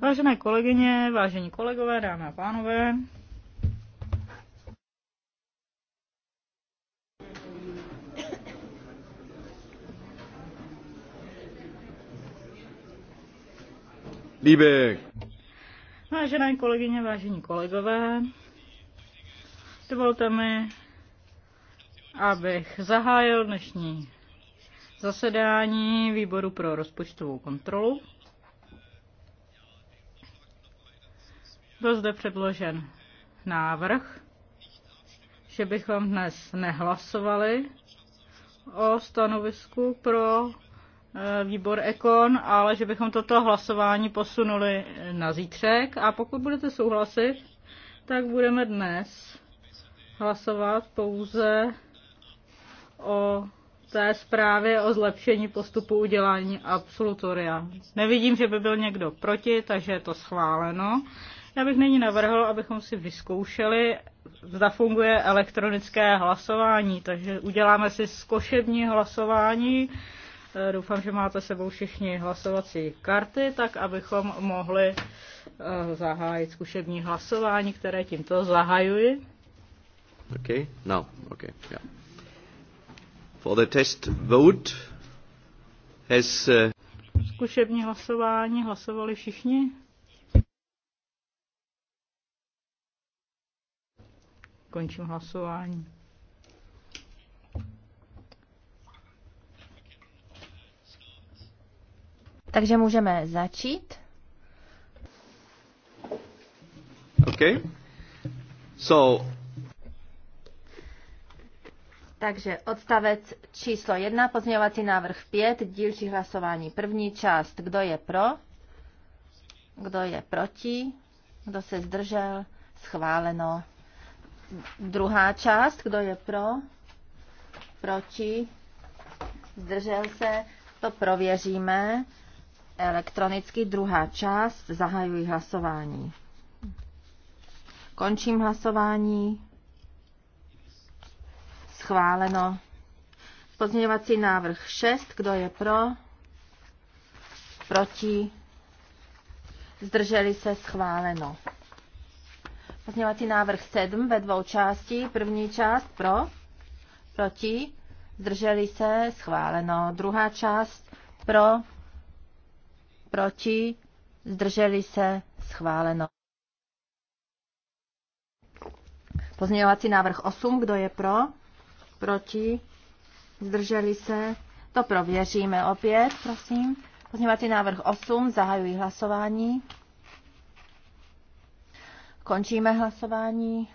Vážené kolegyně, vážení kolegové, dámy a pánové. Liebe Vážené kolegyně, vážení kolegové, dovolte mi, abych zahájil dnešní zasedání výboru pro rozpočtovou kontrolu. Byl zde předložen návrh, že bychom dnes nehlasovali o stanovisku pro eh, výbor Ekon, ale že bychom toto hlasování posunuli na zítřek a pokud budete souhlasit, tak budeme dnes hlasovat pouze o té zprávě o zlepšení postupu udělání absolutoria. Nevidím, že by byl někdo proti, takže je to schváleno. Já bych nyní navrhl, abychom si vyzkoušeli, zda funguje elektronické hlasování, takže uděláme si zkošební hlasování. Eh, doufám, že máte sebou všichni hlasovací karty, tak abychom mohli eh, zahájit zkušební hlasování, které tímto zahajuji. Okay, no, okay, yeah for the test vote. Has, uh, Zkušební hlasování hlasovali všichni? Končím hlasování. Takže můžeme začít. Okay. So takže odstavec číslo 1, pozměňovací návrh 5, dílčí hlasování. První část, kdo je pro, kdo je proti, kdo se zdržel, schváleno. Druhá část, kdo je pro, proti, zdržel se, to prověříme. Elektronicky druhá část, zahajuji hlasování. Končím hlasování schváleno. Pozměňovací návrh 6, kdo je pro? Proti? Zdrželi se schváleno. Pozměňovací návrh 7 ve dvou části. První část pro, proti, zdrželi se, schváleno. Druhá část pro, proti, zdrželi se, schváleno. Pozměňovací návrh 8, kdo je pro, proti, zdrželi se, to prověříme opět, prosím. Pozměňovací návrh 8, zahajují hlasování. Končíme hlasování.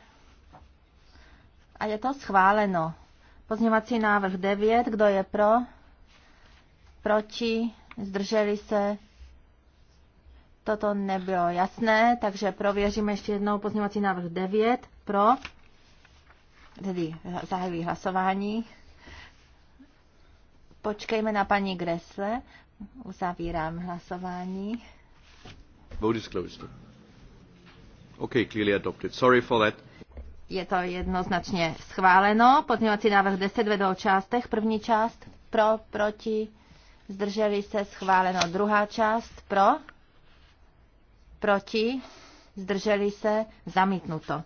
A je to schváleno. Pozměňovací návrh 9, kdo je pro? Proti? Zdrželi se? Toto nebylo jasné, takže prověříme ještě jednou pozměňovací návrh 9. Pro? tedy zahajují hlasování. Počkejme na paní Gresle. Uzavírám hlasování. Vote is closed. Okay, clearly adopted. Sorry for that. Je to jednoznačně schváleno. Pozměňovací návrh 10 ve dvou částech. První část pro, proti, zdrželi se, schváleno. Druhá část pro, proti, zdrželi se, zamítnuto.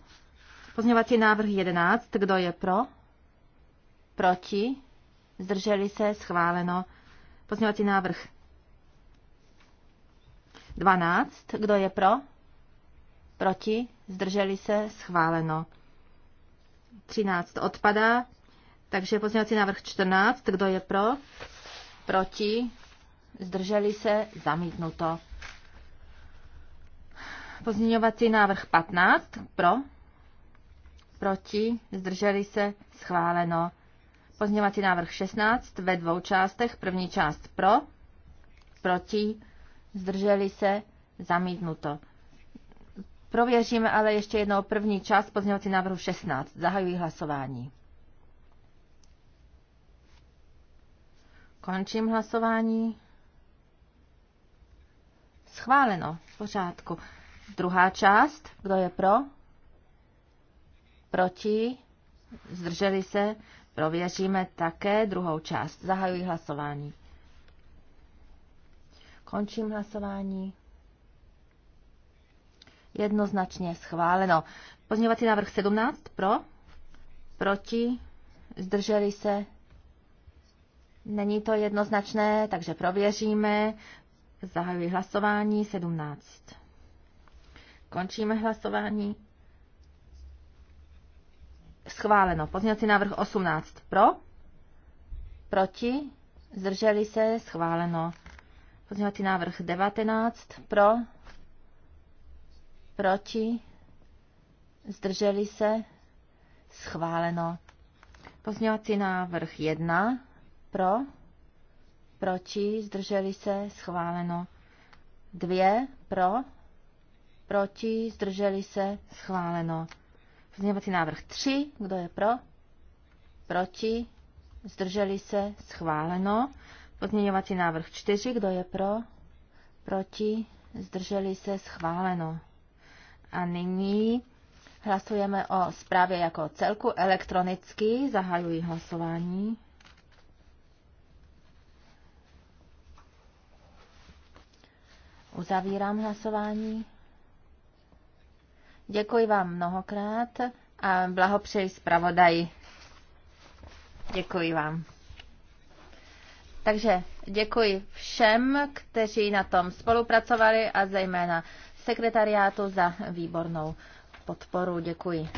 Pozměňovací návrh 11. Kdo je pro? Proti? Zdrželi se? Schváleno. Pozměňovací návrh 12. Kdo je pro? Proti? Zdrželi se? Schváleno. 13 odpadá. Takže pozměňovací návrh 14. Kdo je pro? Proti? Zdrželi se? Zamítnuto. Pozměňovací návrh 15. Pro? proti, zdrželi se, schváleno. Pozměňovací návrh 16 ve dvou částech, první část pro, proti, zdrželi se, zamítnuto. Prověříme ale ještě jednou první část pozměňovací návrhu 16. Zahajuji hlasování. Končím hlasování. Schváleno. V pořádku. Druhá část. Kdo je pro? proti, zdrželi se, prověříme také druhou část. Zahajuji hlasování. Končím hlasování. Jednoznačně schváleno. Pozměňovací návrh 17 pro, proti, zdrželi se. Není to jednoznačné, takže prověříme. Zahajuji hlasování 17. Končíme hlasování. Schváleno. Pozměňovací návrh 18 pro. Proti. Zdrželi se. Schváleno. Pozměňovací návrh 19 pro. Proti. Zdrželi se. Schváleno. Pozměňovací návrh 1 pro. Proti. Zdrželi se. Schváleno. 2 pro. Proti. Zdrželi se. Schváleno. Pozměňovací návrh 3. Kdo je pro? Proti? Zdrželi se? Schváleno. Pozměňovací návrh 4. Kdo je pro? Proti? Zdrželi se? Schváleno. A nyní hlasujeme o zprávě jako celku elektronicky. Zahajuji hlasování. Uzavírám hlasování. Děkuji vám mnohokrát a blahopřeji zpravodaji. Děkuji vám. Takže děkuji všem, kteří na tom spolupracovali a zejména sekretariátu za výbornou podporu. Děkuji.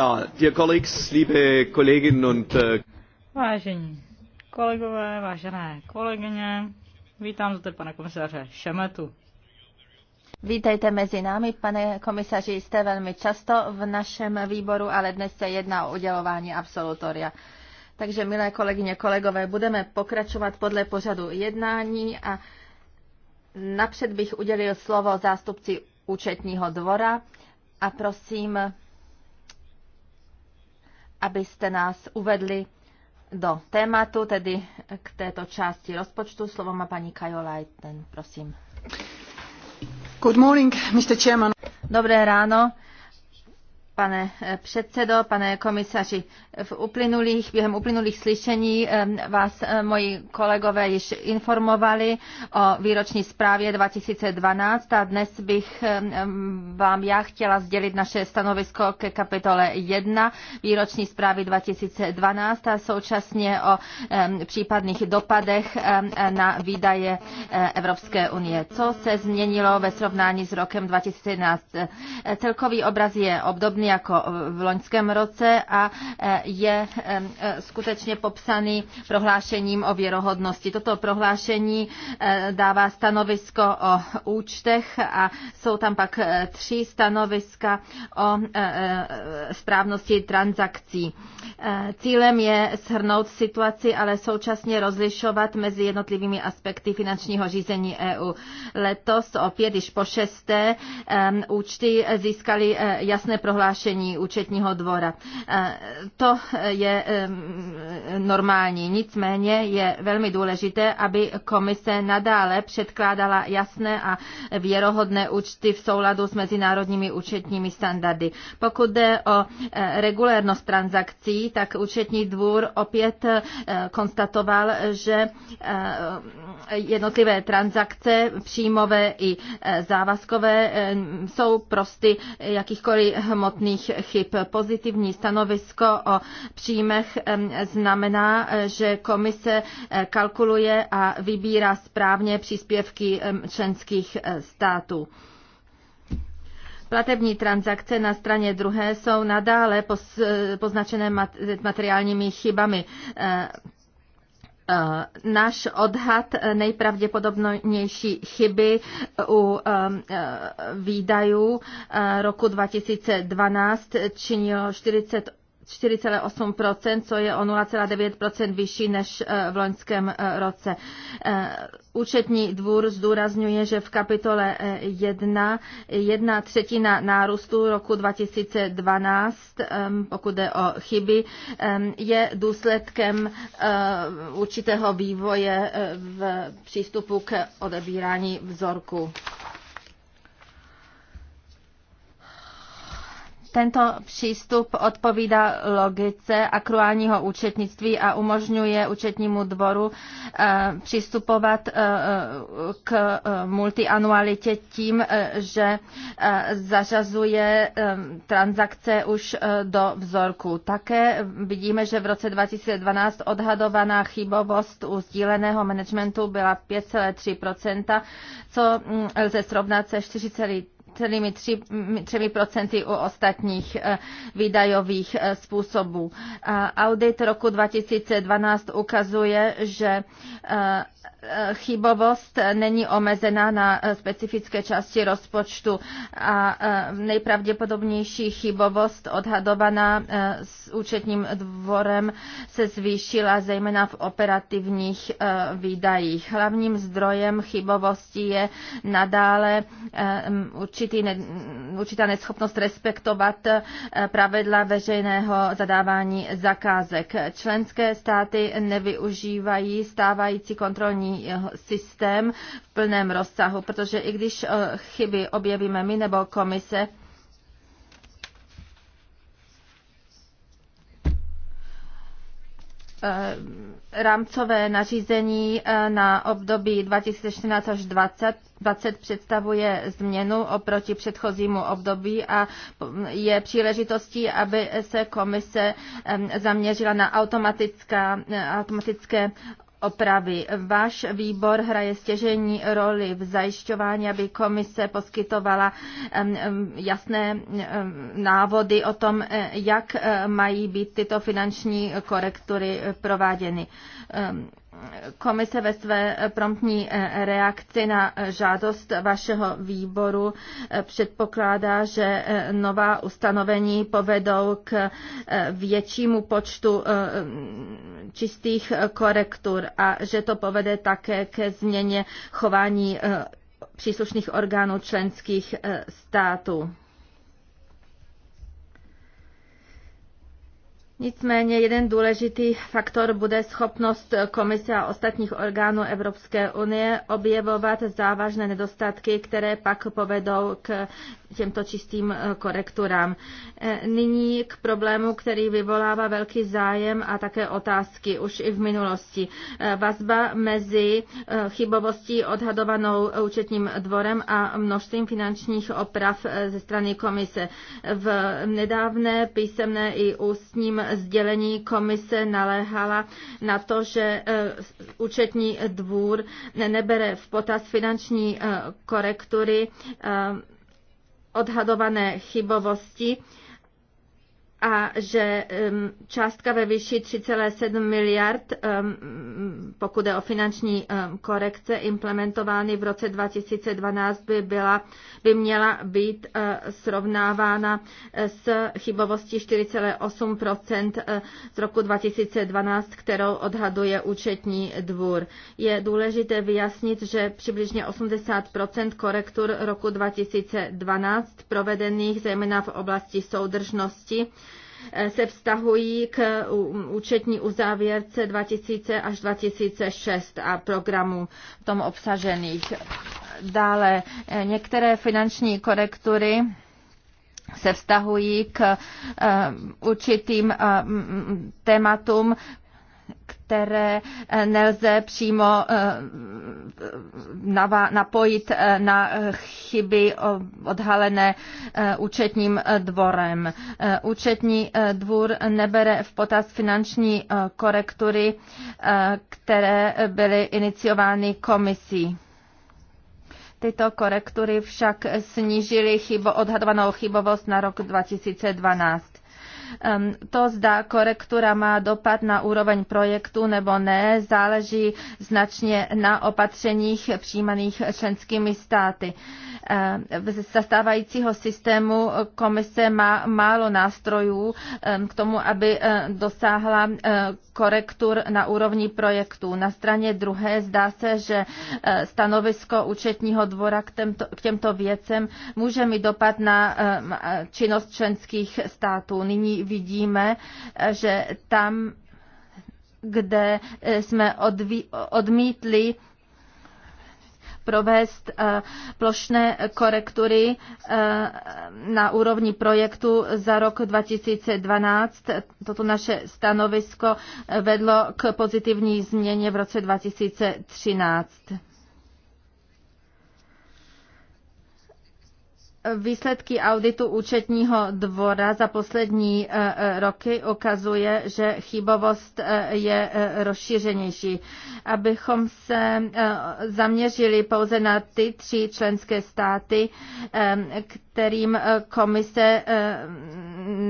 Äh, Vážení kolegové, vážené kolegyně, vítám zde pana komisaře Šemetu. Vítejte mezi námi, pane komisaři, jste velmi často v našem výboru, ale dnes se jedná o udělování absolutoria. Takže, milé kolegyně, kolegové, budeme pokračovat podle pořadu jednání a napřed bych udělil slovo zástupci účetního dvora a prosím abyste nás uvedli do tématu, tedy k této části rozpočtu. Slovo má paní Kajo Leiten, prosím. Good morning, Mr. Chairman. Dobré ráno, pane eh, předsedo, pane komisaři. V uplynulých, během uplynulých slyšení eh, vás eh, moji kolegové již informovali o výroční zprávě 2012 a dnes bych vám já chtěla sdělit naše stanovisko ke kapitole 1 výroční zprávy 2012 a současně o případných dopadech na výdaje Evropské unie. Co se změnilo ve srovnání s rokem 2011? Celkový obraz je obdobný jako v loňském roce a e, je e, skutečně popsaný prohlášením o věrohodnosti. Toto prohlášení e, dává stanovisko o účtech a jsou tam pak tři stanoviska o správnosti transakcí. Cílem je shrnout situaci, ale současně rozlišovat mezi jednotlivými aspekty finančního řízení EU. Letos opět již po šesté účty získali jasné prohlášení prohlášení účetního dvora. Eh, to je normální. Nicméně je velmi důležité, aby komise nadále předkládala jasné a věrohodné účty v souladu s mezinárodními účetními standardy. Pokud jde o eh, regulérnost transakcí, tak účetní dvůr opět eh, konstatoval, že jednotlivé transakce, příjmové i závazkové, jsou prosty jakýchkoliv hmotných nutných chyb. Pozitivní stanovisko o příjmech znamená, že komise eh, kalkuluje a vybírá správně příspěvky členských eh, států. Platební transakce na straně druhé jsou nadále eh, poznačené materiálními chybami Eh, náš odhad eh, nejpravděpodobnější chyby eh, u výdajů roku 2012 činil 48 4,8%, co je o 0,9% vyšší než eh, v loňském eh, roce. Eh, účetní dvůr zdůrazňuje, že v kapitole 1 jedna třetina nárůstu roku 2012, ehm, pokud jde o chyby, ehm, je důsledkem určitého vývoje v přístupu k odebírání vzorku. Tento přístup odpovídá logice akruálního účetnictví a umožňuje účetnímu dvoru eh, přistupovat eh, eh, k multianualitě tím, že zařazuje transakce už do vzorku. Také vidíme, že v roce 2012 odhadovaná chybovost u sdíleného managementu byla 5,3%, co hm, lze srovnat se 4,3% celými třemi procenty u ostatních eh, výdajových eh, způsobů. Audit roku 2012 ukazuje, že eh, chybovost není omezená na specifické části rozpočtu a nejpravděpodobnější chybovost odhadovaná s účetním dvorem se zvýšila zejména v operativních výdajích. Hlavním zdrojem chybovosti je nadále určitě určitý, určitá neschopnost respektovat eh, pravidla veřejného zadávání zakázek. Členské státy nevyužívají stávající kontrolní eh, systém v plném rozsahu, protože i když eh, chyby objevíme my nebo komise, Eh, rámcové nařízení eh, na období 2014 až 2020 20 představuje změnu oproti předchozímu období a je příležitostí, aby se komise eh, zaměřila na automatická, automatické opravy. Váš výbor hraje stěžení roli v zajišťování, aby komise poskytovala jasné návody o tom, eh, jak eh, mají být tyto finanční korektury eh, prováděny komise ve své promptní eh, reakci na eh, žádost vašeho výboru eh, předpokládá, že nová ustanovení povedou k většímu počtu čistých korektur a že to povede také ke změně chování příslušných orgánů členských států. Nicméně jeden důležitý faktor bude schopnost Komise a ostatních orgánů Evropské unie objevovat závažné nedostatky, které pak povedou k těmto čistým eh, korekturám. Eh, nyní k problému, který vyvolává velký zájem a také otázky už i v minulosti. Eh, vazba mezi chybovostí odhadovanou účetním dvorem a množstvím finančních oprav ze strany komise. V nedávné písemné i ústním sdělení komise naléhala na to, že e, účetní dvůr nebere v potaz finanční e, korektury e, odhadované chybovosti a že částka ve výši 3,7 miliard, pokud je o finanční korekce, implementovány v roce 2012 by, byla, by měla být e, srovnávána e, s chybovostí 4,8 e, z roku 2012, kterou odhaduje účetní dvůr. Je důležité vyjasnit, že přibližně 80 korektur roku 2012 provedených zejména v oblasti soudržnosti, Eh, se vztahují k účetní uzávěrce 2000 až 2006 a programu v tom obsažených. Dále eh, některé finanční korektury se vztahují k eh, určitým tématům, které eh, nelze přímo eh, napojit eh, na chyby odhalené účetním dvorem. Účetní dvůr nebere v potaz finanční korektury, které byly iniciovány komisí. Tyto korektury však snížily chybo, odhadovanou chybovost na rok 2012. Ehm, to, zda korektura má dopad na úroveň projektu nebo ne, záleží značně na opatřeních přijímaných členskými státy. Eh, zastávajícího systému komise má málo nástrojů eh, k tomu, aby eh, dosáhla korektur na úrovni projektů. Na straně druhé zdá se, že stanovisko účetního dvora k, těmto, k těmto věcem může mít dopad na činnost členských států. Nyní vidíme, že tam kde jsme odví, odmítli provést eh, plošné korektury eh, na úrovni projektu za rok 2012. Toto naše stanovisko vedlo k pozitivní změně v roce 2013. Výsledky auditu účetního dvora za poslední e, e, roky ukazuje, že chybovost e, je rozšířenější. Abychom se zaměřili pouze na ty tři členské státy, které kterým eh, komise eh,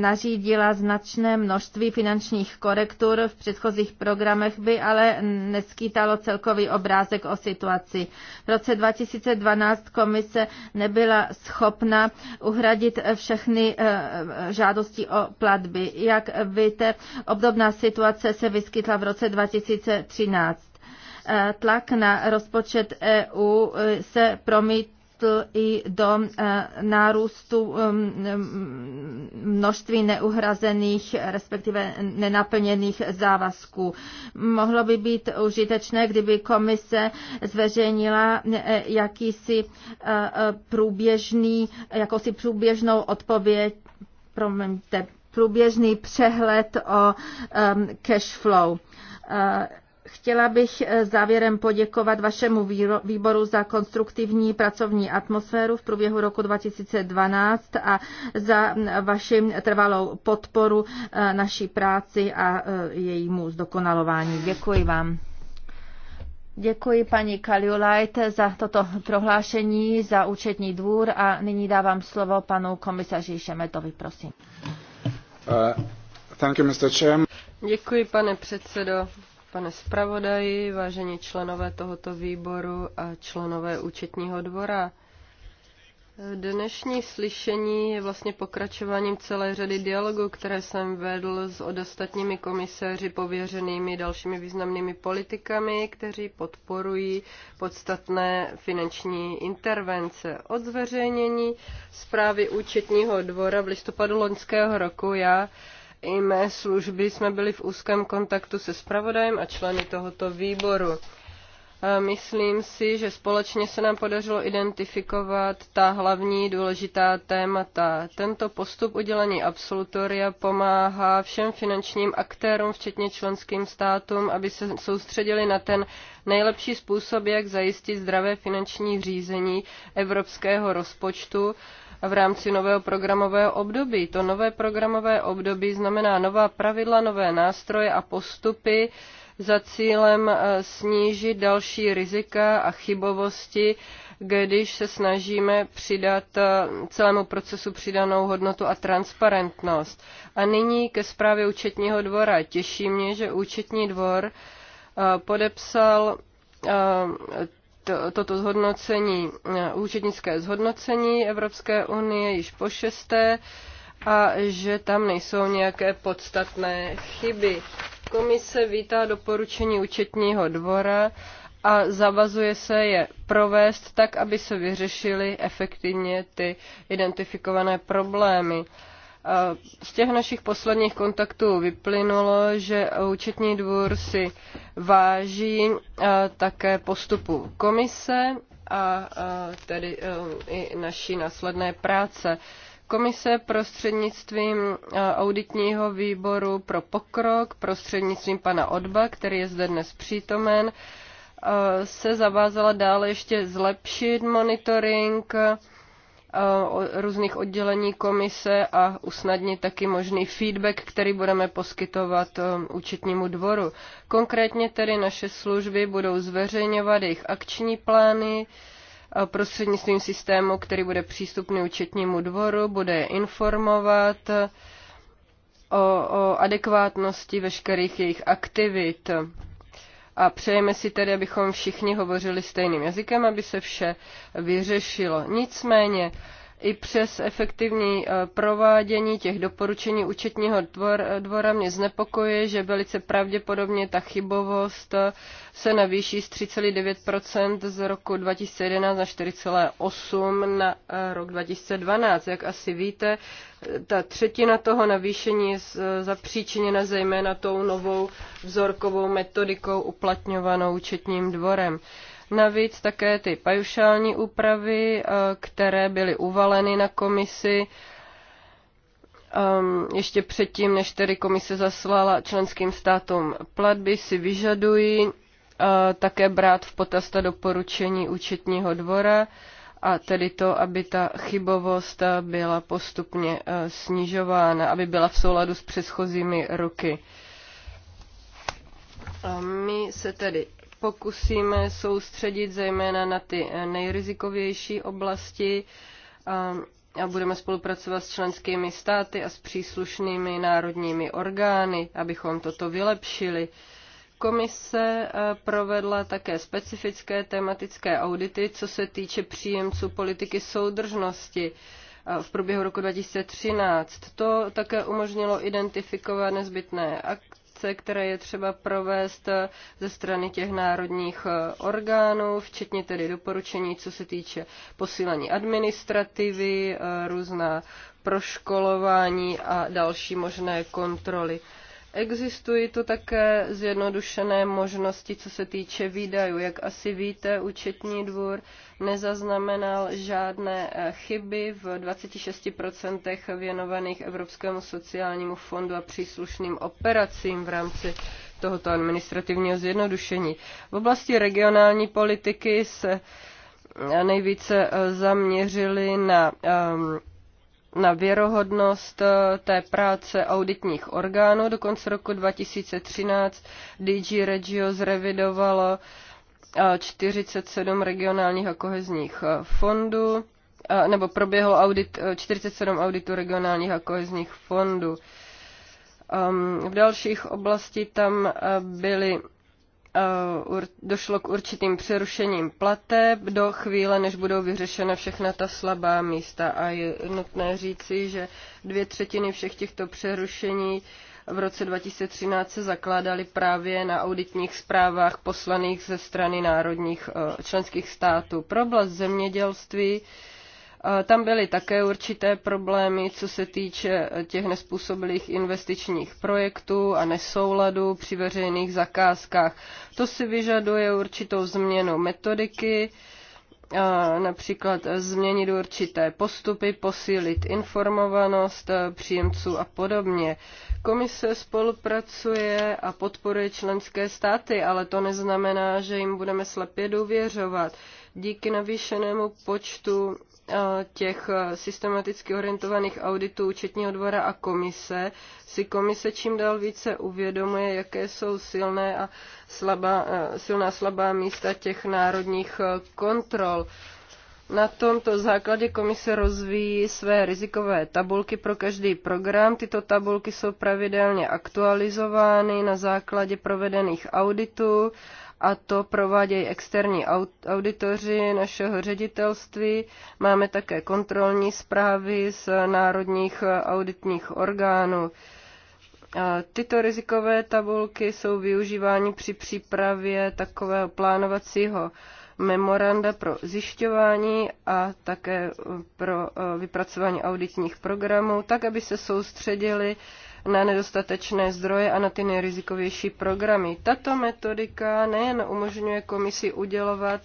nařídila značné množství finančních korektur v předchozích programech, by ale neskýtalo celkový obrázek o situaci. V roce 2012 komise nebyla schopna uhradit všechny eh, žádosti o platby. Jak víte, obdobná situace se vyskytla v roce 2013 tlak na rozpočet EU se promít vedl i do eh, nárůstu množství neuhrazených, respektive nenaplněných závazků. Mohlo by být užitečné, kdyby komise zveřejnila eh, jakýsi eh, průběžný, jakousi průběžnou odpověď, promiňte, průběžný přehled o cash flow Chtěla bych eh, závěrem poděkovat vašemu výboru za konstruktivní pracovní atmosféru v průběhu roku 2012 a za mm, vaši trvalou podporu eh, naší práci a eh, jejímu zdokonalování. Děkuji vám. Děkuji paní Kaliulajt za toto prohlášení, za účetní dvůr a nyní dávám slovo panu komisaři Šemetovi, prosím. Uh, thank you, Mr. Chairman. Děkuji, pane předsedo pane zpravodaji, vážení členové tohoto výboru a členové účetního dvora. Dnešní slyšení je vlastně pokračováním celé řady dialogů, které jsem vedl s ostatními komisaři pověřenými dalšími významnými politikami, kteří podporují podstatné finanční intervence. Od zveřejnění zprávy účetního dvora v listopadu loňského roku já i mé služby jsme byli v úzkém kontaktu se spravodajem a členy tohoto výboru. Myslím si, že společně se nám podařilo identifikovat ta hlavní důležitá témata. Tento postup udělení absolutoria pomáhá všem finančním aktérům, včetně členským státům, aby se soustředili na ten nejlepší způsob, jak zajistit zdravé finanční řízení evropského rozpočtu v rámci nového programového období. To nové programové období znamená nová pravidla, nové nástroje a postupy za cílem eh, snížit další rizika a chybovosti, když se snažíme přidat eh, celému procesu přidanou hodnotu a transparentnost. A nyní ke zprávě účetního dvora. Těší mě, že účetní dvor eh, podepsal to, toto zhodnocení, eh, účetnické zhodnocení Evropské unie již po šesté a že tam nejsou nějaké podstatné chyby. Komise vítá doporučení účetního dvora a zavazuje se je provést tak, aby se vyřešily efektivně ty identifikované problémy. Z těch našich posledních kontaktů vyplynulo, že účetní dvůr si váží také postupu komise a tedy um, i naší následné práce. Komise prostřednictvím auditního výboru pro pokrok, prostřednictvím pana Odba, který je zde dnes přítomen, se zavázala dále ještě zlepšit monitoring Eh, různých oddělení komise a usnadnit taky možný feedback, který budeme poskytovat eh, účetnímu dvoru. Konkrétně tedy naše služby budou zveřejňovat jejich akční plány, eh, prostřednictvím systému, který bude přístupný účetnímu dvoru, bude informovat o, o adekvátnosti veškerých jejich aktivit. A přejeme si tedy, abychom všichni hovořili stejným jazykem, aby se vše vyřešilo. Nicméně i přes efektivní eh, provádění těch doporučení účetního eh, dvora mě znepokoje, že velice pravděpodobně ta chybovost eh, se navýší z 3,9 z roku 2011 na 4,8 na rok 2012. Jak asi víte, ta třetina toho navýšení je zapříčiněna zejména tou novou vzorkovou metodikou uplatňovanou účetním dvorem. Navíc také ty pajušální úpravy, eh, které byly uvaleny na komisi, ehm, ještě předtím, než tedy komise zaslala členským státům platby, si vyžadují eh, také brát v potaz ta doporučení účetního dvora a tedy to, aby ta chybovost eh, byla postupně snižována, aby byla v souladu s předchozími roky. A my se tedy pokusíme soustředit zejména na ty eh, nejrizikovější oblasti a, a budeme spolupracovat s členskými státy a s příslušnými národními orgány, abychom toto vylepšili. Komise eh, provedla také specifické tematické audity, co se týče příjemců politiky soudržnosti eh, v průběhu roku 2013. To také umožnilo identifikovat nezbytné akce, které je třeba provést eh, ze strany těch národních eh, orgánů, včetně tedy doporučení, co se týče posílení administrativy, eh, různá proškolování a další možné kontroly. Existují tu také zjednodušené možnosti, co se týče výdajů. Jak asi víte, účetní dvůr nezaznamenal žádné eh, chyby v 26% věnovaných Evropskému sociálnímu fondu a příslušným operacím v rámci tohoto administrativního zjednodušení. V oblasti regionální politiky se eh, nejvíce eh, zaměřili na ehm, na věrohodnost eh, té práce auditních orgánů. Do konce roku 2013 DG Regio zrevidovalo 47 eh, regionálních a kohezních eh, fondů, nebo proběhl audit 47 auditů regionálních a kohezních fondů. Ehm, v dalších oblasti tam byly Eh, došlo k určitým přerušením plateb do chvíle, než budou vyřešena všechna ta slabá místa. A je nutné říci, že dvě třetiny všech těchto přerušení v roce 2013 se zakládaly právě na auditních zprávách poslaných ze strany národních eh, členských států. Pro oblast zemědělství uh, tam byly také určité problémy, co se týče těch nespůsobilých investičních projektů a nesouladu při veřejných zakázkách. To si vyžaduje určitou změnu metodiky, například změnit určité postupy, posílit informovanost příjemců a podobně. Komise spolupracuje a podporuje členské státy, ale to neznamená, že jim budeme slepě důvěřovat. Díky navýšenému počtu Eh, těch eh, systematicky orientovaných auditů účetního dvora a komise si komise čím dál více uvědomuje, jaké jsou silné a slabá, eh, silná slabá místa těch národních kontrol. Na tomto základě komise rozvíjí své rizikové tabulky pro každý program. Tyto tabulky jsou pravidelně aktualizovány na základě provedených auditů a to provádějí externí auditoři našeho ředitelství. Máme také kontrolní zprávy z národních auditních orgánů. Tyto rizikové tabulky jsou využívány při přípravě takového plánovacího memoranda pro zjišťování a také pro e, vypracování auditních programů, tak aby se soustředili na nedostatečné zdroje a na ty nejrizikovější programy. Tato metodika nejen umožňuje komisi udělovat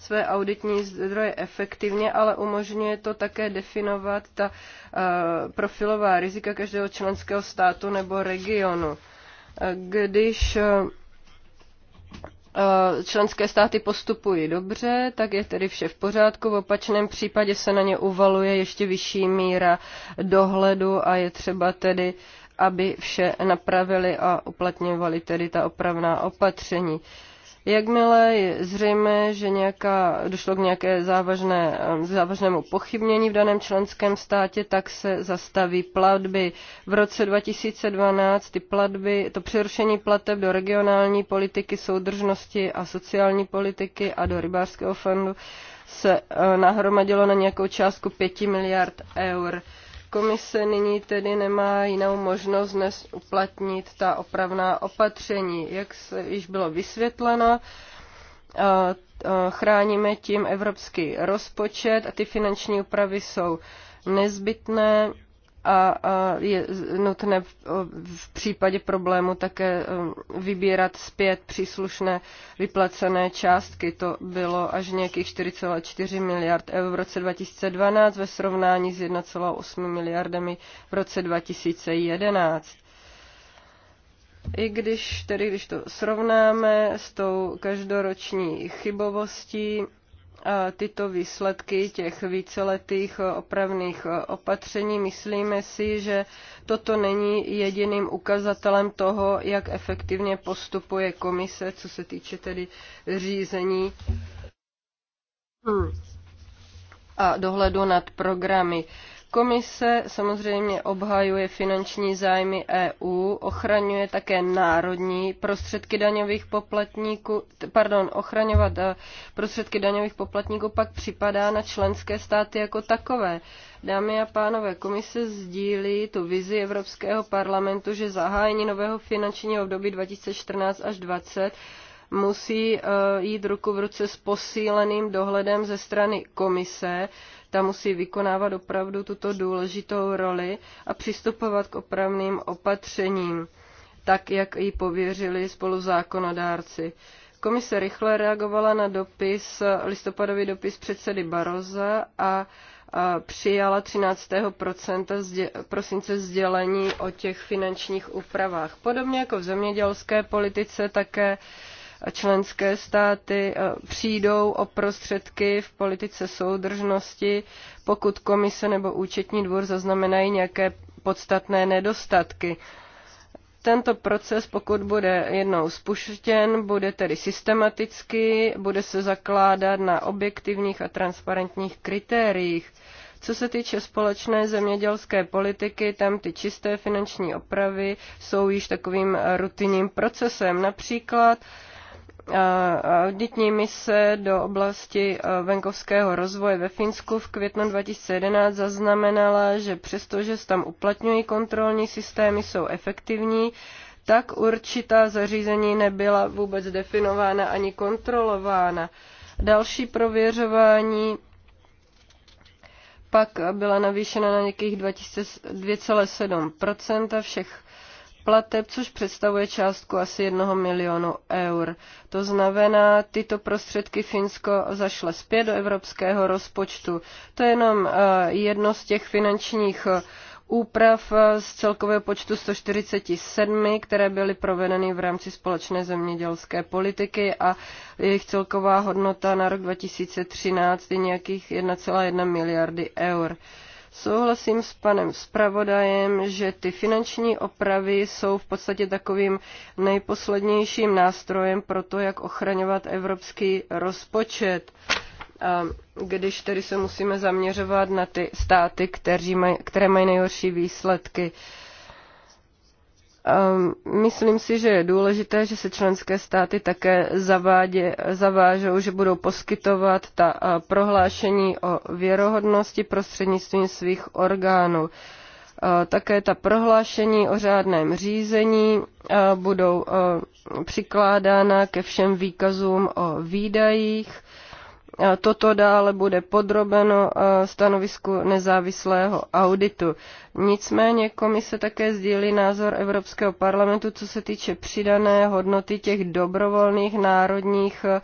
své auditní zdroje efektivně, ale umožňuje to také definovat ta eh, profilová rizika každého členského státu nebo regionu. Eh, když eh, členské státy postupují dobře, tak je tedy vše v pořádku. V opačném případě se na ně uvaluje ještě vyšší míra dohledu a je třeba tedy uh, aby vše napravili a uplatňovali tedy ta opravná opatření. Jakmile je zřejmé, že nějaká, došlo k nějaké závažné, eh, závažnému pochybnění v daném členském státě, tak se zastaví platby. V roce 2012 ty platby, to přerušení plateb do regionální politiky soudržnosti a sociální politiky a do rybářského fondu se eh, nahromadilo na nějakou částku 5 miliard eur. Komise nyní tedy nemá jinou možnost dnes uplatnit ta opravná opatření. Jak se již bylo vysvětleno, chráníme tím evropský rozpočet a ty finanční úpravy jsou nezbytné a, je nutné v, v případě problému také um, vybírat zpět příslušné vyplacené částky. To bylo až nějakých 4,4 miliard eur v roce 2012 ve srovnání s 1,8 miliardami v roce 2011. I když, tedy když to srovnáme s tou každoroční chybovostí, tyto výsledky těch víceletých eh, opravných eh, opatření. Myslíme si, že toto není jediným ukazatelem toho, jak efektivně postupuje komise, co se týče tedy řízení hmm. a dohledu nad programy. Komise samozřejmě obhajuje finanční zájmy EU, ochraňuje také národní prostředky daňových poplatníků, pardon, ochraňovat eh, prostředky daňových poplatníků pak připadá na členské státy jako takové. Dámy a pánové, komise sdílí tu vizi Evropského parlamentu, že zahájení nového finančního období 2014 až 2020 musí eh, jít ruku v ruce s posíleným dohledem ze strany komise. Ta musí vykonávat opravdu tuto důležitou roli a přistupovat k opravným opatřením, tak jak ji pověřili spoluzákonodárci. Komise rychle reagovala na dopis, listopadový dopis předsedy Baroza a přijala 13. Zdě, prosince sdělení o těch finančních úpravách. Podobně jako v zemědělské politice také členské státy eh, přijdou o prostředky v politice soudržnosti, pokud komise nebo účetní dvůr zaznamenají nějaké podstatné nedostatky. Tento proces, pokud bude jednou spuštěn, bude tedy systematický, bude se zakládat na objektivních a transparentních kritériích. Co se týče společné zemědělské politiky, tam ty čisté finanční opravy jsou již takovým rutinním procesem. Například auditní mise do oblasti venkovského rozvoje ve Finsku v květnu 2011 zaznamenala, že přestože se tam uplatňují kontrolní systémy, jsou efektivní, tak určitá zařízení nebyla vůbec definována ani kontrolována. Další prověřování pak byla navýšena na nějakých 2,7 všech plateb, což představuje částku asi jednoho milionu eur. To znamená, tyto prostředky Finsko zašle zpět do evropského rozpočtu. To je jenom eh, jedno z těch finančních eh, úprav eh, z celkového počtu 147, které byly provedeny v rámci společné zemědělské politiky a jejich celková hodnota na rok 2013 je nějakých 1,1 miliardy eur. Souhlasím s panem zpravodajem, že ty finanční opravy jsou v podstatě takovým nejposlednějším nástrojem pro to, jak ochraňovat evropský rozpočet. A když tedy se musíme zaměřovat na ty státy, mají, které mají nejhorší výsledky. Uh, Ehm, myslím si, že je důležité, že se členské státy také zavádě, zavážou, že budou poskytovat ta eh, prohlášení o věrohodnosti prostřednictvím svých orgánů. Eh, také ta prohlášení o řádném řízení eh, budou přikládána ke všem výkazům o výdajích Toto dále bude podrobeno e, stanovisku nezávislého auditu. Nicméně komise také sdílí názor Evropského parlamentu, co se týče přidané hodnoty těch dobrovolných národních e, e,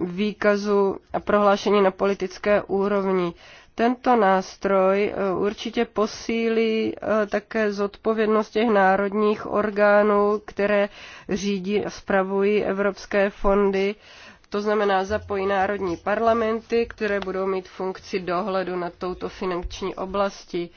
výkazů a prohlášení na politické úrovni. Tento nástroj určitě posílí také zodpovědnost těch národních orgánů, které řídí a spravují evropské fondy. To znamená zapojí národní parlamenty, které budou mít funkci dohledu nad touto finanční oblasti.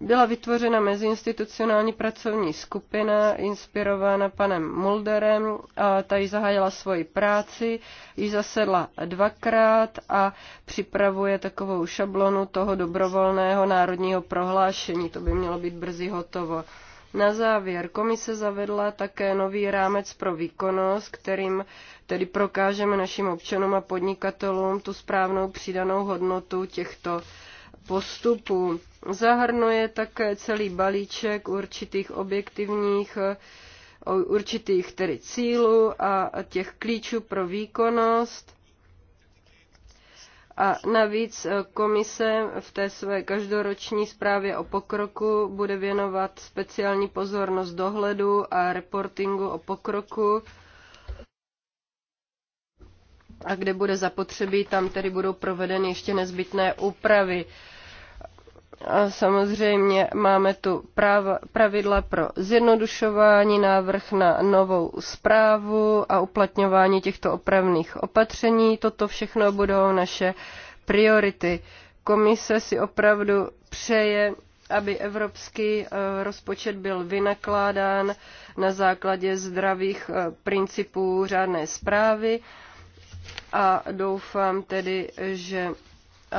Byla vytvořena meziinstitucionální pracovní skupina, inspirována panem Mulderem, a ta ji zahájila svoji práci, ji zasedla dvakrát a připravuje takovou šablonu toho dobrovolného národního prohlášení. To by mělo být brzy hotovo. Na závěr komise zavedla také nový rámec pro výkonnost, kterým tedy prokážeme našim občanům a podnikatelům tu správnou přidanou hodnotu těchto postupů. Zahrnuje také celý balíček určitých objektivních určitých tedy cílů a těch klíčů pro výkonnost a navíc eh, komise v té své každoroční zprávě o pokroku bude věnovat speciální pozornost dohledu a reportingu o pokroku. A kde bude zapotřebí, tam tedy budou provedeny ještě nezbytné úpravy. A samozřejmě máme tu práva, pravidla pro zjednodušování, návrh na novou zprávu a uplatňování těchto opravných opatření. Toto všechno budou naše priority. Komise si opravdu přeje, aby evropský eh, rozpočet byl vynakládán na základě zdravých eh, principů řádné zprávy a doufám tedy, že eh,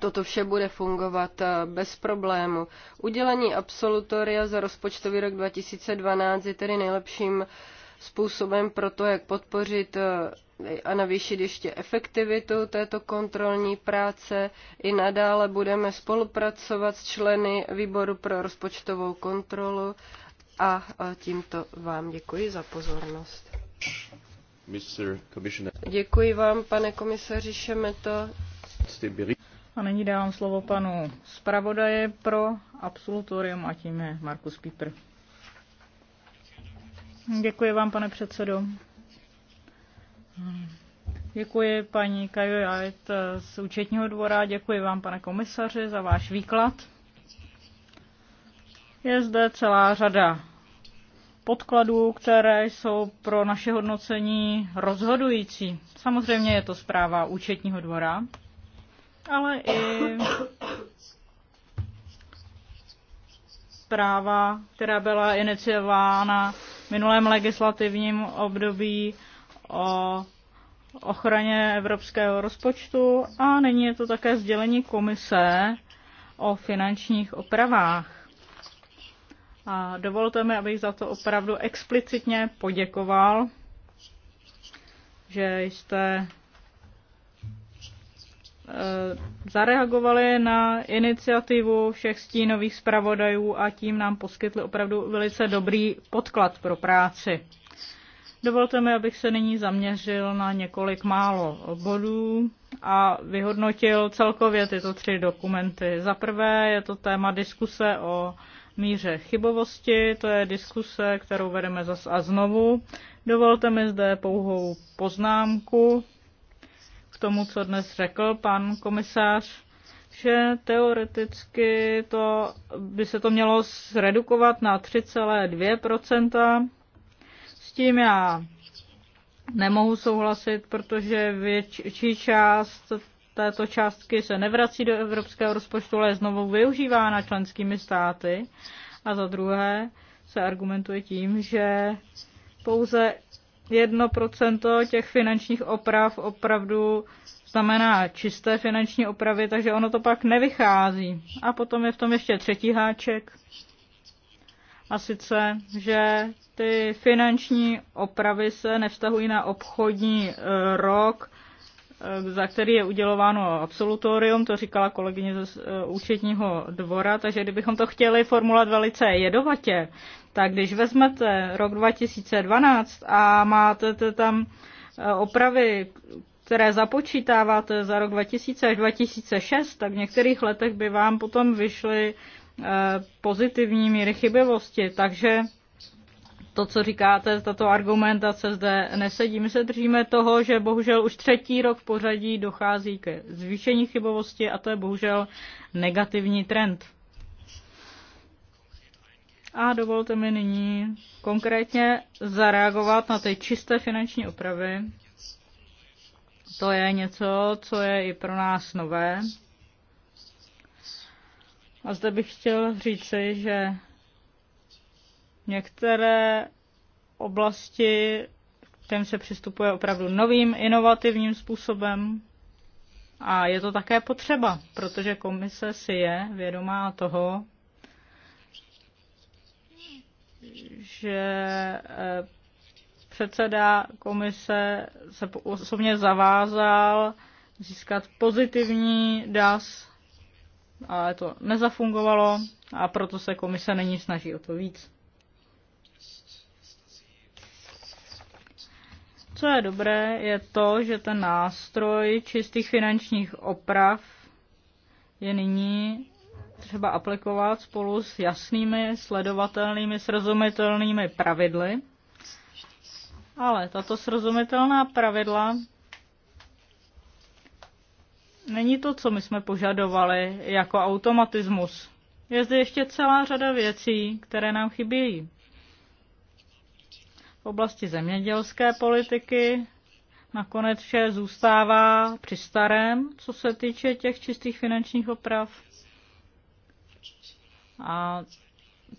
toto vše bude fungovat eh, bez problému. Udělení absolutoria za rozpočtový rok 2012 je tedy nejlepším způsobem pro to, jak podpořit eh, a navýšit ještě efektivitu této kontrolní práce. I nadále budeme spolupracovat s členy výboru pro rozpočtovou kontrolu a eh, tímto vám děkuji za pozornost. Děkuji vám, pane komisaři Šemeto. A nyní dávám slovo panu zpravodaje pro absolutorium a tím je Markus Píper. Děkuji vám, pane předsedo. Děkuji paní Kajojajt z účetního dvora, děkuji vám, pane komisaři, za váš výklad. Je zde celá řada podkladů, které jsou pro naše hodnocení rozhodující. Samozřejmě je to zpráva účetního dvora, ale i práva, která byla iniciována v minulém legislativním období o ochraně evropského rozpočtu a nyní je to také sdělení komise o finančních opravách. A dovolte mi, abych za to opravdu explicitně poděkoval, že jste Eh, zareagovali na iniciativu všech stínových zpravodajů a tím nám poskytli opravdu velice dobrý podklad pro práci. Dovolte mi, abych se nyní zaměřil na několik málo bodů a vyhodnotil celkově tyto tři dokumenty. Za prvé je to téma diskuse o míře chybovosti, to je diskuse, kterou vedeme zas a znovu. Dovolte mi zde pouhou poznámku, tomu, co dnes řekl pan komisář, že teoreticky to, by se to mělo zredukovat na 3,2%. S tím já nemohu souhlasit, protože větší část této částky se nevrací do evropského rozpočtu, ale je znovu využívána členskými státy. A za druhé se argumentuje tím, že pouze Jedno procento těch finančních oprav opravdu znamená čisté finanční opravy, takže ono to pak nevychází. A potom je v tom ještě třetí háček. A sice, že ty finanční opravy se nevztahují na obchodní eh, rok, Eh, za který je udělováno absolutorium, to říkala kolegyně z eh, účetního dvora, takže kdybychom to chtěli formulovat velice jedovatě, tak když vezmete rok 2012 a máte tam eh, opravy, které započítáváte za rok 2000 až 2006, tak v některých letech by vám potom vyšly pozitivní míry chybivosti. Takže to, co říkáte, tato argumentace zde nesedí. My se držíme toho, že bohužel už třetí rok v pořadí dochází ke zvýšení chybovosti a to je bohužel negativní trend. A dovolte mi nyní konkrétně zareagovat na ty čisté finanční opravy. To je něco, co je i pro nás nové. A zde bych chtěl říci, že Některé oblasti, kterým se přistupuje opravdu novým, inovativním způsobem. A je to také potřeba, protože komise si je vědomá toho, že eh, předseda komise se osobně zavázal získat pozitivní DAS, ale to nezafungovalo a proto se komise není snaží o to víc. Co je dobré, je to, že ten nástroj čistých finančních oprav je nyní třeba aplikovat spolu s jasnými, sledovatelnými, srozumitelnými pravidly. Ale tato srozumitelná pravidla není to, co my jsme požadovali jako automatismus. Je zde ještě celá řada věcí, které nám chybějí v oblasti zemědělské politiky. Nakonec vše zůstává při starém, co se týče těch čistých finančních oprav. A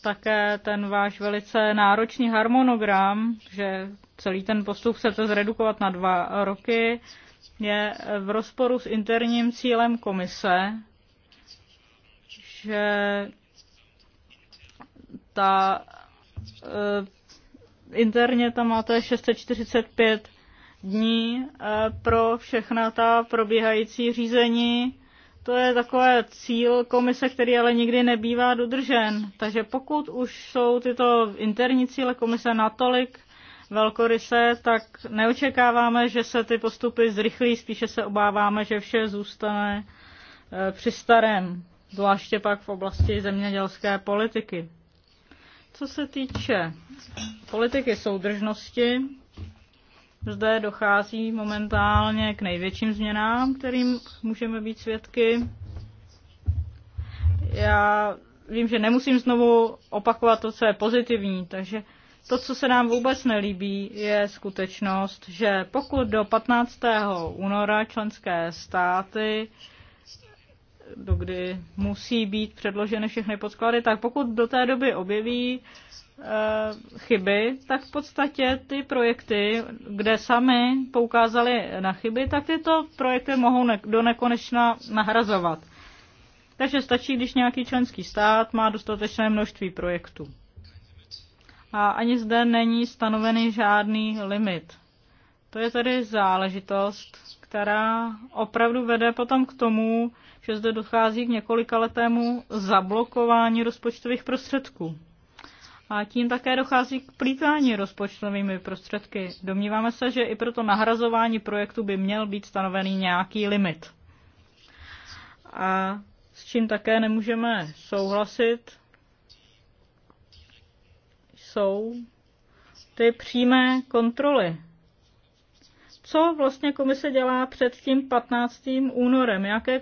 také ten váš velice náročný harmonogram, že celý ten postup chcete zredukovat na dva roky, je v rozporu s interním cílem komise, že ta interně tam máte 645 dní eh, pro všechna ta probíhající řízení. To je takové cíl komise, který ale nikdy nebývá dodržen. Takže pokud už jsou tyto interní cíle komise natolik velkoryse, tak neočekáváme, že se ty postupy zrychlí, spíše se obáváme, že vše zůstane eh, při starém, zvláště pak v oblasti zemědělské politiky. Co se týče politiky soudržnosti, zde dochází momentálně k největším změnám, kterým můžeme být svědky. Já vím, že nemusím znovu opakovat to, co je pozitivní, takže to, co se nám vůbec nelíbí, je skutečnost, že pokud do 15. února členské státy dokdy musí být předloženy všechny podklady, tak pokud do té doby objeví eh, chyby, tak v podstatě ty projekty, kde sami poukázali na chyby, tak tyto projekty mohou ne- do nekonečna nahrazovat. Takže stačí, když nějaký členský stát má dostatečné množství projektů. A ani zde není stanovený žádný limit. To je tedy záležitost, která opravdu vede potom k tomu, že zde dochází k několika letému zablokování rozpočtových prostředků. A tím také dochází k plítání rozpočtovými prostředky. Domníváme se, že i pro to nahrazování projektu by měl být stanovený nějaký limit. A s čím také nemůžeme souhlasit, jsou ty přímé kontroly co vlastně komise dělá před tím 15. únorem, jaké eh,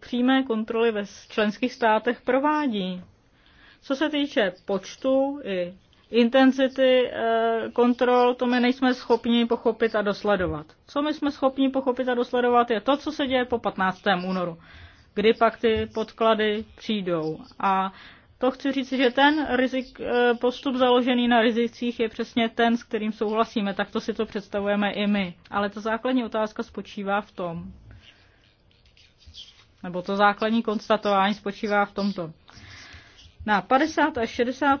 přímé kontroly ve členských státech provádí. Co se týče počtu i intenzity eh, kontrol, to my nejsme schopni pochopit a dosledovat. Co my jsme schopni pochopit a dosledovat, je to, co se děje po 15. únoru, kdy pak ty podklady přijdou. A to chci říct, že ten rizik, eh, postup založený na rizicích je přesně ten, s kterým souhlasíme. to si to představujeme i my. Ale ta základní otázka spočívá v tom, nebo to základní konstatování spočívá v tomto. Na 50 až 60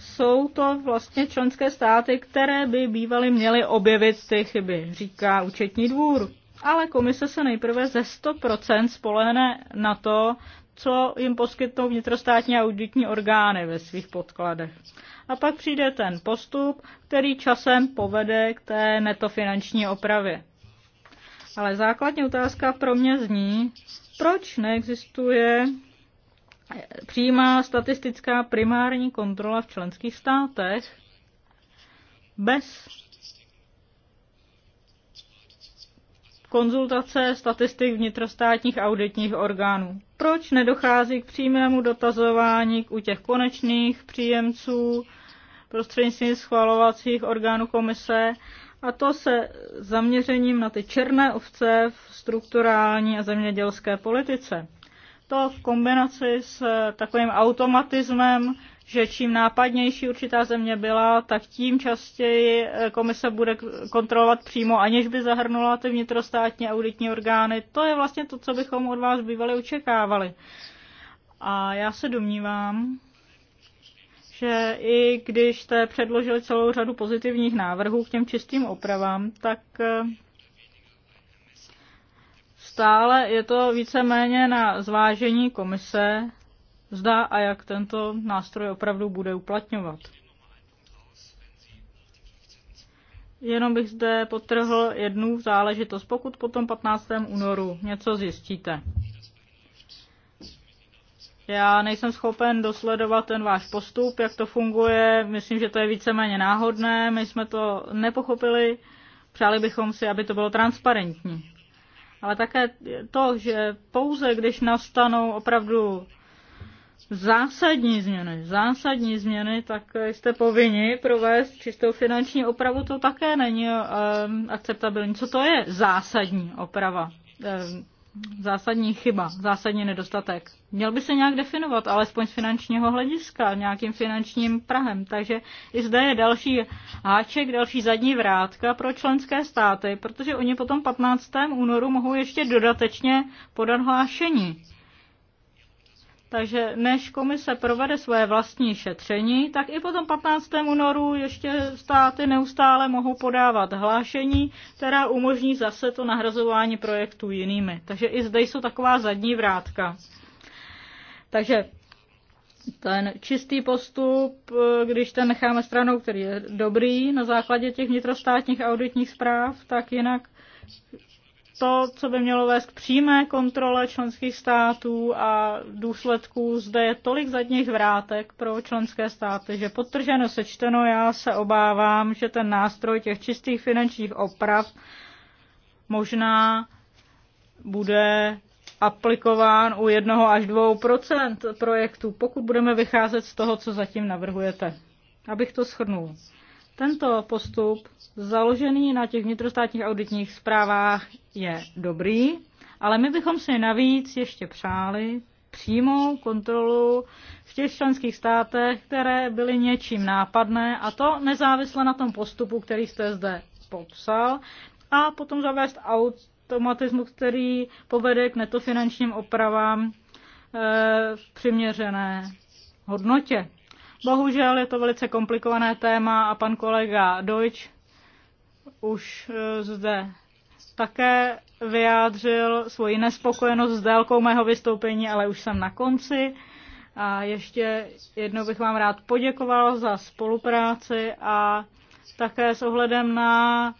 jsou to vlastně členské státy, které by bývaly měly objevit ty chyby, říká účetní dvůr. Ale komise se nejprve ze 100% spolehne na to, co jim poskytnou vnitrostátní auditní orgány ve svých podkladech. A pak přijde ten postup, který časem povede k té netofinanční opravě. Ale základní otázka pro mě zní, proč neexistuje přímá statistická primární kontrola v členských státech bez konzultace statistik vnitrostátních auditních orgánů. Proč nedochází k přímému dotazování u těch konečných příjemců prostřednictvím schvalovacích orgánů komise a to se zaměřením na ty černé ovce v strukturální a zemědělské politice. To v kombinaci s takovým automatismem že čím nápadnější určitá země byla, tak tím častěji eh, komise bude kontrolovat přímo, aniž by zahrnula ty vnitrostátní auditní orgány. To je vlastně to, co bychom od vás bývali očekávali. A já se domnívám, že i když jste předložili celou řadu pozitivních návrhů k těm čistým opravám, tak eh, stále je to víceméně na zvážení komise, zda a jak tento nástroj opravdu bude uplatňovat. Jenom bych zde potrhl jednu záležitost, pokud potom 15. únoru něco zjistíte. Já nejsem schopen dosledovat ten váš postup, jak to funguje. Myslím, že to je víceméně náhodné. My jsme to nepochopili. Přáli bychom si, aby to bylo transparentní. Ale také to, že pouze když nastanou opravdu zásadní změny. Zásadní změny, tak jste povinni provést čistou finanční opravu, to také není um, akceptabilní. Co to je zásadní oprava? Um, zásadní chyba, zásadní nedostatek. Měl by se nějak definovat, alespoň z finančního hlediska, nějakým finančním prahem. Takže i zde je další háček, další zadní vrátka pro členské státy, protože oni potom 15. únoru mohou ještě dodatečně podat hlášení. Takže než komise provede svoje vlastní šetření, tak i po tom 15. únoru ještě státy neustále mohou podávat hlášení, která umožní zase to nahrazování projektů jinými. Takže i zde jsou taková zadní vrátka. Takže ten čistý postup, eh, když ten necháme stranou, který je dobrý na základě těch vnitrostátních auditních zpráv, tak jinak to, co by mělo vést k přímé kontrole členských států a důsledků, zde je tolik zadních vrátek pro členské státy, že potrženo sečteno já se obávám, že ten nástroj těch čistých finančních oprav možná bude aplikován u 1 až 2 projektů, pokud budeme vycházet z toho, co zatím navrhujete. Abych to shrnul. Tento postup, založený na těch vnitrostátních auditních zprávách, je dobrý, ale my bychom si navíc ještě přáli přímou kontrolu v těch členských státech, které byly něčím nápadné, a to nezávisle na tom postupu, který jste zde popsal, a potom zavést automatismus, který povede k netofinančním opravám eh, v přiměřené hodnotě. Bohužel je to velice komplikované téma a pan kolega Deutsch už e, zde také vyjádřil svoji nespokojenost s délkou mého vystoupení, ale už jsem na konci. A ještě jednou bych vám rád poděkoval za spolupráci a také s ohledem na e,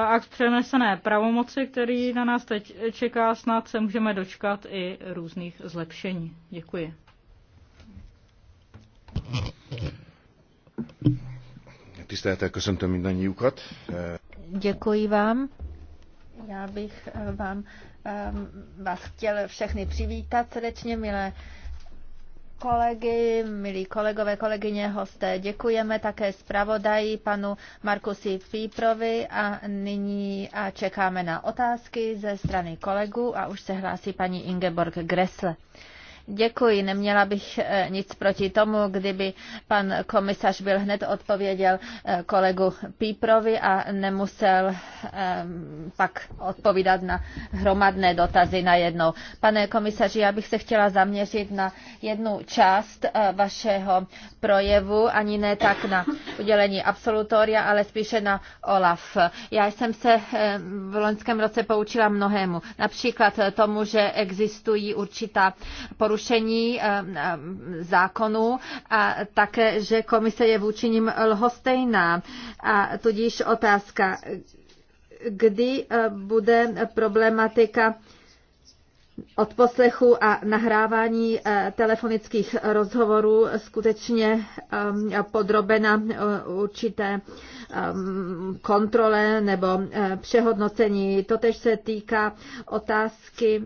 akt přenesené pravomoci, který na nás teď čeká, snad se můžeme dočkat i různých zlepšení. Děkuji köszöntöm jako mindannyiukat. Děkuji vám. Já bych eh, vám ehm, vás chtěl všechny přivítat srdečně, milé kolegy, milí kolegové, kolegyně, hosté. Děkujeme také zpravodaji panu Markusi Fíprovi a nyní a čekáme na otázky ze strany kolegů a už se hlásí paní Ingeborg Gressle. Děkuji, neměla bych eh, nic proti tomu, kdyby pan komisař byl hned odpověděl eh, kolegu Píprovi a nemusel ehm, pak odpovídat na hromadné dotazy najednou. Pane komisaři, já bych se chtěla zaměřit na jednu část eh, vašeho projevu, ani ne tak na udělení absolutoria, ale spíše na OLAF. Já jsem se ehm, v loňském roce poučila mnohému. Například tomu, že existují určitá porušení porušení eh, eh, zákonu a také, že komise je vůči ním lhostejná. A tudíž otázka, kdy eh, bude problematika od poslechu a nahrávání telefonických rozhovorů skutečně podrobena určité kontrole nebo přehodnocení. Totež se týká otázky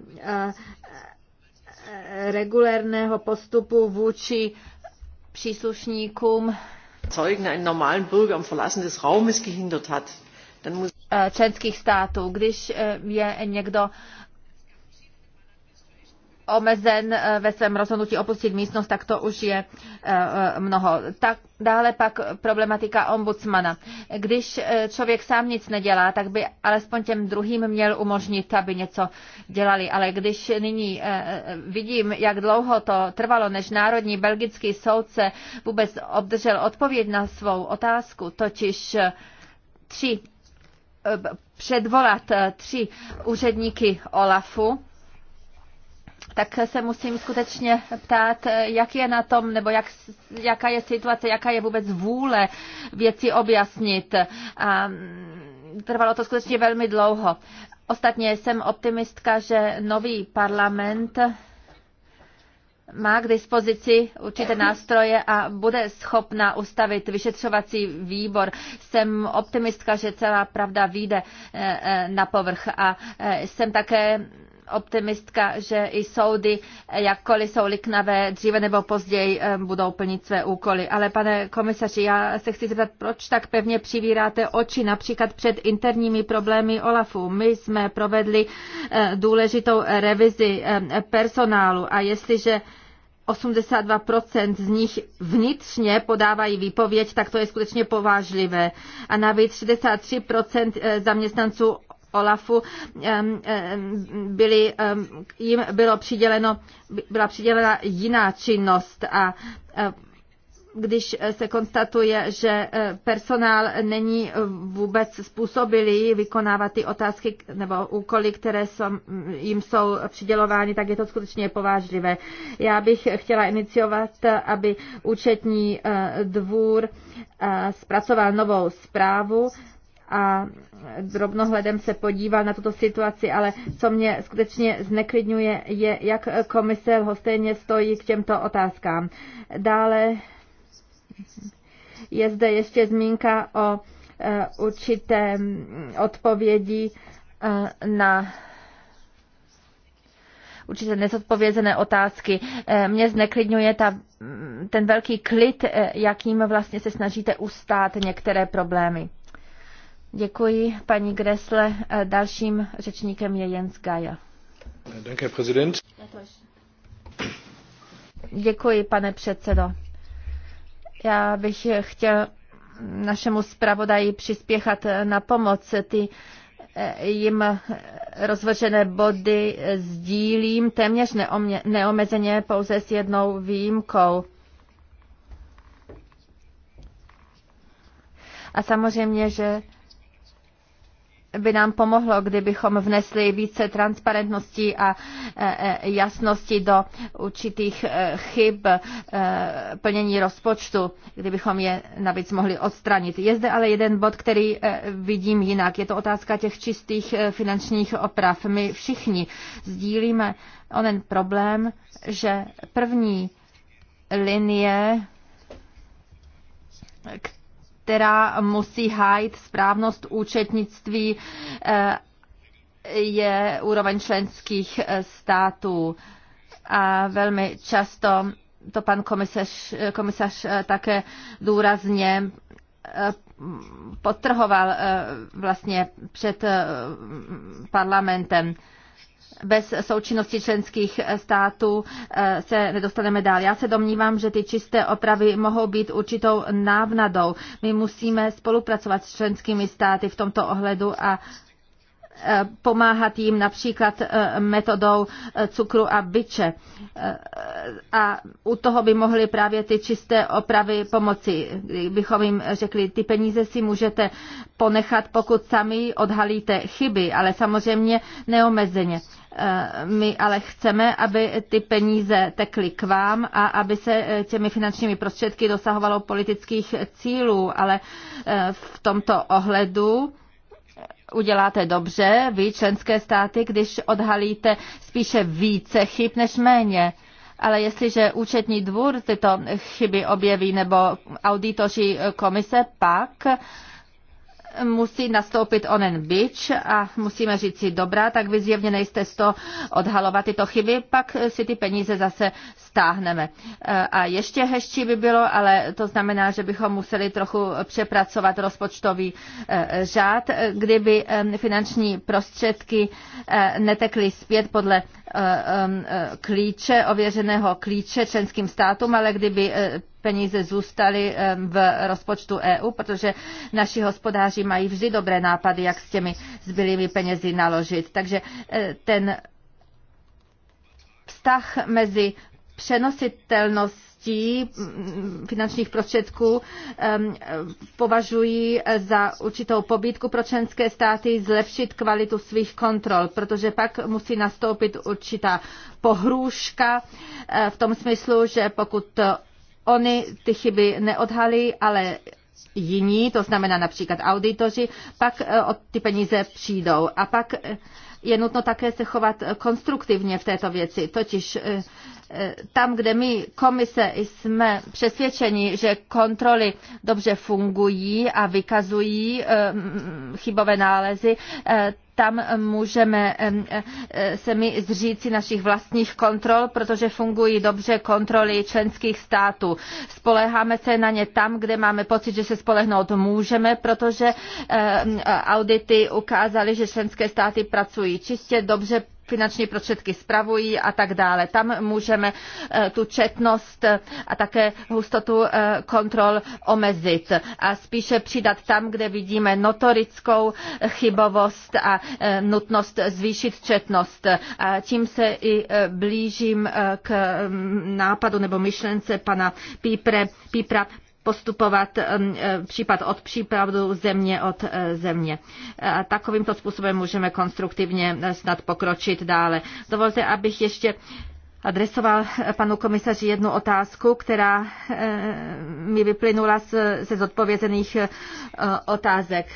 regulérného postupu vůči příslušníkům Zeugen einen normalen Bürger am Verlassen des Raumes gehindert hat, dann muss eh, členských států. Když eh, je někdo omezen eh, ve svém rozhodnutí opustit místnost, tak to už je eh, eh, mnoho. Tak dále pak problematika ombudsmana. Když člověk sám nic nedělá, tak by alespoň těm druhým měl umožnit, aby něco dělali. Ale když nyní vidím, jak dlouho to trvalo, než národní belgický soudce vůbec obdržel odpověď na svou otázku, totiž tři předvolat tři úředníky OLAFu, tak se musím skutečně ptát, jak je na tom, nebo jak, jaká je situace, jaká je vůbec vůle věci objasnit. A mm, trvalo to skutečně velmi dlouho. Ostatně jsem optimistka, že nový parlament má k dispozici určité nástroje a bude schopna ustavit vyšetřovací výbor. Jsem optimistka, že celá pravda vyjde eh, eh, na povrch a eh, jsem také optimistka, že i soudy, jakkoliv jsou liknavé, dříve nebo později eh, budou plnit své úkoly. Ale pane komisaři, já se chci zeptat, proč tak pevně přivíráte oči například před interními problémy OLAFu. My jsme provedli eh, důležitou revizi eh, personálu a jestliže 82% z nich vnitřně podávají výpověď, tak to je skutečně povážlivé. A navíc 63% zaměstnanců Olafu byly, jim bylo přiděleno, byla přidělena jiná činnost a e, když se konstatuje, že e, personál není vůbec způsobilý vykonávat ty otázky nebo úkoly, které jsou, jim jsou přidělovány, tak je to skutečně povážlivé. Já bych chtěla iniciovat, aby účetní e, dvůr zpracoval novou zprávu a drobnohledem se podíval na tuto situaci, ale co mě skutečně zneklidňuje, je, jak komise lhostejně stojí k těmto otázkám. Dále je zde ještě zmínka o e, určité odpovědi e, na určitě nezodpovězené otázky. E, mě zneklidňuje ta, ten velký klid, jakým vlastně se snažíte ustát některé problémy. Děkuji paní Gresle. Eh, dalším řečníkem je Jens Gaja. Děkuji, pane předsedo. Já bych chtěl našemu zpravodaji přispěchat na pomoc. Ty eh, jim rozvržené body sdílím téměř neomezeně pouze s jednou výjimkou. A samozřejmě, že by nám pomohlo, kdybychom vnesli více transparentnosti a e, e, jasnosti do určitých e, chyb plnění rozpočtu, kdybychom je navíc mohli odstranit. Je zde ale jeden bod, který vidím jinak. Je to otázka těch čistých finančních oprav. My všichni sdílíme onen problém, že první linie, která musí hájit správnost účetnictví eh, je úroveň členských eh, států. A velmi často to pan komisař, eh, komisař také důrazně potrhoval vlastně před parlamentem bez součinnosti členských států eh, se nedostaneme dál. Já se domnívám, že ty čisté opravy mohou být určitou návnadou. My musíme spolupracovat s členskými státy v tomto ohledu a eh, pomáhat jim například eh, metodou cukru a byče. A u toho by mohly právě ty čisté opravy pomoci. Kdybychom jim řekli, ty peníze si můžete ponechat, pokud sami odhalíte chyby, ale samozřejmě neomezeně. Eh, my ale chceme, aby ty peníze tekly k vám a aby se eh, těmi finančními prostředky dosahovalo politických cílů, ale eh, v tomto ohledu uděláte dobře, vy členské státy, když odhalíte spíše více chyb než méně. Ale jestliže účetní dvůr tyto chyby objeví nebo auditoři komise, pak musí nastoupit onen byč a musíme říct si dobrá, tak vy zjevně nejste z toho odhalovat tyto chyby, pak si ty peníze zase stáhneme. E, a ještě hezčí by bylo, ale to znamená, že bychom museli trochu přepracovat rozpočtový e, řád, e, kdyby finanční prostředky netekly zpět podle klíče, ověřeného klíče členským státům, ale kdyby peníze zůstaly v rozpočtu EU, protože naši hospodáři mají vždy dobré nápady, jak s těmi zbylými penězi naložit. Takže e, ten vztah mezi přenositelností mm, finančních prostředků považují za určitou pobídku pro členské státy zlepšit kvalitu svých kontrol, protože pak musí nastoupit určitá pohrůžka e, v tom smyslu, že pokud Oni ty chyby neodhalí, ale jiní, to znamená například auditoři, pak e, o ty peníze přijdou. A pak e, je nutno také se chovat konstruktivně v této věci, totiž e, tam, kde my komise jsme přesvědčeni, že kontroly dobře fungují a vykazují chybové nálezy, tam můžeme e, se mi zříci našich vlastních kontrol, protože fungují dobře kontroly členských států. Spoleháme se na ně tam, kde máme pocit, že se spolehnout můžeme, protože audity ukázaly, že členské státy pracují čistě, dobře finanční prostředky spravují a tak dále. Tam můžeme eh, tu četnost eh, a také hustotu eh, kontrol omezit a spíše přidat tam, kde vidíme notorickou chybovost a nutnost zvýšit četnost. A tím se i blížím k mm, nápadu nebo myšlence pana Pípre, Pípra postupovat um, eh, případ od případu, země od eh, země. A takovýmto způsobem můžeme konstruktivně eh, snad pokročit dále. Dovolte, abych ještě adresoval panu komisaři jednu otázku, která mi vyplynula ze zodpovězených otázek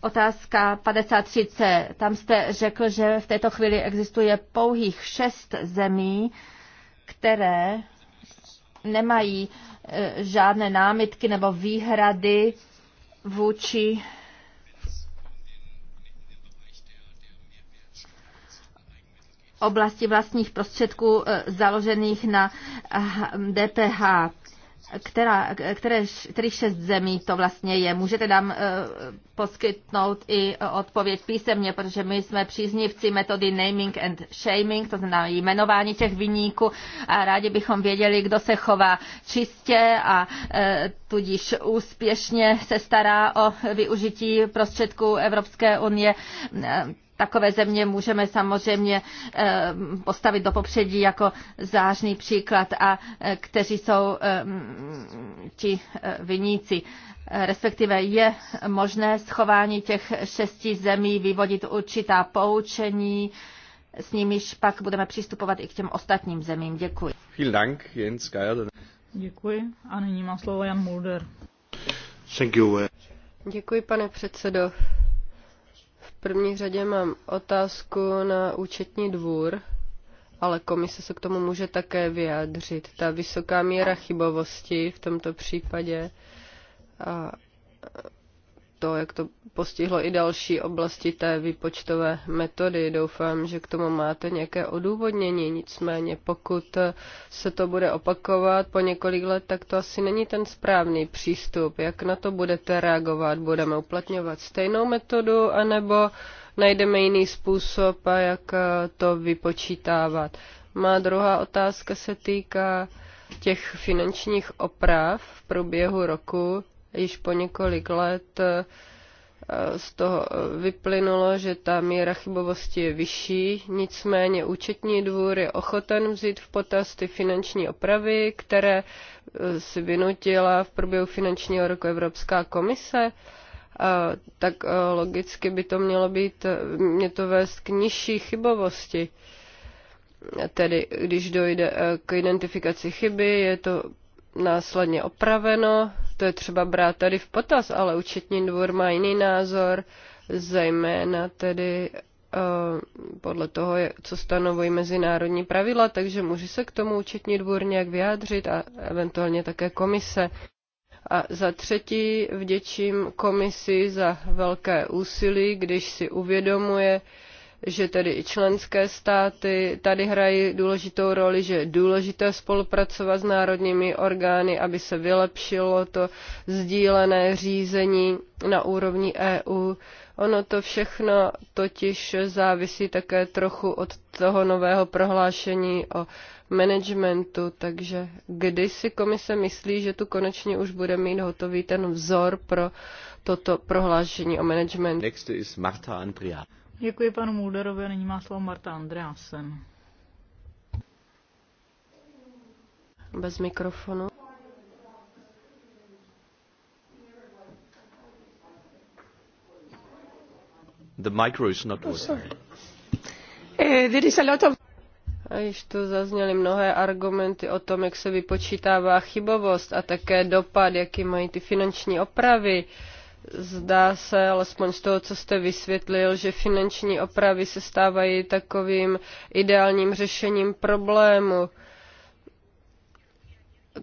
otázka 53c. Tam jste řekl, že v této chvíli existuje pouhých šest zemí, které nemají e, žádné námitky nebo výhrady vůči oblasti vlastních prostředků e, založených na DPH která, které, kterých šest zemí to vlastně je. Můžete nám eh, poskytnout i eh, odpověď písemně, protože my jsme příznivci metody naming and shaming, to znamená jmenování těch vyníků a rádi bychom věděli, kdo se chová čistě a eh, tudíž úspěšně se stará o využití prostředků Evropské unie takové země můžeme samozřejmě eh, postavit do popředí jako zářný příklad a eh, kteří jsou eh, ti viníci. Respektive je možné schování těch šesti zemí vyvodit určitá poučení, s nimiž pak budeme přistupovat i k těm ostatním zemím. Děkuji. Vielen Dank, Jens Geier. Děkuji. A nyní má slovo Jan Mulder. Děkuji, pane předsedo. V první řadě mám otázku na účetní dvůr, ale komise se k tomu může také vyjádřit. Ta vysoká míra chybovosti v tomto případě a to, jak to postihlo i další oblasti té výpočtové metody. Doufám, že k tomu máte nějaké odůvodnění. Nicméně, pokud se to bude opakovat po několik let, tak to asi není ten správný přístup. Jak na to budete reagovat? Budeme uplatňovat stejnou metodu, anebo najdeme jiný způsob, jak to vypočítávat? Má druhá otázka se týká těch finančních oprav v průběhu roku již po několik let eh, z toho eh, vyplynulo, že ta míra chybovosti je vyšší, nicméně účetní dvůr je ochoten vzít v potaz ty finanční opravy, které eh, si vynutila v průběhu finančního roku Evropská komise, tak logicky by to mělo být, mě to vést k nižší chybovosti. Tedy, když dojde k identifikaci chyby, je to následně opraveno. To je třeba brát tady v potaz, ale účetní dvůr má jiný názor, zejména tedy eh, podle toho, co stanovují mezinárodní pravidla, takže může se k tomu účetní dvůr nějak vyjádřit a eventuálně také komise. A za třetí vděčím komisi za velké úsilí, když si uvědomuje, že tedy i členské státy tady hrají důležitou roli, že je důležité spolupracovat s národními orgány, aby se vylepšilo to sdílené řízení na úrovni EU. Ono to všechno totiž závisí také trochu od toho nového prohlášení o managementu, takže kdy si komise myslí, že tu konečně už bude mít hotový ten vzor pro toto prohlášení o managementu. Next is Marta Andrea. Děkuji panu Mulderovi a nyní má slovo Marta Andreasen. Bez mikrofonu. The micro is not working. Eh, a již tu zazněly mnohé argumenty o tom, jak se vypočítává chybovost a také dopad, jaký mají ty finanční opravy. Zdá se, alespoň z toho, co jste vysvětlil, že finanční opravy se stávají takovým ideálním řešením problému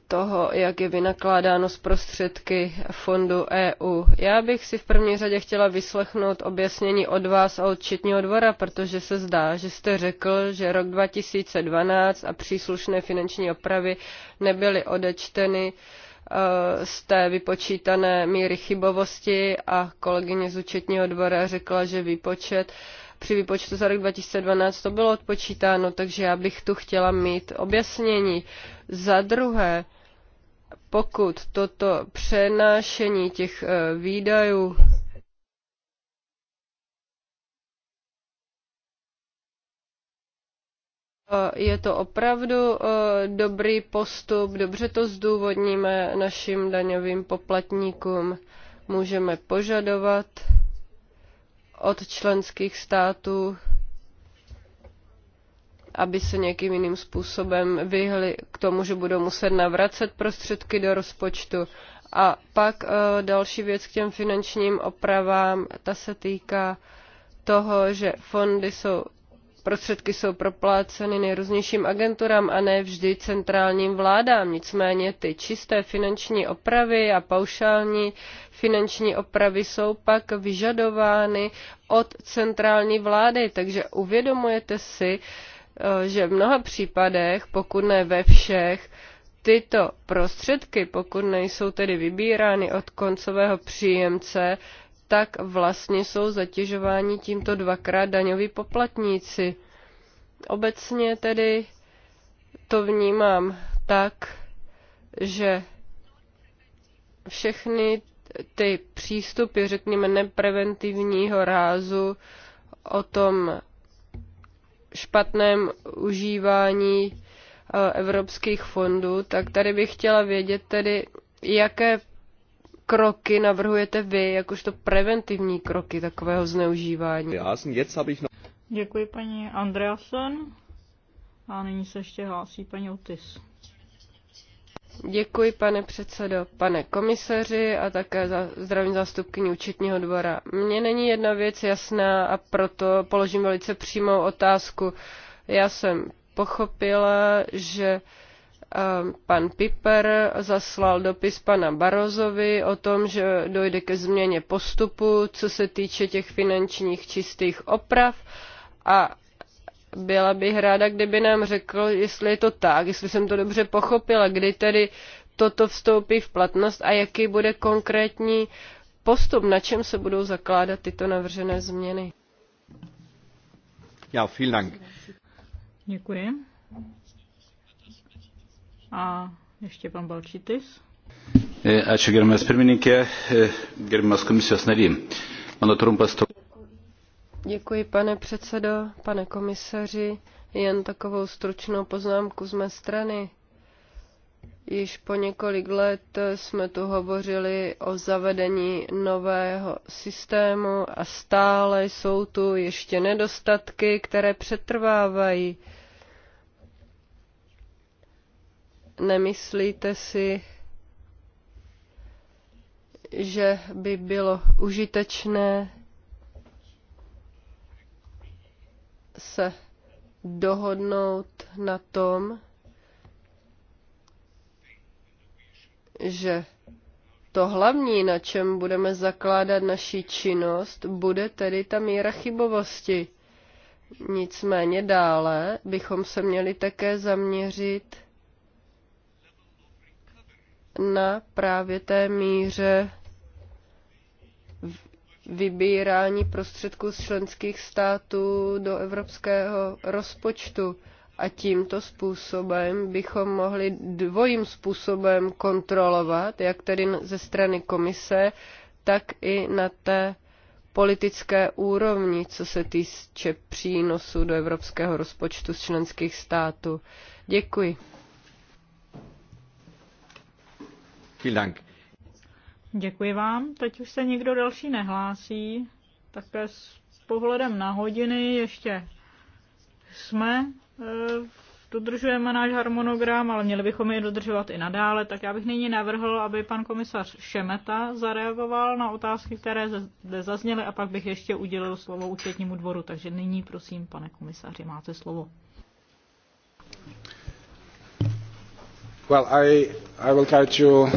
toho, jak je vynakládáno z prostředky fondu EU. Já bych si v první řadě chtěla vyslechnout objasnění od vás a od Četního dvora, protože se zdá, že jste řekl, že rok 2012 a příslušné finanční opravy nebyly odečteny Eh, z té vypočítané míry chybovosti a kolegyně z účetního dvora řekla, že výpočet při výpočtu za rok 2012 to bylo odpočítáno, takže já bych tu chtěla mít objasnění. Za druhé, pokud toto přenášení těch eh, výdajů Eh, je to opravdu eh, dobrý postup, dobře to zdůvodníme našim daňovým poplatníkům. Můžeme požadovat od členských států, aby se nějakým jiným způsobem vyhli k tomu, že budou muset navracet prostředky do rozpočtu. A pak eh, další věc k těm finančním opravám, ta se týká toho, že fondy jsou Prostředky jsou propláceny nejrůznějším agenturám a ne vždy centrálním vládám. Nicméně ty čisté finanční opravy a paušální finanční opravy jsou pak vyžadovány od centrální vlády. Takže uvědomujete si, eh, že v mnoha případech, pokud ne ve všech, tyto prostředky, pokud nejsou tedy vybírány od koncového příjemce, tak vlastně jsou zatěžováni tímto dvakrát daňoví poplatníci. Obecně tedy to vnímám tak, že všechny ty přístupy, řekněme, nepreventivního rázu o tom špatném užívání eh, evropských fondů, tak tady bych chtěla vědět tedy, jaké kroky navrhujete vy, jakožto preventivní kroky takového zneužívání? Děkuji paní Andreasen. A nyní se ještě hlásí paní Otis. Děkuji, pane předsedo, pane komiseři a také za zdravím zástupkyni účetního dvora. Mně není jedna věc jasná a proto položím velice přímou otázku. Já jsem pochopila, že Ehm, pan Piper zaslal dopis panu barrosovi o tom, že dojde ke změně postupu, co se týče těch finančních čistých oprav a byla bych ráda, kdyby nám řekl, jestli je to tak, jestli jsem to dobře pochopila, kdy tedy toto vstoupí v platnost a jaký bude konkrétní postup, na čem se budou zakládat tyto navržené změny. Já, vielen Dank. Děkuji. A ještě pan Balčitis. E, ačiū gerbiamas pirmininkė, e, gerbiamas komisijos nary. Mano trumpas to. Děkuji, pane předsedo, pane komisaři. Jen takovou stručnou poznámku z mé strany. Již po několik let jsme tu hovořili o zavedení nového systému a stále jsou tu ještě nedostatky, které přetrvávají Nemyslíte si, že by bylo užitečné se dohodnout na tom, že to hlavní, na čem budeme zakládat naši činnost, bude tedy ta míra chybovosti. Nicméně dále bychom se měli také zaměřit na právě té míře vybírání prostředků z členských států do evropského rozpočtu. A tímto způsobem bychom mohli dvojím způsobem kontrolovat, jak tedy ze strany komise, tak i na té politické úrovni, co se týče přínosu do evropského rozpočtu z členských států. Děkuji. Dank. Děkuji vám. Teď už se nikdo další nehlásí. Také s pohledem na hodiny ještě jsme, eh, dodržujeme náš harmonogram, ale měli bychom je dodržovat i nadále, tak já bych nyní navrhl, aby pan komisař Šemeta zareagoval na otázky, které zde zazněly a pak bych ještě udělil slovo účetnímu dvoru. Takže nyní prosím, pane komisaři, máte slovo. Well, I, I will try to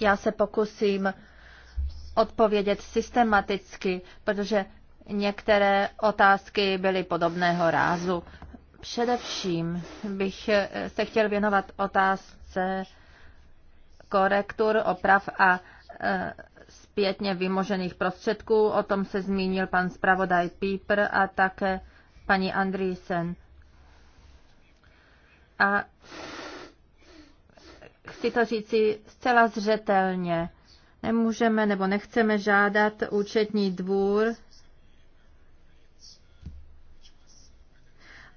já se pokusím odpovědět systematicky, protože některé otázky byly podobného rázu. Především bych se chtěl věnovat otázce korektur, oprav a e, zpětně vymožených prostředků. O tom se zmínil pan zpravodaj Píper a také paní Andrýsen. A chci to říci zcela zřetelně. Nemůžeme nebo nechceme žádat účetní dvůr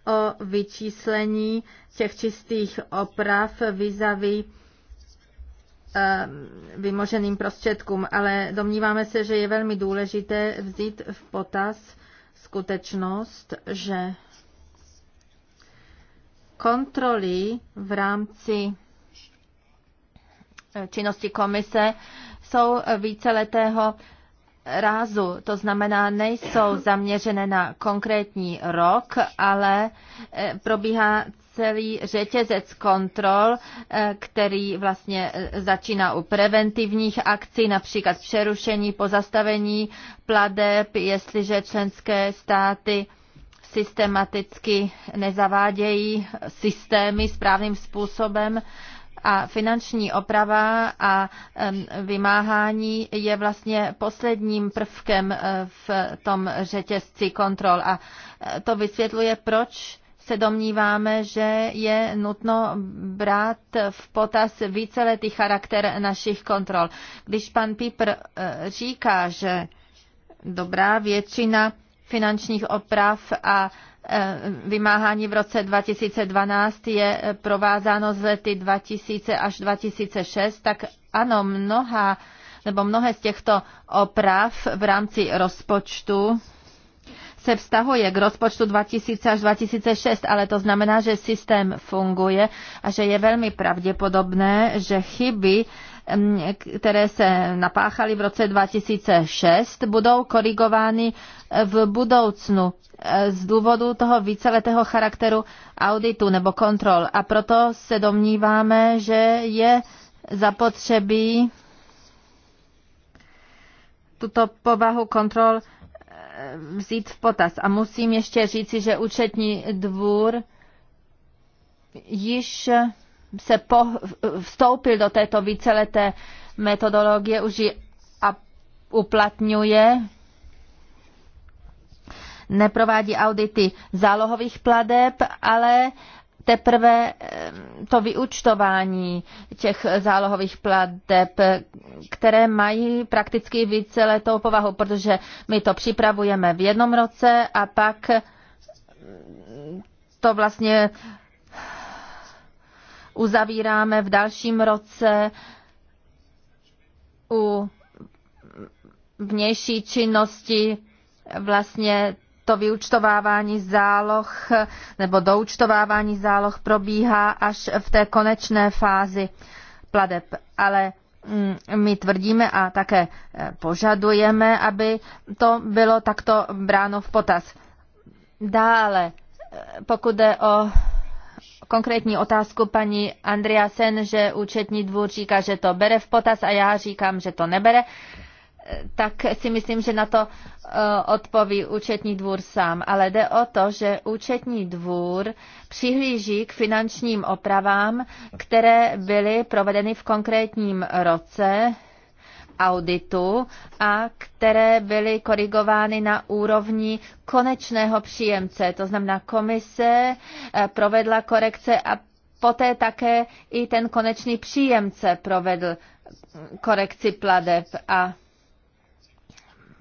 o vyčíslení těch čistých oprav vizavy eh, vymoženým prostředkům, ale domníváme se, že je velmi důležité vzít v potaz skutečnost, že kontroly v rámci činnosti komise jsou víceletého rázu, to znamená, nejsou zaměřené na konkrétní rok, ale eh, probíhá celý řetězec kontrol, eh, který vlastně eh, začíná u preventivních akcí, například přerušení, pozastavení pladeb, jestliže členské státy systematicky nezavádějí systémy správným způsobem a finanční oprava a vymáhání je vlastně posledním prvkem eh, v tom řetězci kontrol a eh, to vysvětluje, proč se domníváme, že je nutno brát v potaz víceletý charakter našich kontrol. Když pan Pípr eh, říká, že dobrá většina finančních oprav a Eh, vymáhání v roce 2012 je eh, provázáno z lety 2000 až 2006, tak ano, mnoha, nebo mnohé z těchto oprav v rámci rozpočtu se vztahuje k rozpočtu 2000 až 2006, ale to znamená, že systém funguje a že je velmi pravděpodobné, že chyby které se napáchaly v roce 2006, budou korigovány eh, v budoucnu eh, z důvodu toho víceletého charakteru auditu nebo kontrol. A proto se domníváme, že je zapotřebí tuto povahu kontrol eh, vzít v potaz. A musím ještě říci, že účetní dvůr již se po, vstoupil do této víceleté metodologie, už ji a uplatňuje, neprovádí audity zálohových pladeb, ale teprve eh, to vyučtování těch zálohových pladeb, které mají prakticky letou povahu, protože my to připravujeme v jednom roce a pak to vlastně uzavíráme v dalším roce u vnější činnosti vlastně to vyučtovávání záloh nebo doučtovávání záloh probíhá až v té konečné fázi pladeb. Ale mm, my tvrdíme a také eh, požadujeme, aby to bylo takto bráno v potaz. Dále, eh, pokud jde o konkrétní otázku paní Sen, že účetní dvůr říká, že to bere v potaz a já říkám, že to nebere, tak si myslím, že na to eh, odpoví účetní dvůr sám. Ale jde o to, že účetní dvůr přihlíží k finančním opravám, které byly provedeny v konkrétním roce auditu a které byly korigovány na úrovni konečného příjemce. To znamená, komise eh, provedla korekce a poté také i ten konečný příjemce provedl hm, korekci pladeb a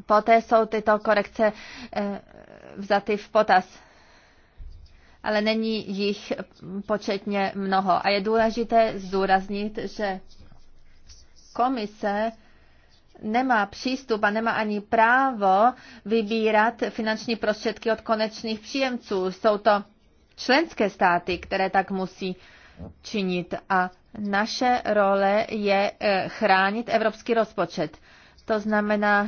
poté jsou tyto korekce eh, vzaty v potaz ale není jich hm, početně mnoho. A je důležité zdůraznit, že komise nemá přístup a nemá ani právo vybírat finanční prostředky od konečných příjemců. Jsou to členské státy, které tak musí činit a naše role je eh, chránit evropský rozpočet. To znamená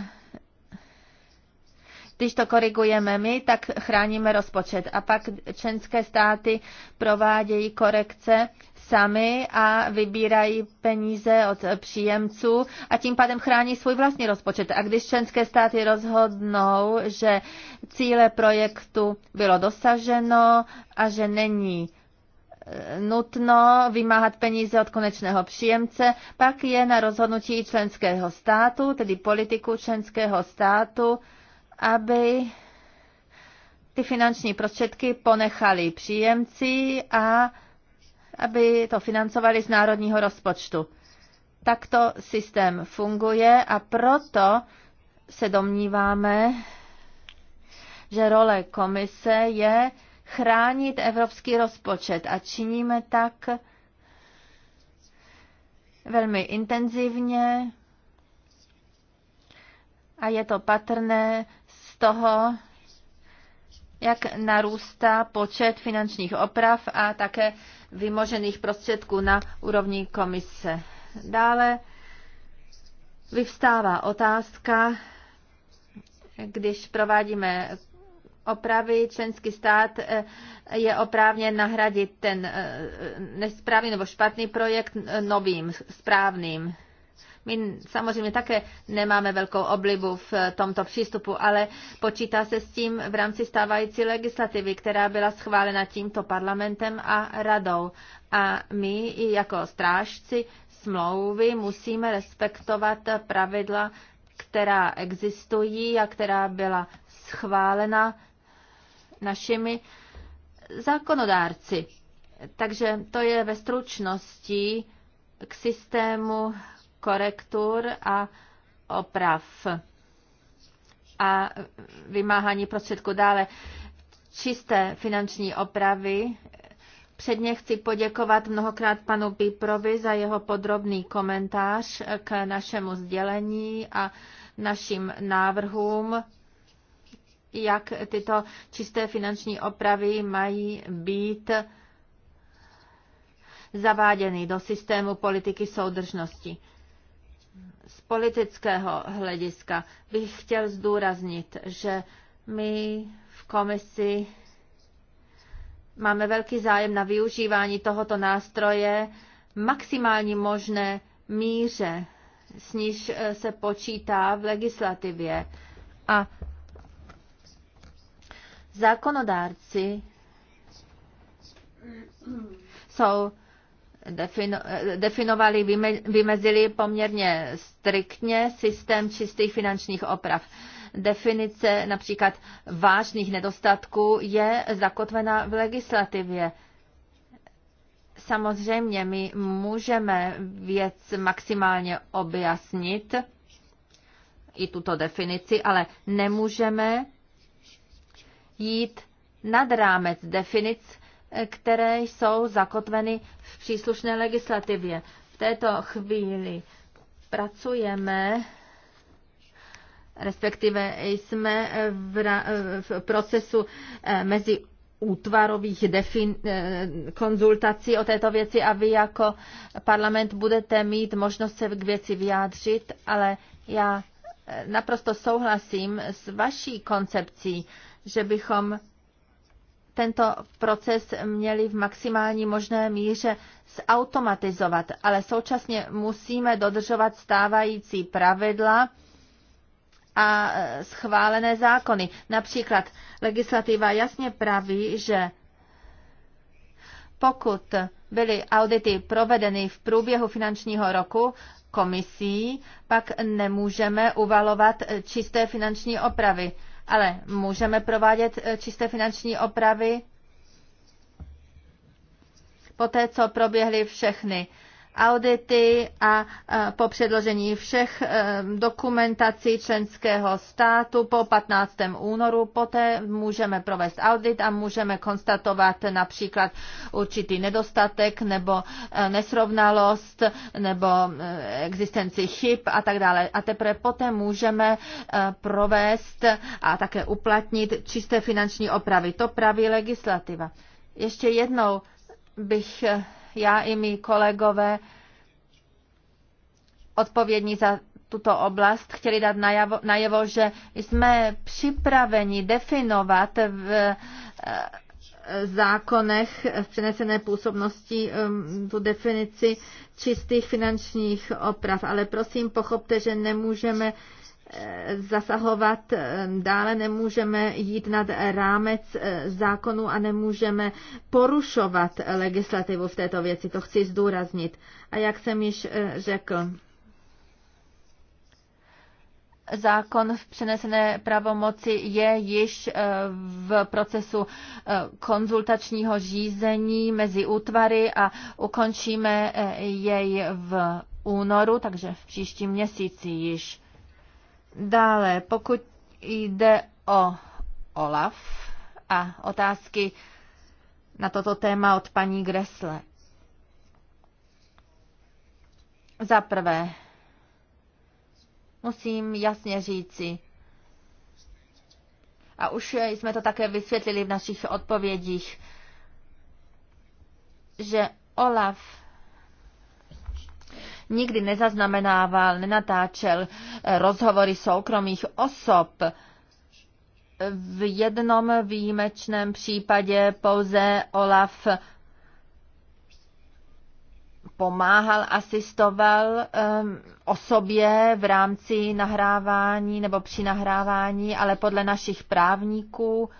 když to korigujeme my, tak chráníme rozpočet. A pak členské státy provádějí korekce sami a vybírají peníze od příjemců a tím pádem chrání svůj vlastní rozpočet. A když členské státy rozhodnou, že cíle projektu bylo dosaženo a že není eh, nutno vymáhat peníze od konečného příjemce, pak je na rozhodnutí členského státu, tedy politiku členského státu, aby ty finanční prostředky ponechali příjemci a aby to financovali z národního rozpočtu. Takto systém funguje a proto se domníváme, že role komise je chránit evropský rozpočet a činíme tak velmi intenzivně a je to patrné toho, jak narůstá počet finančních oprav a také vymožených prostředků na úrovni komise. Dále vyvstává otázka, když provádíme opravy, členský stát eh, je oprávně nahradit ten eh, nesprávný nebo špatný projekt novým, správným. My samozřejmě také nemáme velkou oblibu v tomto přístupu, ale počítá se s tím v rámci stávající legislativy, která byla schválena tímto parlamentem a radou. A my jako strážci smlouvy musíme respektovat pravidla, která existují a která byla schválena našimi zákonodárci. Takže to je ve stručnosti k systému korektur a oprav a vymáhání prostředku. Dále čisté finanční opravy. Předně chci poděkovat mnohokrát panu Biprovi za jeho podrobný komentář k našemu sdělení a našim návrhům, jak tyto čisté finanční opravy mají být zaváděny do systému politiky soudržnosti. Z politického hlediska bych chtěl zdůraznit, že my v komisi máme velký zájem na využívání tohoto nástroje maximální možné míře, s níž eh, se počítá v legislativě. A zákonodárci jsou defino, definovali, vymezili poměrně striktně systém čistých finančních oprav. Definice například vážných nedostatků je zakotvena v legislativě. Samozřejmě my můžeme věc maximálně objasnit, i tuto definici, ale nemůžeme jít nad rámec definic, které jsou zakotveny v příslušné legislativě. V této chvíli pracujeme respektive jsme v, v procesu eh, mezi útvarových defin, eh, konzultací o této věci a vy jako parlament budete mít možnost se k věci vyjádřit, ale já eh, naprosto souhlasím s vaší koncepcí, že bychom tento proces měli v maximální možné míře zautomatizovat, ale současně musíme dodržovat stávající pravidla a schválené zákony. Například legislativa jasně praví, že pokud byly audity provedeny v průběhu finančního roku komisí, pak nemůžeme uvalovat čisté finanční opravy ale můžeme provádět eh, čisté finanční opravy poté, co proběhly všechny audity a e, po předložení všech e, dokumentací členského státu po 15. únoru poté můžeme provést audit a můžeme konstatovat například určitý nedostatek nebo e, nesrovnalost nebo existenci chyb a tak dále. A teprve poté můžeme provést a také uplatnit čisté finanční opravy. To praví legislativa. Ještě jednou bych já i mý kolegové odpovědní za tuto oblast chtěli dát najavo, najevo, že jsme připraveni definovat v e, zákonech v přenesené působnosti e, tu definici čistých finančních oprav. Ale prosím, pochopte, že nemůžeme zasahovat eh, dále, nemůžeme jít nad rámec eh, zákonu a nemůžeme porušovat legislativu v této věci. To chci zdůraznit. A jak jsem již eh, řekl, zákon v přenesené pravomoci je již v procesu konzultačního řízení mezi útvary a ukončíme jej v únoru, takže v příštím měsíci již. Dále, pokud jde o OLAF a otázky na toto téma od paní Gresle. Za prvé, musím jasně říci, a už jsme to také vysvětlili v našich odpovědích, že OLAF nikdy nezaznamenával, nenatáčel eh, rozhovory soukromých osob. V jednom výjimečném případě pouze Olaf pomáhal, asistoval um, osobě v rámci nahrávání nebo při nahrávání, ale podle našich právníků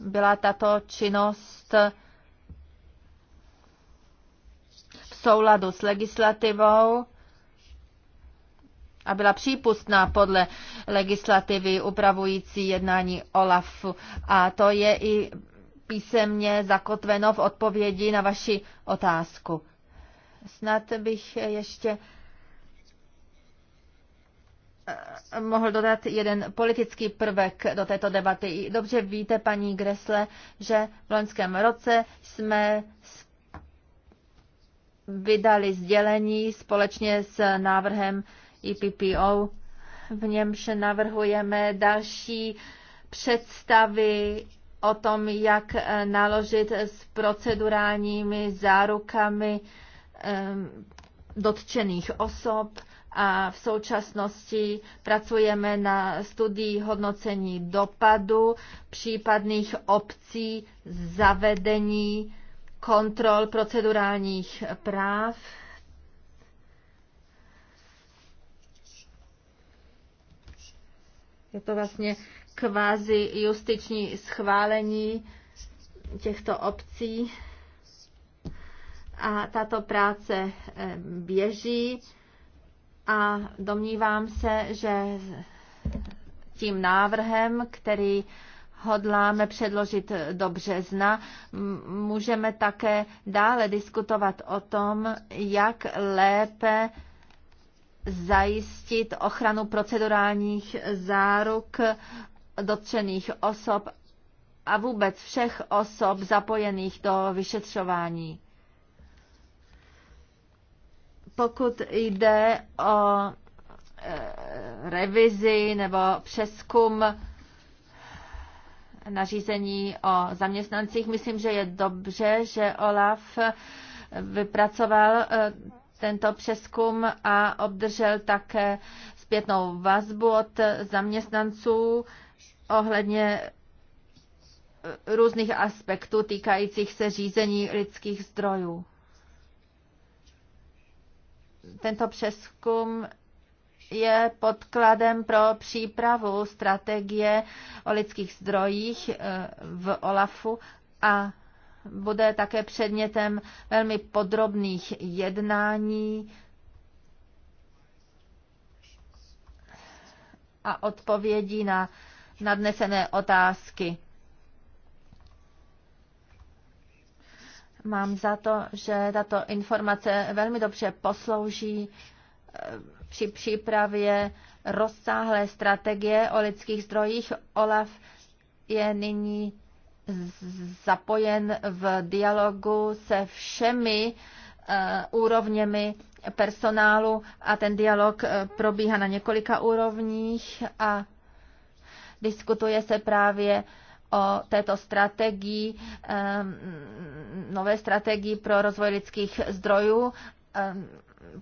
byla tato činnost souladu s legislativou a byla přípustná podle legislativy upravující jednání OLAFu. A to je i písemně zakotveno v odpovědi na vaši otázku. Snad bych ještě eh, mohl dodat jeden politický prvek do této debaty. Dobře víte, paní Gresle, že v loňském roce jsme s vydali sdělení společně s návrhem IPPO. E v němž navrhujeme další představy o tom, jak eh, naložit s procedurálními zárukami ehm, dotčených osob a v současnosti pracujeme na studii hodnocení dopadu případných obcí zavedení kontrol procedurálních práv. Je to vlastně kvázi justiční schválení těchto obcí. A tato práce eh, běží a domnívám se, že tím návrhem, který hodláme předložit do března, můžeme také dále diskutovat o tom, jak lépe zajistit ochranu procedurálních záruk dotčených osob a vůbec všech osob zapojených do vyšetřování. Pokud jde o e, revizi nebo přeskum nařízení o zaměstnancích. Myslím, že je dobře, že OLAF eh, vypracoval eh, tento přeskum a obdržel také zpětnou vazbu od zaměstnanců ohledně eh, různých aspektů týkajících se řízení lidských zdrojů. Tento přeskum je podkladem pro přípravu strategie o lidských zdrojích eh, v OLAFu a bude také předmětem velmi podrobných jednání a odpovědí na nadnesené otázky. Mám za to, že tato informace velmi dobře poslouží eh, při přípravě rozsáhlé strategie o lidských zdrojích. OLAF je nyní zapojen v dialogu se všemi eh, úrovněmi personálu a ten dialog eh, probíhá na několika úrovních a diskutuje se právě o této strategii, eh, nové strategii pro rozvoj lidských zdrojů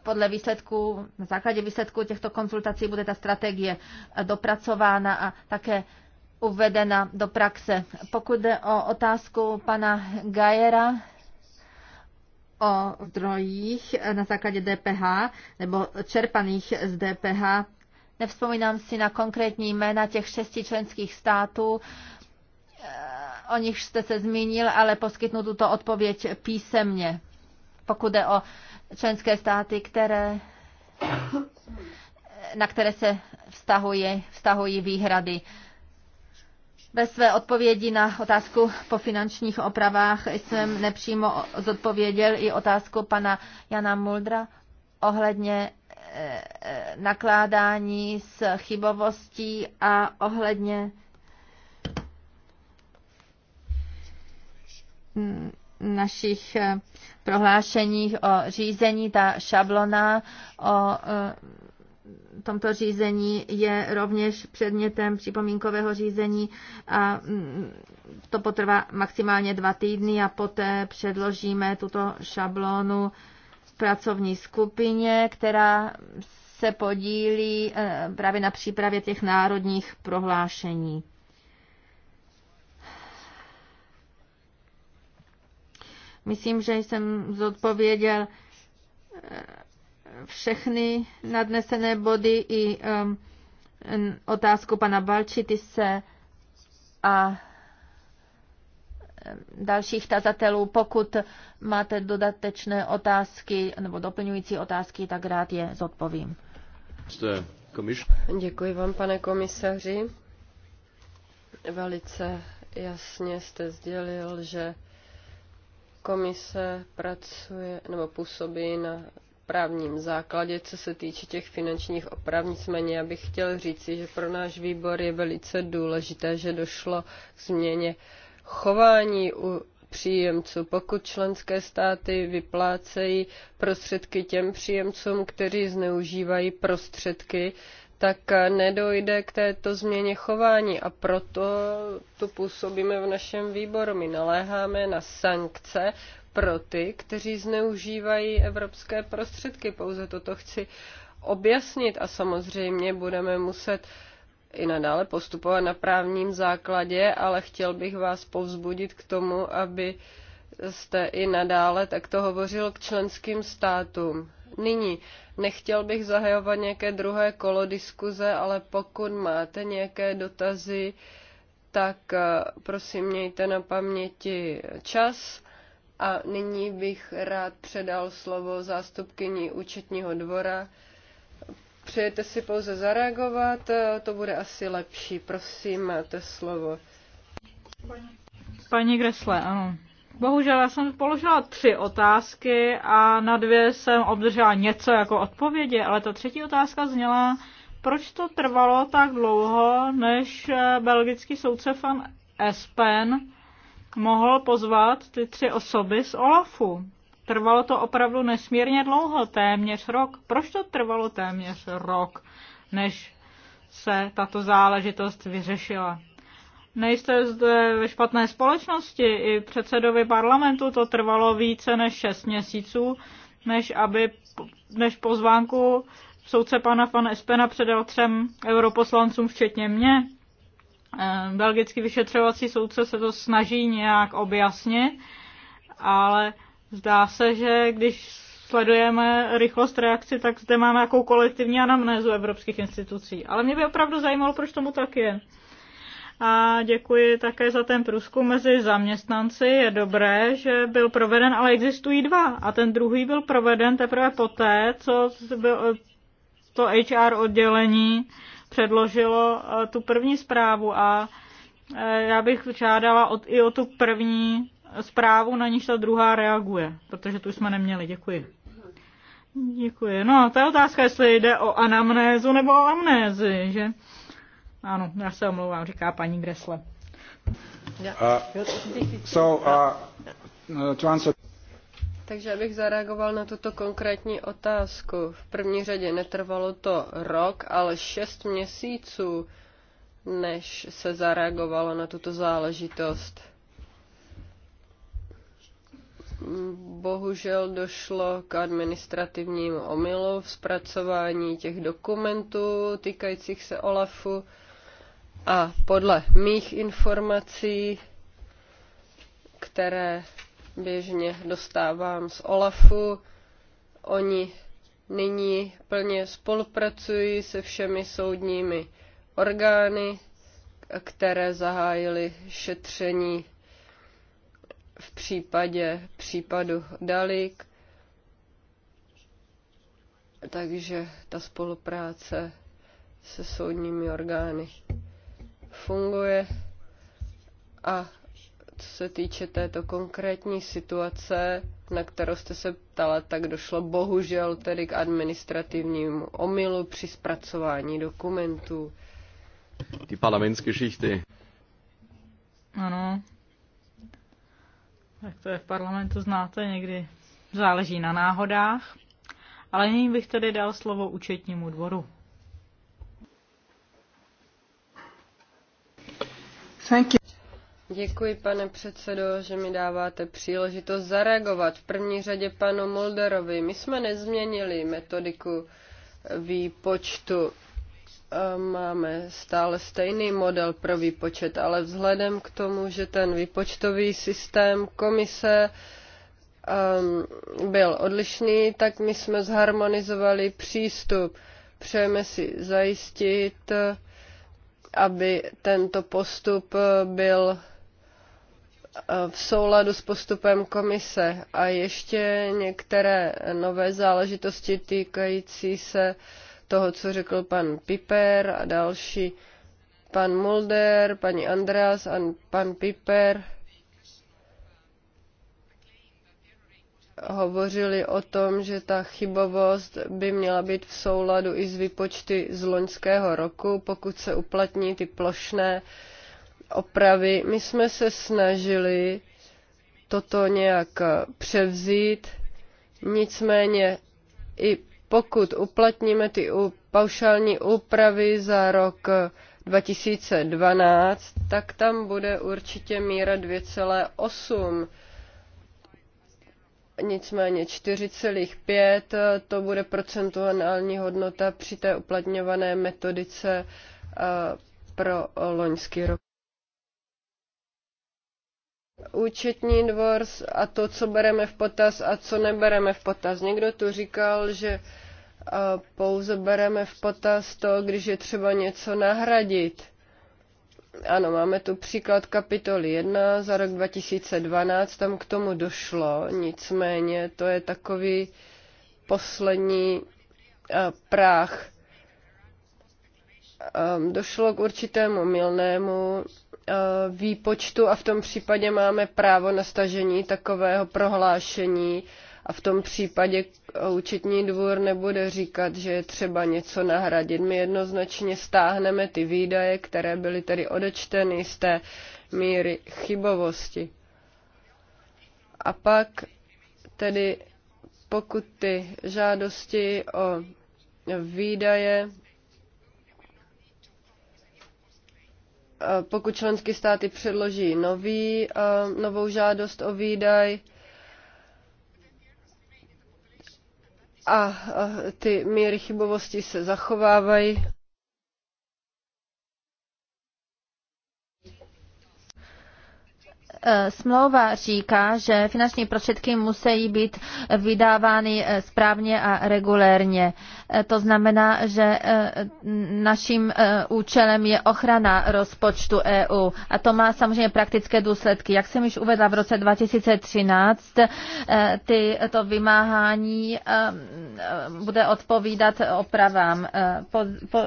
podle výsledků, na základě výsledků těchto konzultací bude ta strategie dopracována a také uvedena do praxe. Pokud jde o otázku pana Gajera o zdrojích na základě DPH nebo čerpaných z DPH, nevzpomínám si na konkrétní jména těch šesti členských států, eh, o nich jste se zmínil, ale poskytnu tuto odpověď písemně. Pokud jde o členské státy, které, na které se vztahuje, vztahují výhrady. Ve své odpovědi na otázku po finančních opravách jsem nepřímo zodpověděl i otázku pana Jana Muldra ohledně eh, eh, nakládání s chybovostí a ohledně hm, našich eh, prohlášeních o řízení, ta šablona o eh, tomto řízení je rovněž předmětem připomínkového řízení a mm, to potrvá maximálně dva týdny a poté předložíme tuto šablonu pracovní skupině, která se podílí eh, právě na přípravě těch národních prohlášení. Myslím, že jsem zodpověděl eh, všechny nadnesené body i um, otázku pana Balčitise a ehm, dalších tazatelů. Pokud máte dodatečné otázky nebo doplňující otázky, tak rád je zodpovím. Děkuji vám, pane komisaři. Velice jasně jste sdělil, že Komise pracuje nebo působí na právním základě, co se týče těch finančních oprav. Nicméně já bych chtěl říci, že pro náš výbor je velice důležité, že došlo k změně chování u příjemců. Pokud členské státy vyplácejí prostředky těm příjemcům, kteří zneužívají prostředky, tak nedojde k této změně chování a proto tu působíme v našem výboru. My naléháme na sankce pro ty, kteří zneužívají evropské prostředky. Pouze toto chci objasnit a samozřejmě budeme muset i nadále postupovat na právním základě, ale chtěl bych vás povzbudit k tomu, aby jste i nadále takto hovořil k členským státům. Nyní Nechtěl bych zahajovat nějaké druhé kolo diskuze, ale pokud máte nějaké dotazy, tak eh, prosím mějte na paměti čas. A nyní bych rád předal slovo zástupkyni účetního dvora. Přejete si pouze zareagovat, eh, to bude asi lepší. Prosím, máte slovo. Paní Gresle, ano. Bohužel já jsem položila tři otázky a na dvě jsem obdržela něco jako odpovědi, ale ta třetí otázka zněla, proč to trvalo tak dlouho, než eh, belgický soudce fan Espen mohl pozvat ty tři osoby z Olafu. Trvalo to opravdu nesmírně dlouho, téměř rok. Proč to trvalo téměř rok, než se tato záležitost vyřešila? Nejste zde ve špatné společnosti. I předsedovi parlamentu to trvalo více než šest měsíců, než aby než pozvánku soudce pana Van Espena předal třem europoslancům, včetně mě. Ehm, belgický vyšetřovací soudce se to snaží nějak objasnit, ale zdá se, že když sledujeme rychlost reakci, tak zde máme jako kolektivní anamnézu evropských institucí. Ale mě by opravdu zajímalo, proč tomu tak je a děkuji také za ten průzkum mezi zaměstnanci. Je dobré, že byl proveden, ale existují dva a ten druhý byl proveden teprve poté, co to HR oddělení předložilo eh, tu první zprávu a eh, já bych žádala od, i o tu první zprávu, na níž ta druhá reaguje, protože tu jsme neměli. Děkuji. Děkuji. No, ta otázka, jestli jde o anamnézu nebo o amnézi, že? Ano, já se omlouvám, říká paní Gresle. Eh, Takže abych zareagoval na tuto konkrétní otázku. V první řadě netrvalo to rok, ale šest měsíců, než se zareagovalo na tuto záležitost. Bohužel došlo k administrativnímu omylu v zpracování těch dokumentů týkajících se OLAFu a podle mých informací, které běžně dostávám z OLAFu, oni nyní plně spolupracují se všemi soudními orgány, které zahájily šetření v případě případu Dalík. Takže ta spolupráce se soudními orgány funguje. A co se týče této konkrétní situace, na kterou jste se ptala, tak došlo bohužel tedy k administrativnímu omylu při zpracování dokumentů. Ty parlamentské šichty. Ano. Tak to je v parlamentu znáte, někdy záleží na náhodách. Ale nyní bych tedy dal slovo účetnímu dvoru. Děkuji, pane předsedo, že mi dáváte příležitost zareagovat. V první řadě panu Mulderovi. My jsme nezměnili metodiku výpočtu. Máme stále stejný model pro výpočet, ale vzhledem k tomu, že ten výpočtový systém komise um, byl odlišný, tak my jsme zharmonizovali přístup. Přejeme si zajistit aby tento postup eh, byl eh, v souladu s postupem komise a ještě některé nové záležitosti týkající se toho, co řekl pan Piper a další pan Mulder, paní Andreas a pan Piper hovořili o tom, že ta chybovost by měla být v souladu i s výpočty z loňského roku, pokud se uplatní ty plošné opravy. My jsme se snažili toto nějak převzít, nicméně i pokud uplatníme ty paušální úpravy za rok 2012, tak tam bude určitě míra 2,8 nicméně 4,5 eh, to bude procentuální hodnota při té uplatňované metodice eh, pro loňský rok. Účetní dvor a to, co bereme v potaz a co nebereme v potaz. Někdo tu říkal, že eh, pouze bereme v potaz to, když je třeba něco nahradit ano, máme tu příklad kapitoly 1 za rok 2012, tam k tomu došlo, nicméně to je takový poslední eh, práh. Ehm, došlo k určitému milnému eh, výpočtu a v tom případě máme právo na stažení takového prohlášení a v tom případě účetní dvůr nebude říkat, že je třeba něco nahradit. My jednoznačně stáhneme ty výdaje, které byly tedy odečteny z té míry chybovosti. A pak tedy pokud ty žádosti o výdaje pokud členský státy předloží nový, novou žádost o výdaj, a ty míry chybovosti se zachovávají. E, smlouva říká, že finanční prostředky musí být vydávány e, správně a regulérně. Eh, to znamená, že eh, naším eh, účelem je ochrana rozpočtu EU a to má samozřejmě praktické důsledky. Jak jsem již uvedla v roce 2013, ty, to vymáhání bude odpovídat opravám. Po, po,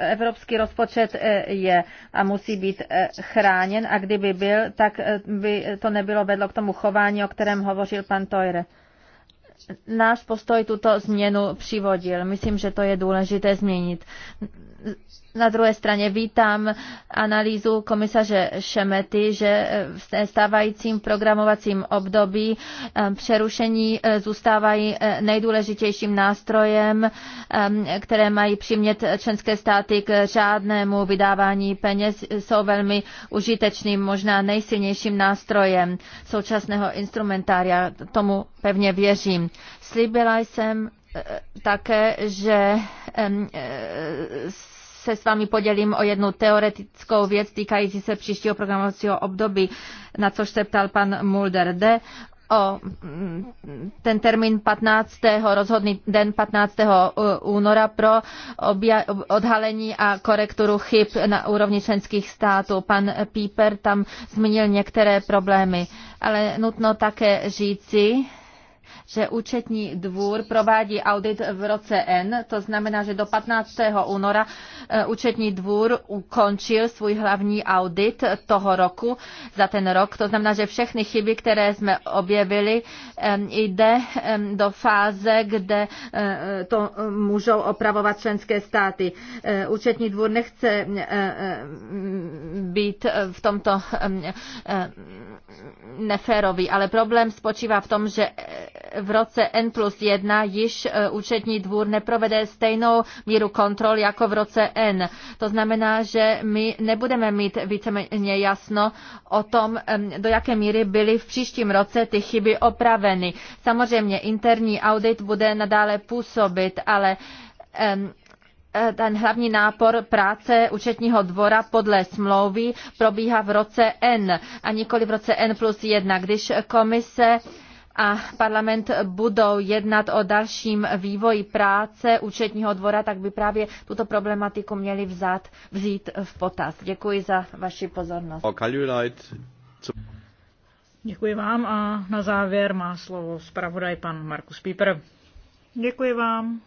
evropský rozpočet je a musí být chráněn a kdyby byl, tak by to nebylo vedlo k tomu chování, o kterém hovořil pan Toire náš postoj tuto změnu přivodil. Myslím, že to je důležité změnit. Na druhé straně vítám analýzu komisaře Šemety, že v stávajícím programovacím období eh, přerušení eh, zůstávají eh, nejdůležitějším nástrojem, ehm, které mají přimět členské státy k řádnému vydávání peněz, jsou velmi užitečným, možná nejsilnějším nástrojem současného instrumentária. Tomu pevně věřím. Slíbila jsem, Eh, také, že eh, se s vámi podělím o jednu teoretickou věc týkající se příštího programovacího období, na což se ptal pan Mulder. d. o mm, ten termín 15. rozhodný den 15. Eh, února pro obja- odhalení a korekturu chyb na úrovni členských států. Pan Píper tam zmínil některé problémy, ale nutno také říci, že účetní dvůr provádí audit v roce N, to znamená, že do 15. února eh, účetní dvůr ukončil svůj hlavní audit toho roku za ten rok. To znamená, že všechny chyby, které jsme objevili, jde do fáze, kde eh, to eh, můžou opravovat členské státy. Účetní dvůr nechce být v tomto neférový, ale problém spočívá v tom, že v roce N plus 1 již e, účetní dvůr neprovede stejnou míru kontrol jako v roce N. To znamená, že my nebudeme mít víceméně jasno o tom, do jaké míry byly v příštím roce ty chyby opraveny. Samozřejmě interní audit bude nadále působit, ale e, ten hlavní nápor práce účetního dvora podle smlouvy probíhá v roce N a nikoli v roce N plus 1, když komise a parlament budou jednat o dalším vývoji práce účetního dvora, tak by právě tuto problematiku měli vzát, vzít v potaz. Děkuji za vaši pozornost. Děkuji vám a na závěr má slovo zpravodaj pan Markus Píper. Děkuji vám.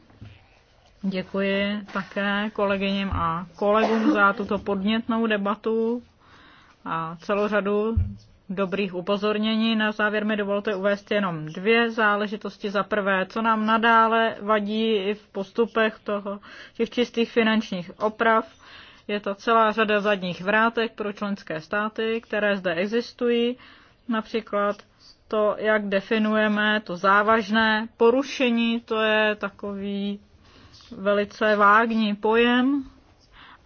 Děkuji také kolegyním a kolegům za tuto podnětnou debatu a celou řadu dobrých upozornění. Na závěr mi dovolte uvést jenom dvě záležitosti. Za prvé, co nám nadále vadí i v postupech toho, těch čistých finančních oprav, je to celá řada zadních vrátek pro členské státy, které zde existují. Například to, jak definujeme to závažné porušení, to je takový velice vágní pojem,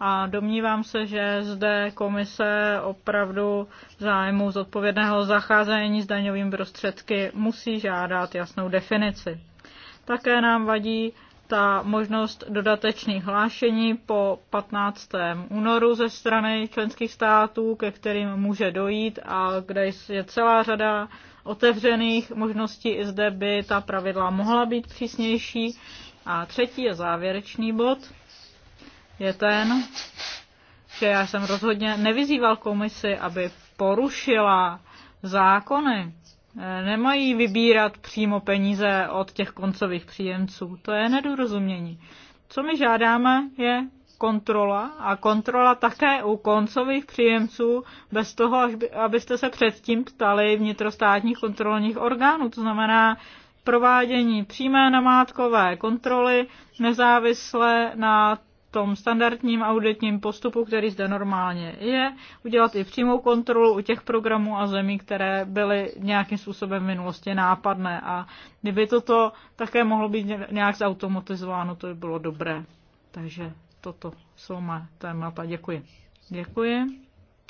a domnívám se, že zde komise opravdu zájmu zodpovědného zacházení s daňovým prostředky musí žádat jasnou definici. Také nám vadí ta možnost dodatečných hlášení po 15. únoru ze strany členských států, ke kterým může dojít a kde je celá řada otevřených možností. I zde by ta pravidla mohla být přísnější. A třetí je závěrečný bod je ten, že já jsem rozhodně nevyzýval komisi, aby porušila zákony. Eh, nemají vybírat přímo peníze od těch koncových příjemců. To je nedorozumění. Co my žádáme, je kontrola a kontrola také u koncových příjemců bez toho, abyste se předtím ptali vnitrostátních kontrolních orgánů. To znamená provádění přímé namátkové kontroly nezávisle na tom standardním auditním postupu, který zde normálně je, udělat i přímou kontrolu u těch programů a zemí, které byly nějakým způsobem v minulosti nápadné. A kdyby toto také mohlo být nějak zautomatizováno, to by bylo dobré. Takže toto jsou má témata. Děkuji. Děkuji.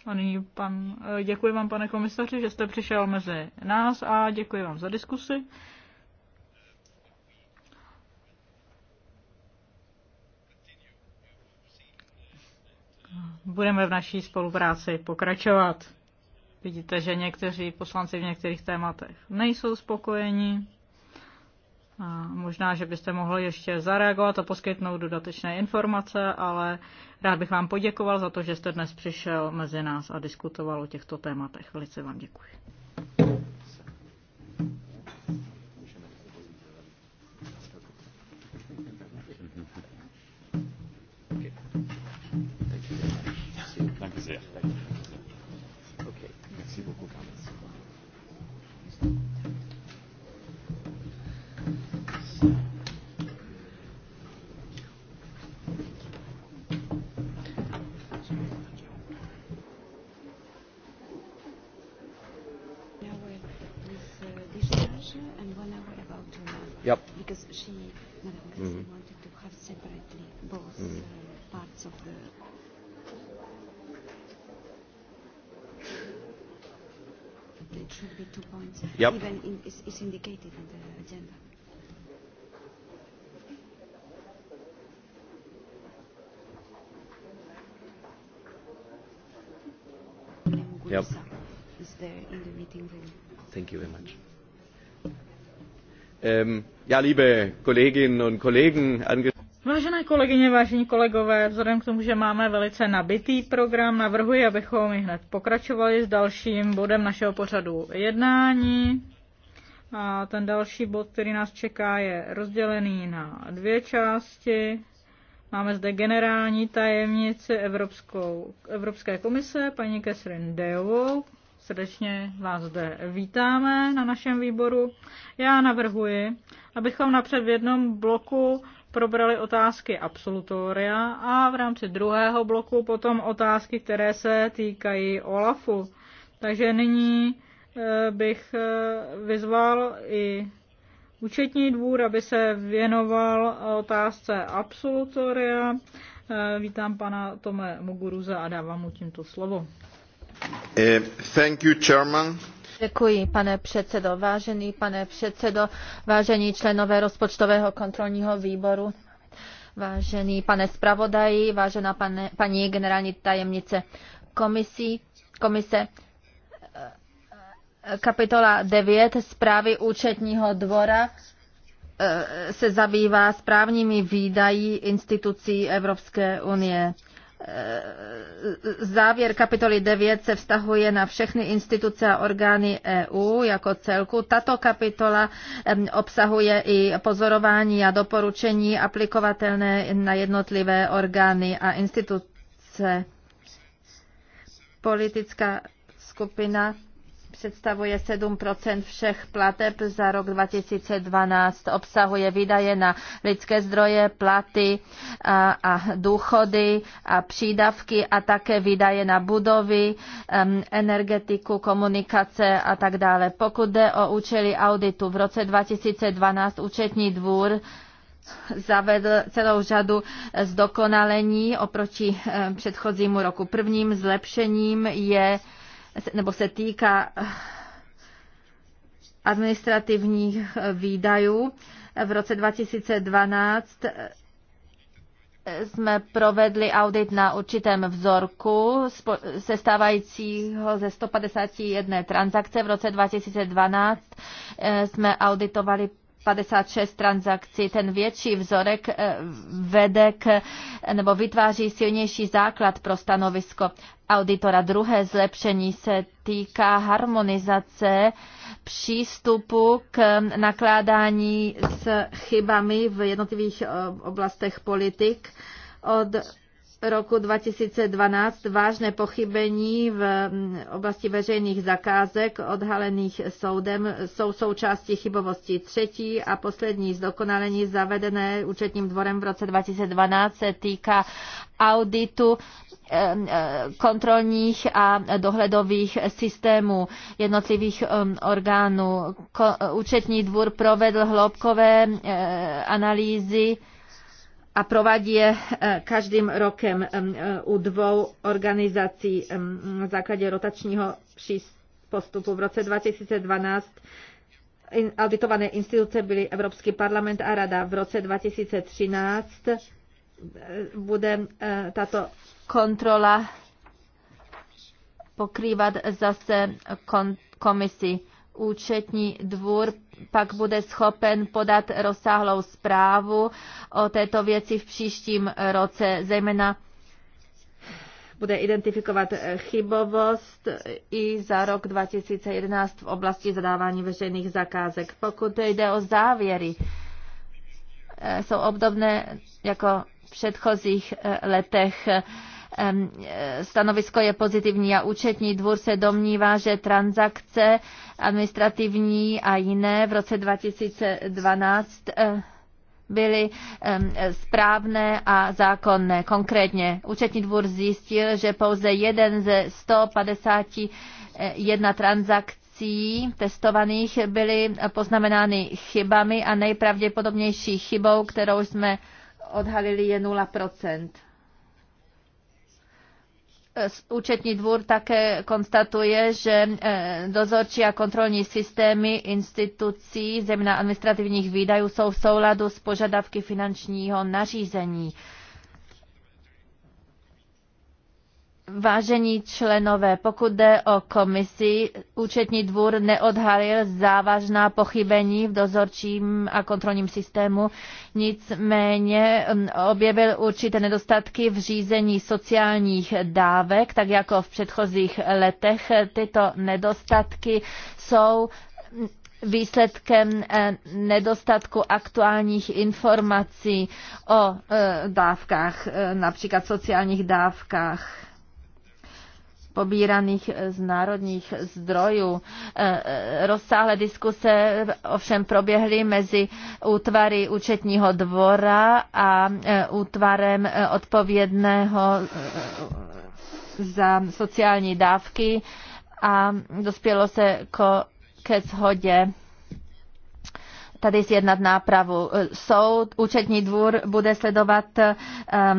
A nyní pan, eh, děkuji vám, pane komisaři, že jste přišel mezi nás a děkuji vám za diskusi. budeme v naší spolupráci pokračovat. Vidíte, že někteří poslanci v některých tématech nejsou spokojeni. A možná, že byste mohli ještě zareagovat a poskytnout dodatečné informace, ale rád bych vám poděkoval za to, že jste dnes přišel mezi nás a diskutoval o těchto tématech. Velice vám děkuji. have separately both mm. uh, parts of the It should be two points. Yep. Even in, it's, it's indicated in the agenda. Yep. Is there in the meeting room. Thank you very much. Ähm, ja, liebe Kolleginnen und Kollegen, Vážené kolegyně, vážení kolegové, vzhledem k tomu, že máme velice nabitý program, navrhuji, abychom i hned pokračovali s dalším bodem našeho pořadu jednání. A ten další bod, který nás čeká, je rozdělený na dvě části. Máme zde generální tajemnici Evropskou, Evropské komise, paní Catherine Deovou. Srdečně vás zde vítáme na našem výboru. Já navrhuji, abychom napřed v jednom bloku probrali otázky absolutoria a v rámci druhého bloku potom otázky, které se týkají OLAFu. Takže nyní eh, bych eh, vyzval i účetní dvůr, aby se věnoval otázce absolutoria. Eh, vítám pana Tome Muguruza a dávám mu tímto slovo. Thank you, Chairman. Děkuji, pane předsedo. Vážený pane předsedo, vážení členové rozpočtového kontrolního výboru, vážený pane zpravodaji, vážená pane, paní generální tajemnice komisí, komise, eh, kapitola 9 zprávy účetního dvora eh, se zabývá správními výdaji institucí Evropské unie. Závěr kapitoly 9 se vztahuje na všechny instituce a orgány EU jako celku. Tato kapitola obsahuje i pozorování a doporučení aplikovatelné na jednotlivé orgány a instituce. Politická skupina představuje 7 všech plateb za rok 2012. Obsahuje výdaje na lidské zdroje, platy a, a důchody a přídavky a také výdaje na budovy, um, energetiku, komunikace a tak dále. Pokud jde o účely auditu, v roce 2012 účetní dvůr zavedl celou řadu zdokonalení oproti předchozímu roku. Prvním zlepšením je nebo se týká eh, administrativních eh, výdajů. V roce 2012 eh, jsme provedli audit na určitém vzorku sestávajícího ze 151 transakce. V roce 2012 jsme auditovali 56 transakcí. Ten větší vzorek eh, vede k, nebo vytváří silnější základ pro stanovisko auditora. Druhé zlepšení se týká harmonizace přístupu k nakládání s chybami v jednotlivých eh, oblastech politik od roku 2012 vážné pochybení v mm, oblasti veřejných zakázek odhalených soudem jsou součástí chybovosti. Třetí a poslední zdokonalení zavedené účetním dvorem v roce 2012 se týká auditu eh, kontrolních a dohledových systémů jednotlivých orgánů. Účetní dvůr provedl hloubkové eh, analýzy a provádí je eh, každým rokem eh, u dvou organizací eh, na základě rotačního postupu. V roce 2012 auditované instituce byly Evropský parlament a Rada. V roce 2013 bude tato kontrola pokrývat zase komisi účetní dvůr pak bude schopen podat rozsáhlou zprávu o této věci v příštím roce, zejména bude identifikovat eh, chybovost i za rok 2011 v oblasti zadávání veřejných zakázek. Pokud jde o závěry, eh, jsou obdobné jako v předchozích eh, letech E, stanovisko je pozitivní a účetní dvůr se domnívá, že transakce administrativní a jiné v roce 2012 e, byly správné a zákonné. Konkrétně účetní dvůr zjistil, že pouze jeden ze 151 transakcí testovaných byly poznamenány chybami a nejpravděpodobnější chybou, kterou jsme odhalili, je 0%. Účetní dvůr také konstatuje, že eh, dozorčí a kontrolní systémy institucí zejména administrativních výdajů jsou v souladu s požadavky finančního nařízení. Vážení členové, pokud jde o komisi, účetní dvůr neodhalil závažná pochybení v dozorčím a kontrolním systému, nicméně um, objevil určité nedostatky v řízení sociálních dávek, tak jako v předchozích letech. Tyto nedostatky jsou výsledkem eh, nedostatku aktuálních informací o eh, dávkách, eh, například sociálních dávkách pobíraných eh, z národních zdrojů. Eh, eh, rozsáhlé diskuse ovšem proběhly mezi útvary účetního dvora a útvarem odpovědného za sociální dávky a dospělo se ko, ke shodě tady zjednat nápravu. Eh, soud, účetní dvůr bude sledovat um,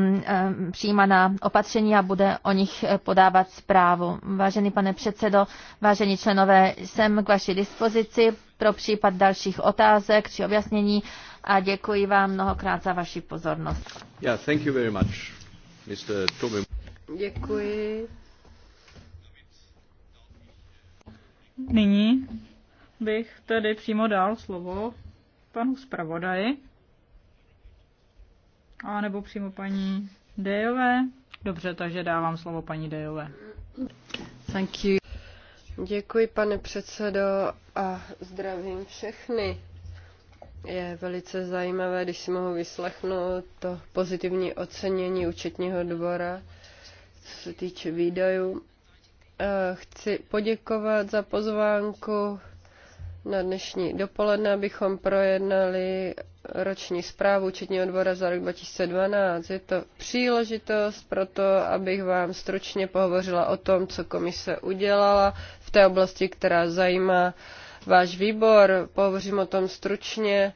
um, přijímaná opatření a bude o nich eh, podávat zprávu. Vážený pane předsedo, vážení členové, jsem k vaší dispozici pro případ dalších otázek či objasnění a děkuji vám mnohokrát za vaši pozornost. Yeah, thank you very much, Mr. Tobin. Děkuji. Nyní bych tedy přímo dal slovo panu zpravodaji. A nebo přímo paní Dejové. Dobře, takže dávám slovo paní Dejové. Thank you. Děkuji, pane předsedo, a zdravím všechny. Je velice zajímavé, když si mohu vyslechnout to pozitivní ocenění účetního dvora, co se týče výdajů. Eh, chci poděkovat za pozvánku na dnešní dopoledne bychom projednali roční zprávu Četního dvora za rok 2012. Je to příležitost pro to, abych vám stručně pohovořila o tom, co komise udělala v té oblasti, která zajímá váš výbor. Pohovořím o tom stručně.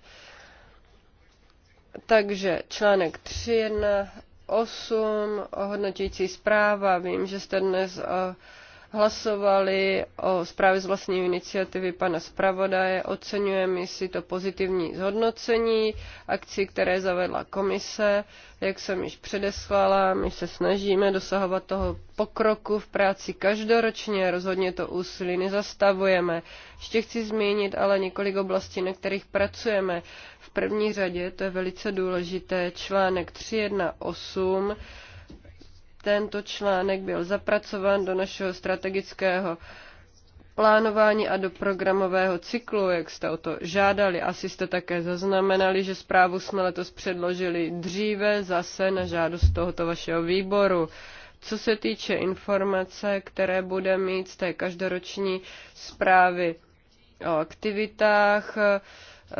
Takže článek 3.1.8 o hodnotící zpráva. Vím, že jste dnes o eh, hlasovali o zprávě z vlastní iniciativy pana zpravodaje. Oceňujeme si to pozitivní zhodnocení akcí, které zavedla komise. Jak jsem již předeslala, my se snažíme dosahovat toho pokroku v práci každoročně, rozhodně to úsilí nezastavujeme. Ještě chci zmínit ale několik oblastí, na kterých pracujeme. V první řadě, to je velice důležité, článek 318 tento článek byl zapracován do našeho strategického plánování a do programového cyklu, jak jste o to žádali. Asi jste také zaznamenali, že zprávu jsme letos předložili dříve zase na žádost tohoto vašeho výboru. Co se týče informace, které bude mít z té každoroční zprávy o aktivitách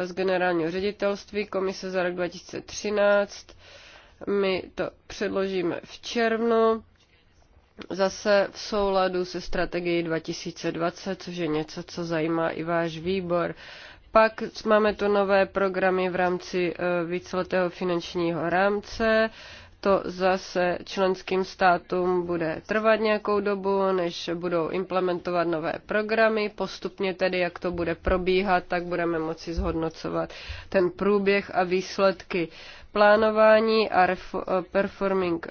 z generálního ředitelství Komise za rok 2013, my to předložíme v červnu, zase v souladu se strategií 2020, což je něco, co zajímá i váš výbor. Pak máme tu nové programy v rámci eh, víceletého finančního rámce to zase členským státům bude trvat nějakou dobu, než budou implementovat nové programy. Postupně tedy, jak to bude probíhat, tak budeme moci zhodnocovat ten průběh a výsledky plánování a, performing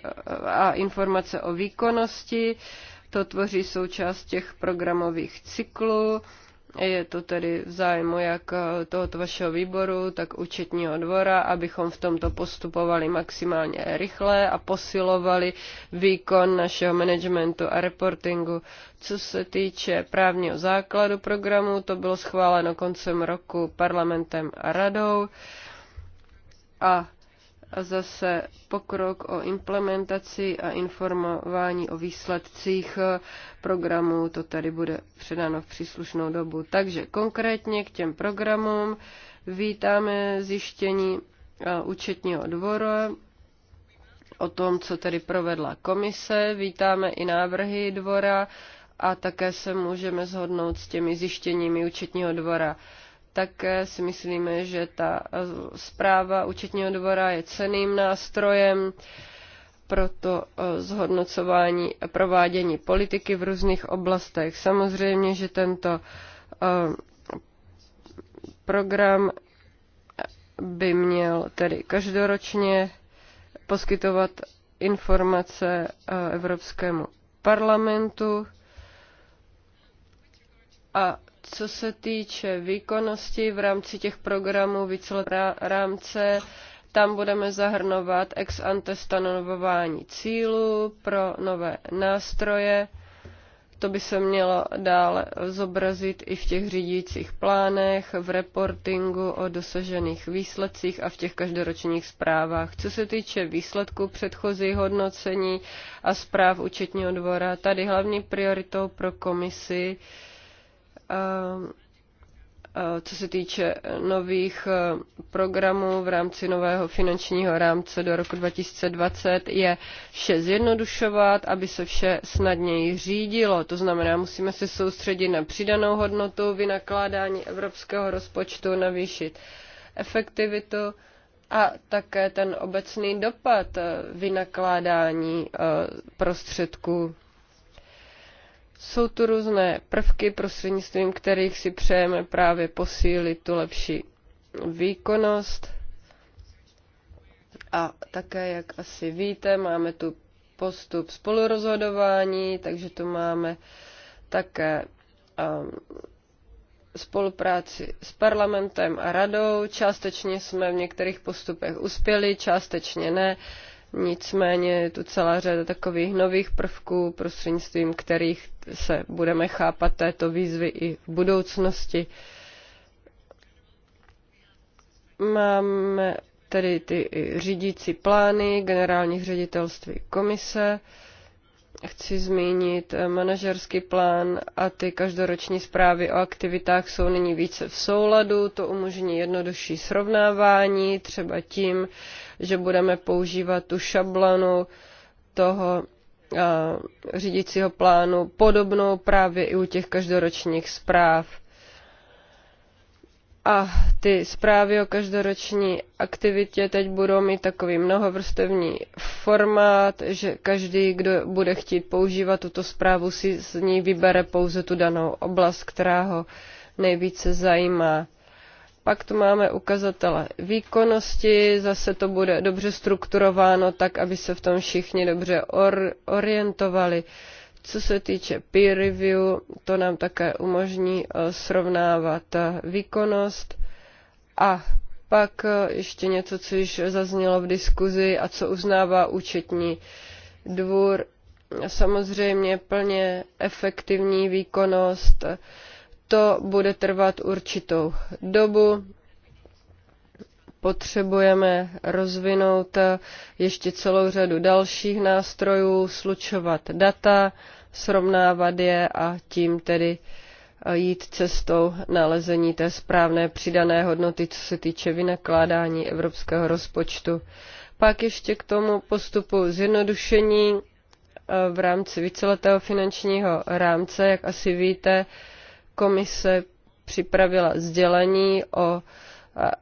a informace o výkonnosti. To tvoří součást těch programových cyklů No. Je to tedy v zájmu jak eh, tohoto vašeho výboru, tak účetního dvora, abychom v tomto postupovali maximálně rychle a posilovali výkon našeho managementu a reportingu. Co se týče právního základu programu, to bylo schváleno koncem roku parlamentem a radou. A a zase pokrok o implementaci a informování o výsledcích programů, to tady bude předáno v příslušnou dobu. Takže konkrétně k těm programům vítáme zjištění eh, účetního dvora o tom, co tedy provedla komise, vítáme i návrhy dvora a také se můžeme zhodnout s těmi zjištěními účetního dvora. Také eh, si myslíme, že ta eh, zpráva účetního dvora je ceným nástrojem pro to eh, zhodnocování a provádění politiky v různých oblastech. Samozřejmě, že tento program by měl tedy každoročně poskytovat informace Evropskému parlamentu a co se týče výkonnosti v rámci těch programů víceletého rámce, tam budeme zahrnovat ex ante stanovování cílů pro nové nástroje. To by se mělo dále zobrazit i v těch řídících plánech, v reportingu o dosažených výsledcích a v těch každoročních zprávách. Co se týče výsledků předchozí hodnocení a zpráv účetního dvora, tady hlavní prioritou pro komisi Eh, co se týče nových eh, programů v rámci nového finančního rámce do roku 2020, je vše zjednodušovat, aby se vše snadněji řídilo. To znamená, musíme se soustředit na přidanou hodnotu vynakládání evropského rozpočtu, navýšit efektivitu a také ten obecný dopad eh, vynakládání prostředků jsou tu různé prvky, prostřednictvím kterých si přejeme právě posílit tu lepší výkonnost. A také, jak asi víte, máme tu postup spolurozhodování, takže tu máme také um, spolupráci s parlamentem a radou. Částečně jsme v některých postupech uspěli, částečně ne. Uh, Nicméně je tu celá řada takových nových prvků, prostřednictvím kterých se budeme chápat této výzvy i v budoucnosti. Máme tedy ty řídící plány generálních ředitelství komise, chci zmínit eh, manažerský plán a ty každoroční zprávy o aktivitách jsou nyní více v souladu. To umožní jednodušší srovnávání, třeba tím, že budeme používat tu šablonu toho eh, řídícího plánu podobnou právě i u těch každoročních zpráv a ty zprávy o každoroční aktivitě teď budou mít takový mnohovrstevní formát, že každý, kdo bude chtít používat tuto zprávu, si z ní vybere pouze tu danou oblast, která ho nejvíce zajímá. Pak tu máme ukazatele výkonnosti, zase to bude dobře strukturováno tak, aby se v tom všichni dobře or- orientovali. Uh, co se týče peer review, to nám také umožní eh, srovnávat eh, výkonnost a pak eh, ještě něco, co již zaznělo v diskuzi a co uznává účetní dvůr. Samozřejmě plně efektivní výkonnost, to bude trvat určitou dobu, potřebujeme rozvinout ještě celou řadu dalších nástrojů, slučovat data, srovnávat je a tím tedy eh, jít cestou nalezení té správné přidané hodnoty, co se týče vynakládání evropského rozpočtu. Pak ještě k tomu postupu zjednodušení eh, v rámci víceletého finančního rámce, jak asi víte, komise připravila sdělení o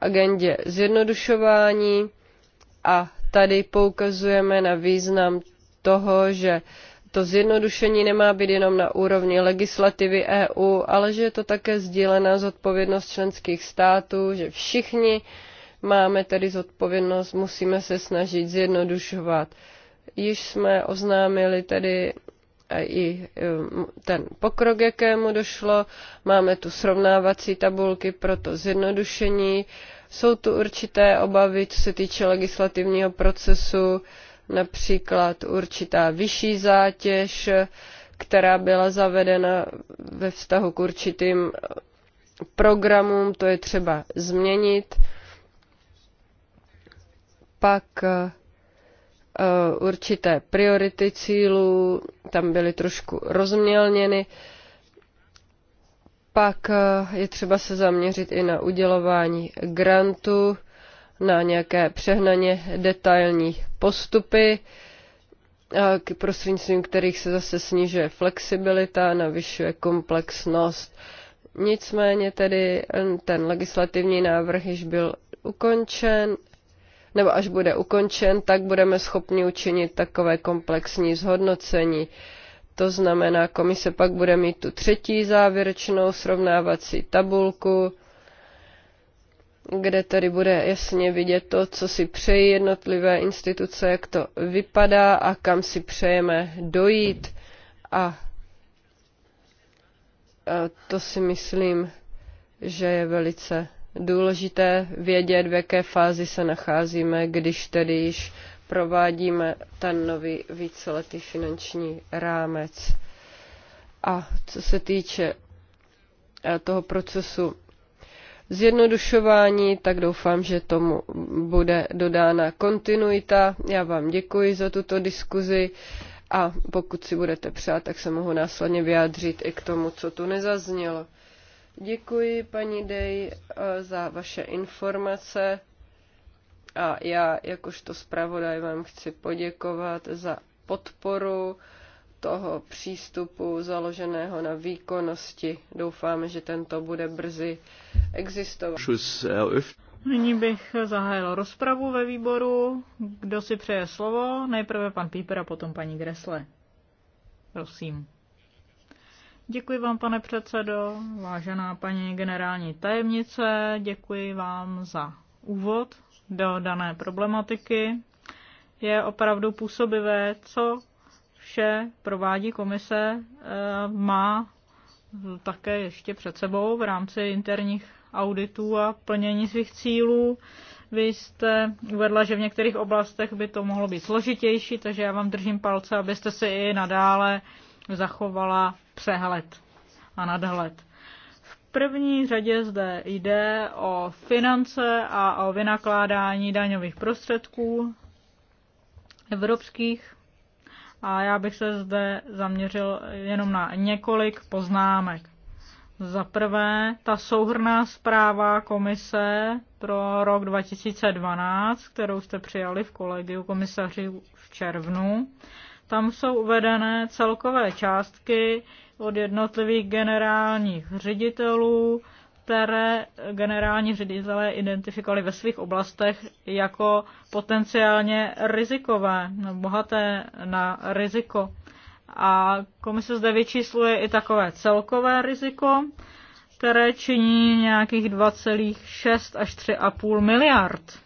agendě zjednodušování a tady poukazujeme na význam toho, že to zjednodušení nemá být jenom na úrovni legislativy EU, ale že je to také sdílená zodpovědnost členských států, že všichni máme tedy zodpovědnost, musíme se snažit zjednodušovat. Již jsme oznámili tedy i um, ten pokrok, jakému došlo. Máme tu srovnávací tabulky pro to zjednodušení. Jsou tu určité obavy, co se týče legislativního procesu, například určitá vyšší zátěž, která byla zavedena ve vztahu k určitým programům, to je třeba změnit. Pak Eh, určité priority cílů, tam byly trošku rozmělněny. Pak eh, je třeba se zaměřit i na udělování grantů, na nějaké přehnaně detailní postupy, eh, k prostřednictvím kterých se zase snižuje flexibilita, navyšuje komplexnost. Nicméně tedy ten legislativní návrh již byl ukončen nebo až bude ukončen, tak budeme schopni učinit takové komplexní zhodnocení. To znamená, komise pak bude mít tu třetí závěrečnou srovnávací tabulku, kde tedy bude jasně vidět to, co si přejí jednotlivé instituce, jak to vypadá a kam si přejeme dojít. A to si myslím, že je velice důležité vědět, v jaké fázi se nacházíme, když tedy již provádíme ten nový víceletý finanční rámec. A co se týče eh, toho procesu zjednodušování, tak doufám, že tomu bude dodána kontinuita. Já vám děkuji za tuto diskuzi a pokud si budete přát, tak se mohu následně vyjádřit i k tomu, co tu nezaznělo. Děkuji, paní Dej, eh, za vaše informace a já jakožto zpravodaj vám chci poděkovat za podporu toho přístupu založeného na výkonnosti. Doufáme, že tento bude brzy existovat. Nyní bych zahájil rozpravu ve výboru. Kdo si přeje slovo? Nejprve pan Píper a potom paní Gresle. Prosím. Děkuji vám, pane předsedo, vážená paní generální tajemnice, děkuji vám za úvod do dané problematiky. Je opravdu působivé, co vše provádí komise, eh, má také ještě před sebou v rámci interních auditů a plnění svých cílů. Vy jste uvedla, že v některých oblastech by to mohlo být složitější, takže já vám držím palce, abyste si i nadále zachovala přehled a nadhled. V první řadě zde jde o finance a o vynakládání daňových prostředků evropských a já bych se zde zaměřil jenom na několik poznámek. Za prvé, ta souhrná zpráva komise pro rok 2012, kterou jste přijali v kolegiu komisaři v červnu, tam jsou uvedené celkové částky od jednotlivých generálních ředitelů, které generální ředitelé identifikovali ve svých oblastech jako potenciálně rizikové, bohaté na riziko. A komise zde vyčísluje i takové celkové riziko, které činí nějakých 2,6 až 3,5 miliard.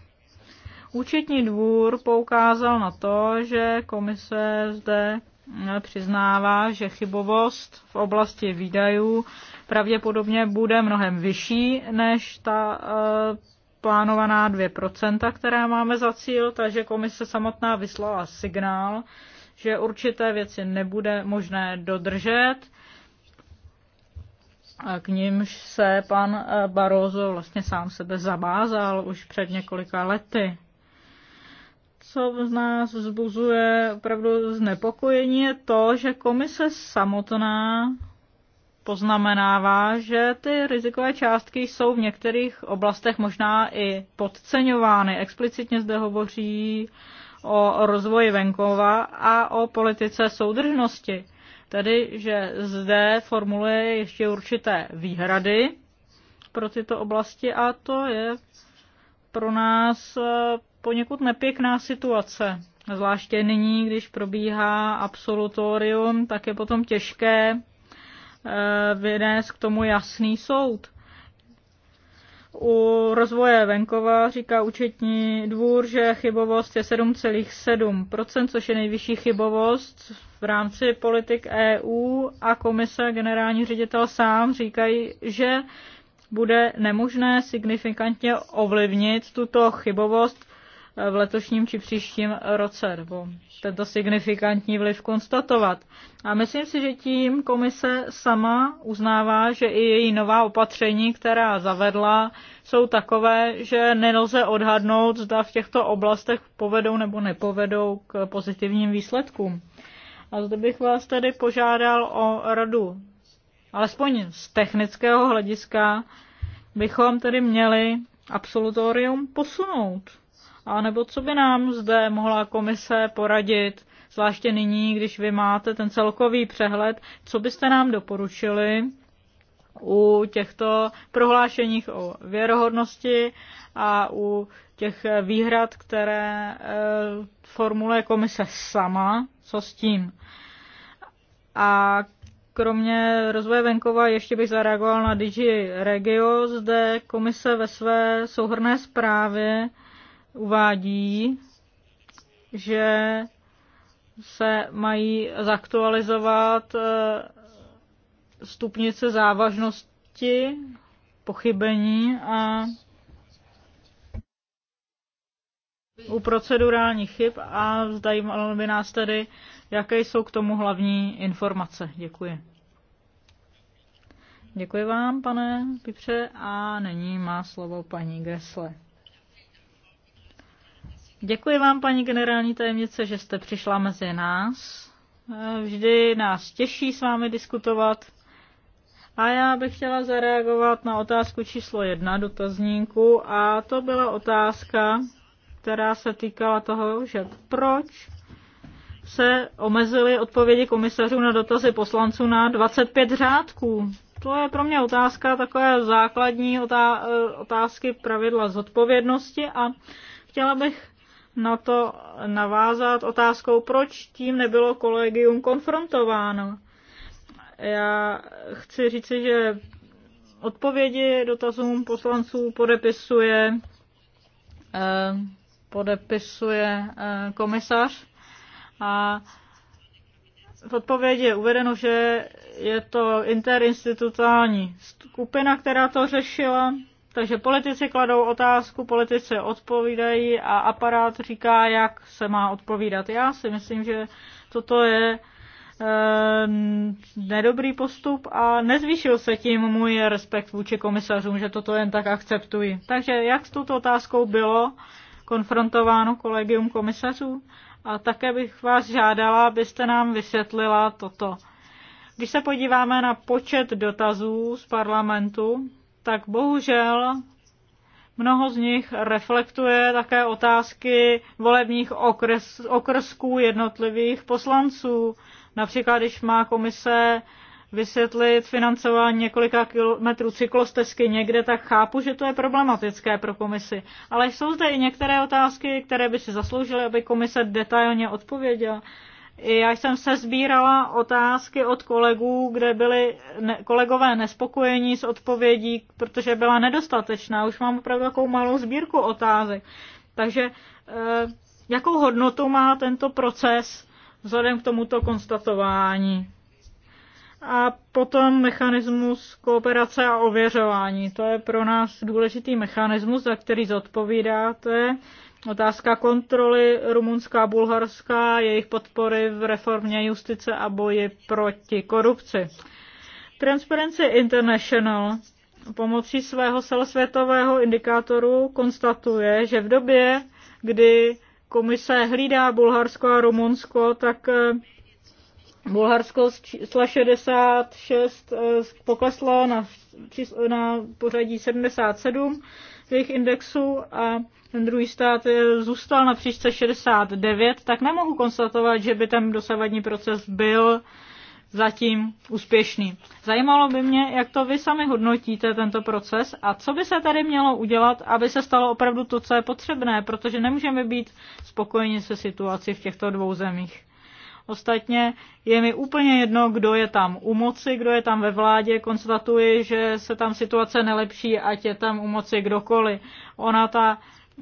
Účetní dvůr poukázal na to, že komise zde přiznává, že chybovost v oblasti výdajů pravděpodobně bude mnohem vyšší než ta eh, plánovaná 2%, která máme za cíl, takže komise samotná vyslala signál, že určité věci nebude možné dodržet. A k nímž se pan eh, Barozo vlastně sám sebe zabázal už před několika lety co v nás vzbuzuje opravdu znepokojení, je to, že komise samotná poznamenává, že ty rizikové částky jsou v některých oblastech možná i podceňovány. Explicitně zde hovoří o rozvoji venkova a o politice soudržnosti. Tedy, že zde formuluje ještě určité výhrady pro tyto oblasti a to je pro nás poněkud nepěkná situace. Zvláště nyní, když probíhá absolutorium, tak je potom těžké eh, vynést k tomu jasný soud. U rozvoje venkova říká účetní dvůr, že chybovost je 7,7%, což je nejvyšší chybovost v rámci politik EU a komise generální ředitel sám říkají, že bude nemožné signifikantně ovlivnit tuto chybovost v letošním či příštím roce, nebo tento signifikantní vliv konstatovat. A myslím si, že tím komise sama uznává, že i její nová opatření, která zavedla, jsou takové, že nelze odhadnout, zda v těchto oblastech povedou nebo nepovedou k pozitivním výsledkům. A zde bych vás tedy požádal o radu. Alespoň z technického hlediska bychom tedy měli absolutorium posunout a nebo co by nám zde mohla komise poradit, zvláště nyní, když vy máte ten celkový přehled, co byste nám doporučili u těchto prohlášeních o věrohodnosti a u těch výhrad, které eh, formuluje komise sama, co s tím. A kromě rozvoje venkova ještě bych zareagoval na Digi Regio. Zde komise ve své souhrné zprávě uvádí, že se mají zaktualizovat eh, stupnice závažnosti pochybení a u procedurálních chyb a zajímalo by nás tedy, jaké jsou k tomu hlavní informace. Děkuji. Děkuji vám, pane Pipře, a nyní má slovo paní Gresle. Děkuji vám, paní generální tajemnice, že jste přišla mezi nás. Vždy nás těší s vámi diskutovat. A já bych chtěla zareagovat na otázku číslo jedna dotazníku a to byla otázka, která se týkala toho, že proč se omezily odpovědi komisařů na dotazy poslanců na 25 řádků. To je pro mě otázka takové základní otázky pravidla zodpovědnosti a chtěla bych na to navázat otázkou, proč tím nebylo kolegium konfrontováno. Já chci říci, že odpovědi dotazům poslanců podepisuje, eh, podepisuje eh, komisař a v odpovědi je uvedeno, že je to interinstitutální skupina, která to řešila takže politici kladou otázku, politici odpovídají a aparát říká, jak se má odpovídat. Já si myslím, že toto je ehm, nedobrý postup a nezvýšil se tím můj respekt vůči komisařům, že toto jen tak akceptuji. Takže jak s touto otázkou bylo konfrontováno kolegium komisařů? A také bych vás žádala, abyste nám vysvětlila toto. Když se podíváme na počet dotazů z parlamentu, tak bohužel mnoho z nich reflektuje také otázky volebních okres, okrsků jednotlivých poslanců. Například, když má komise vysvětlit financování několika kilometrů cyklostezky někde, tak chápu, že to je problematické pro komisi. Ale jsou zde i některé otázky, které by si zasloužily, aby komise detailně odpověděla. Já jsem se sbírala otázky od kolegů, kde byly ne- kolegové nespokojení s odpovědí, protože byla nedostatečná. Už mám opravdu takovou malou sbírku otázek. Takže eh, jakou hodnotu má tento proces vzhledem k tomuto konstatování? A potom mechanismus kooperace a ověřování. To je pro nás důležitý mechanismus, za který zodpovídáte Otázka kontroly Rumunská a Bulharská, jejich podpory v reformě justice a boji proti korupci. Transparency International pomocí svého celosvětového indikátoru konstatuje, že v době, kdy komise hlídá Bulharsko a Rumunsko, tak eh, Bulharsko z čísla 66 eh, pokleslo na, na pořadí 77 jejich indexu a ten druhý stát eh, zůstal na příčce 69, tak nemohu konstatovat, že by ten dosavadní proces byl zatím úspěšný. Zajímalo by mě, jak to vy sami hodnotíte tento proces a co by se tady mělo udělat, aby se stalo opravdu to, co je potřebné, protože nemůžeme být spokojeni se situací v těchto dvou zemích. Ostatně je mi úplně jedno, kdo je tam u moci, kdo je tam ve vládě. Konstatuji, že se tam situace nelepší, ať je tam u moci kdokoliv. Ona ta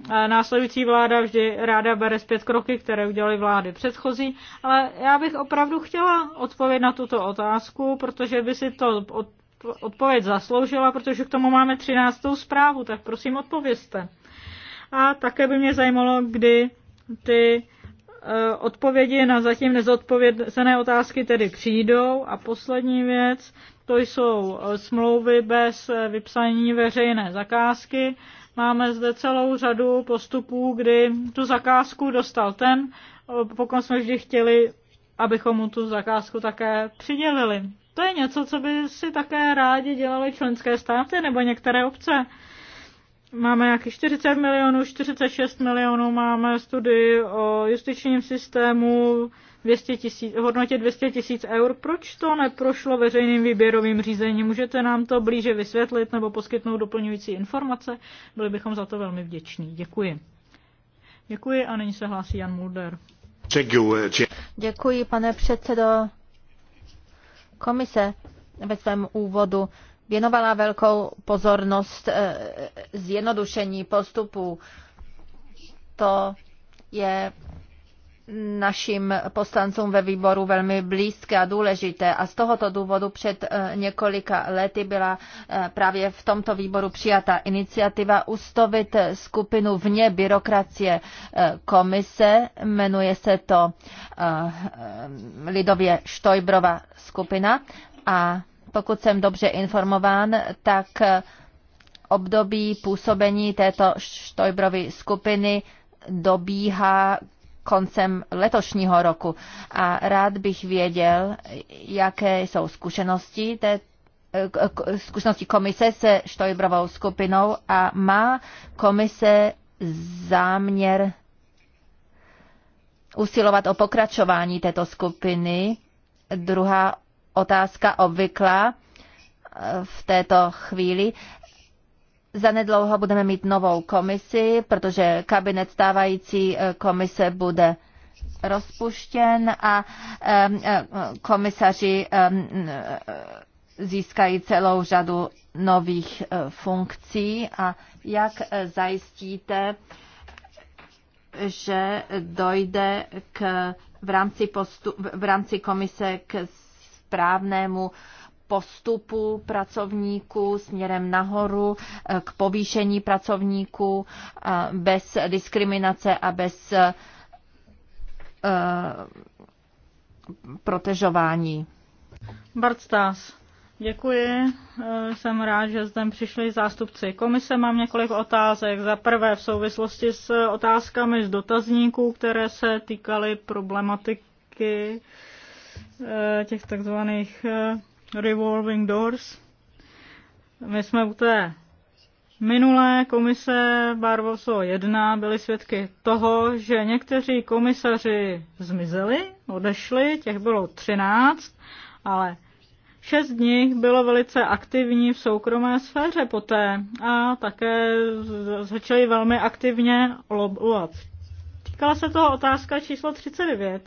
e, následující vláda vždy ráda bere zpět kroky, které udělaly vlády předchozí, ale já bych opravdu chtěla odpověď na tuto otázku, protože by si to odpověď zasloužila, protože k tomu máme 13. zprávu, tak prosím odpovězte. A také by mě zajímalo, kdy ty E, odpovědi na zatím nezodpovězené otázky tedy přijdou. A poslední věc, to jsou e, smlouvy bez e, vypsání veřejné zakázky. Máme zde celou řadu postupů, kdy tu zakázku dostal ten, pokud jsme vždy chtěli, abychom mu tu zakázku také přidělili. To je něco, co by si také rádi dělali členské státy nebo některé obce máme nějakých 40 milionů, 46 milionů máme studii o justičním systému 200 tisíc, v hodnotě 200 tisíc eur. Proč to neprošlo veřejným výběrovým řízením? Můžete nám to blíže vysvětlit nebo poskytnout doplňující informace? Byli bychom za to velmi vděční. Děkuji. Děkuji a nyní se hlásí Jan Mulder. Eh, Děkuji, pane předsedo. Komise ve svém úvodu věnovala velkou pozornost eh, zjednodušení postupů. To je našim poslancům ve výboru velmi blízké a důležité. A z tohoto důvodu před eh, několika lety byla eh, právě v tomto výboru přijata iniciativa ustavit skupinu vně byrokracie komise. Jmenuje se to lidově Štojbrova skupina. A pokud jsem dobře informován, tak období působení této Štojbrovy skupiny dobíhá koncem letošního roku. A rád bych věděl, jaké jsou zkušenosti té zkušenosti komise se Štojbrovou skupinou a má komise záměr usilovat o pokračování této skupiny. Druhá otázka obvyklá eh, v této chvíli. Zanedlouho budeme mít novou komisi, protože kabinet stávající eh, komise bude rozpuštěn a eh, komisaři získají celou řadu nových funkcí a jak zajistíte, že dojde k, v, rámci postu, v rámci komise k správnému postupu pracovníků směrem nahoru, eh, k povýšení pracovníků eh, bez diskriminace a bez eh, protežování. Bart Stas, děkuji. Jsem rád, že zde přišli zástupci komise. Mám několik otázek. Za prvé v souvislosti s otázkami z dotazníků, které se týkaly problematiky Eh, těch takzvaných eh, revolving doors. My jsme u té minulé komise Barroso 1 byli svědky toho, že někteří komisaři zmizeli, odešli, těch bylo 13, ale Šest z nich bylo velice aktivní v soukromé sféře poté a také začali velmi aktivně lobovat. Týkala se toho otázka číslo 39.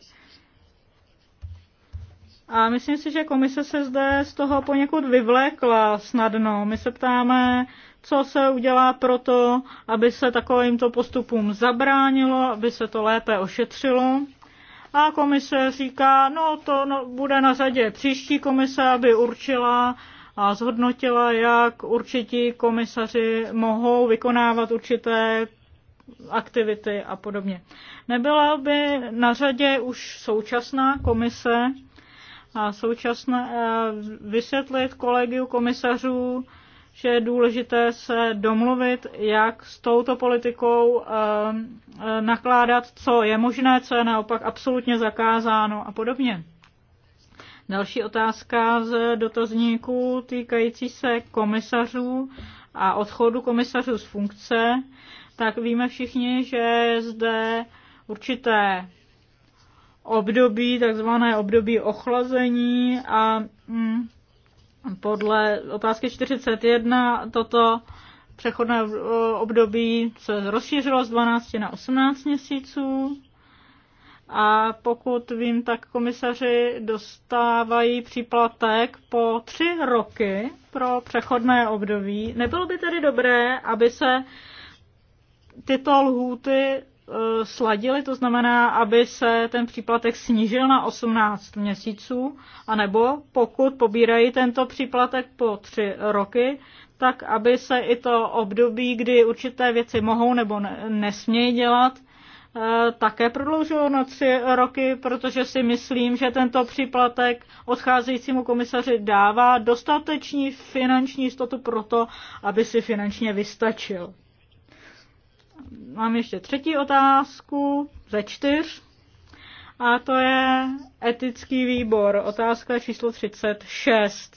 A myslím si, že komise se zde z toho poněkud vyvlékla snadno. My se ptáme, co se udělá pro to, aby se takovýmto postupům zabránilo, aby se to lépe ošetřilo. A komise říká, no to no, bude na řadě příští komise, aby určila a zhodnotila, jak určití komisaři mohou vykonávat určité aktivity a podobně. Nebyla by na řadě už současná komise, a současně eh, vysvětlit kolegiu komisařů, že je důležité se domluvit, jak s touto politikou eh, eh, nakládat, co je možné, co je naopak absolutně zakázáno a podobně. Další otázka z dotazníků týkající se komisařů a odchodu komisařů z funkce, tak víme všichni, že zde určité období, takzvané období ochlazení a mm, podle otázky 41 toto přechodné období se rozšířilo z 12 na 18 měsíců. A pokud vím, tak komisaři dostávají příplatek po tři roky pro přechodné období. Nebylo by tedy dobré, aby se tyto lhůty E, sladili, to znamená, aby se ten příplatek snížil na 18 měsíců, anebo pokud pobírají tento příplatek po 3 roky, tak aby se i to období, kdy určité věci mohou nebo nesmějí dělat, e, také prodloužilo na tři roky, protože si myslím, že tento příplatek odcházejícímu komisaři dává dostatečný finanční jistotu pro to, aby si finančně vystačil mám ještě třetí otázku ze čtyř. A to je etický výbor. Otázka číslo 36.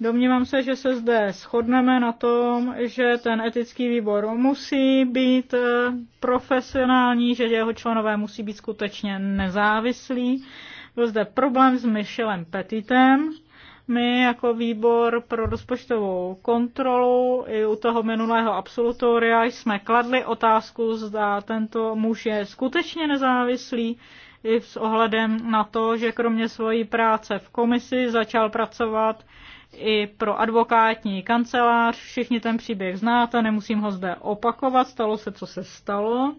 Domnívám se, že se zde shodneme na tom, že ten etický výbor musí být eh, profesionální, že jeho členové musí být skutečně nezávislí. Byl zde problém s Michelem Petitem, my jako výbor pro rozpočtovou kontrolu i u toho minulého absolutoria jsme kladli otázku, zda tento muž je skutečně nezávislý i s ohledem na to, že kromě svojí práce v komisi začal pracovat i pro advokátní kancelář. Všichni ten příběh znáte, nemusím ho zde opakovat, stalo se, co se stalo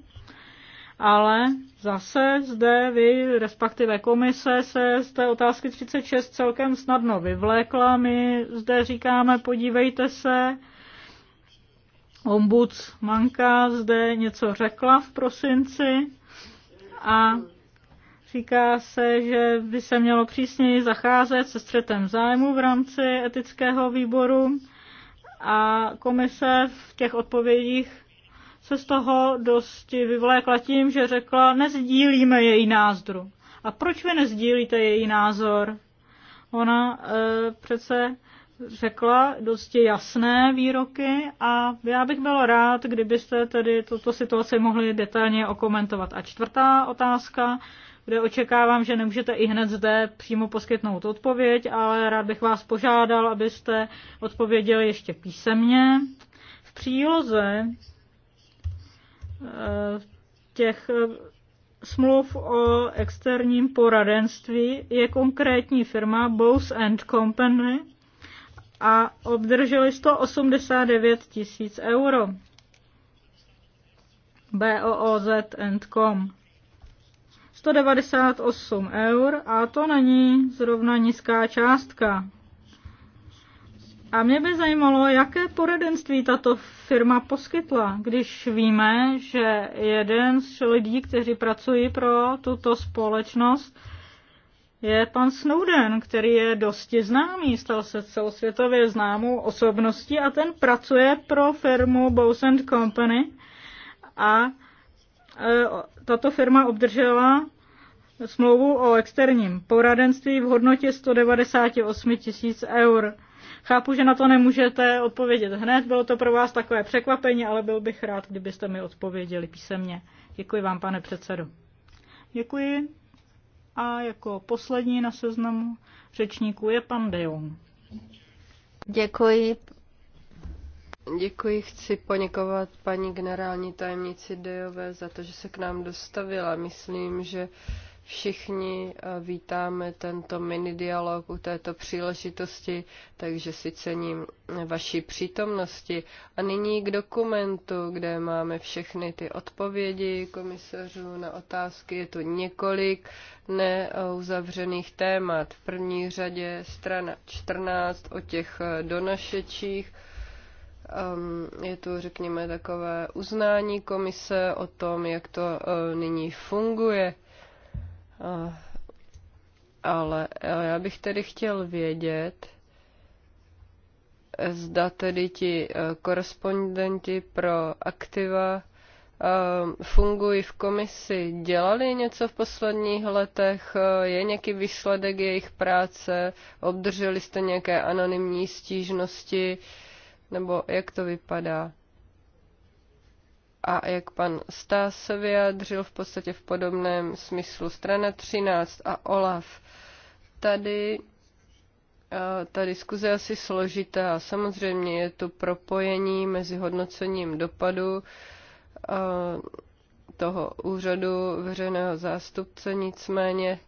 ale zase zde vy, respektive komise, se z té otázky 36 celkem snadno vyvlékla. My zde říkáme, podívejte se, ombudsmanka zde něco řekla v prosinci a Říká se, že by se mělo přísněji zacházet se střetem zájmu v rámci etického výboru a komise v těch odpovědích se z toho dosti vyvlékla tím, že řekla, nezdílíme její názor. A proč vy nezdílíte její názor? Ona e, přece řekla dosti jasné výroky a já bych byl rád, kdybyste tedy tuto situaci mohli detailně okomentovat. A čtvrtá otázka, kde očekávám, že nemůžete i hned zde přímo poskytnout odpověď, ale rád bych vás požádal, abyste odpověděli ještě písemně. V příloze těch eh, smluv o externím poradenství je konkrétní firma Bose and Company a obdrželi 189 tisíc euro. BOOZ and Com. 198 eur a to není zrovna nízká částka. A mě by zajímalo, jaké poradenství tato firma poskytla, když víme, že jeden z lidí, kteří pracují pro tuto společnost, je pan Snowden, který je dosti známý, stal se celosvětově známou osobností a ten pracuje pro firmu Bose Company a e, tato firma obdržela smlouvu o externím poradenství v hodnotě 198 tisíc eur. Chápu, že na to nemůžete odpovědět hned, bylo to pro vás takové překvapení, ale byl bych rád, kdybyste mi odpověděli písemně. Děkuji vám, pane předsedo. Děkuji. A jako poslední na seznamu řečníků je pan De Děkuji. Děkuji, chci poněkovat paní generální tajemnici Dejové za to, že se k nám dostavila. Myslím, že Všichni eh, vítáme tento mini dialog u této příležitosti, takže si cením vaší přítomnosti. A nyní k dokumentu, kde máme všechny ty odpovědi komisařů na otázky. Je tu několik neuzavřených témat. V první řadě strana 14 o těch eh, donašečích ehm, je to, řekněme, takové uznání komise o tom, jak to eh, nyní funguje. Eh, ale eh, já bych tedy chtěl vědět, zda tedy ti eh, korespondenti pro aktiva fungují v komisi, dělali něco v posledních letech, je nějaký výsledek jejich práce, obdrželi jste nějaké anonymní stížnosti, nebo jak to vypadá? a jak pan Stas vyjádřil v podstatě v podobném smyslu. Strana 13 a OLAF. Tady eh, ta diskuze je asi složitá. Samozřejmě je to propojení mezi hodnocením dopadu eh, toho úřadu veřejného zástupce, nicméně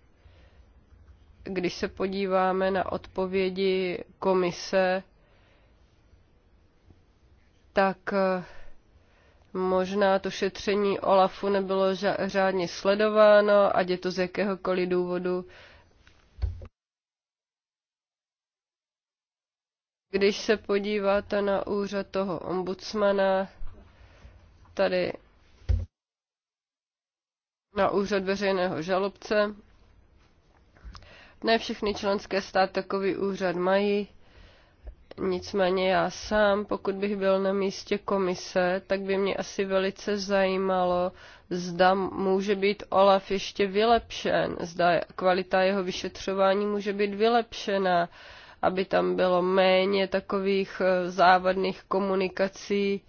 když se podíváme na odpovědi komise, tak eh, Možná to šetření Olafu nebylo řádně sledováno, ať je to z jakéhokoliv důvodu. Když se podíváte na úřad toho ombudsmana, tady na úřad veřejného žalobce, ne všechny členské státy takový úřad mají. Nicméně já sám, pokud bych byl na místě komise, tak by mě asi velice zajímalo, zda může být OLAF ještě vylepšen, zda kvalita jeho vyšetřování může být vylepšena, aby tam bylo méně takových eh, závadných komunikací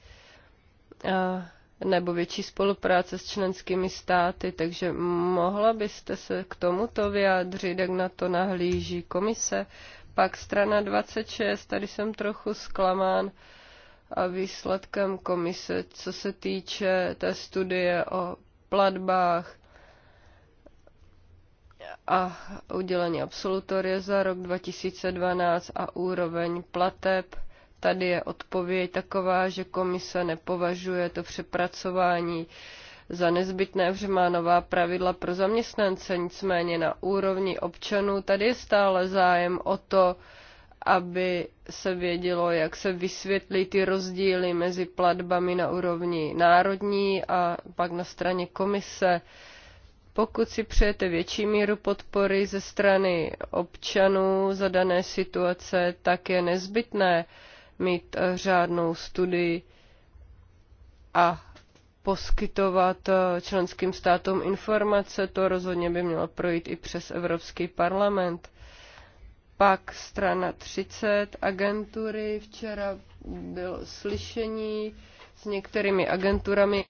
eh, nebo větší spolupráce s členskými státy. Takže mohla byste se k tomuto vyjádřit, jak na to nahlíží komise? Pak strana 26, tady jsem trochu zklamán a výsledkem komise, co se týče té studie o platbách a udělení absolutoria za rok 2012 a úroveň plateb. Tady je odpověď taková, že komise nepovažuje to přepracování za nezbytné, že má nová pravidla pro zaměstnance, nicméně na úrovni občanů tady je stále zájem o to, aby se vědělo, jak se vysvětlí ty rozdíly mezi platbami na úrovni národní a pak na straně komise. Pokud si přejete větší míru podpory ze strany občanů za dané situace, tak je nezbytné mít řádnou studii a poskytovat eh, členským státům informace, to rozhodně by mělo projít i přes Evropský parlament. Pak strana 30, agentury, včera bylo slyšení s některými agenturami.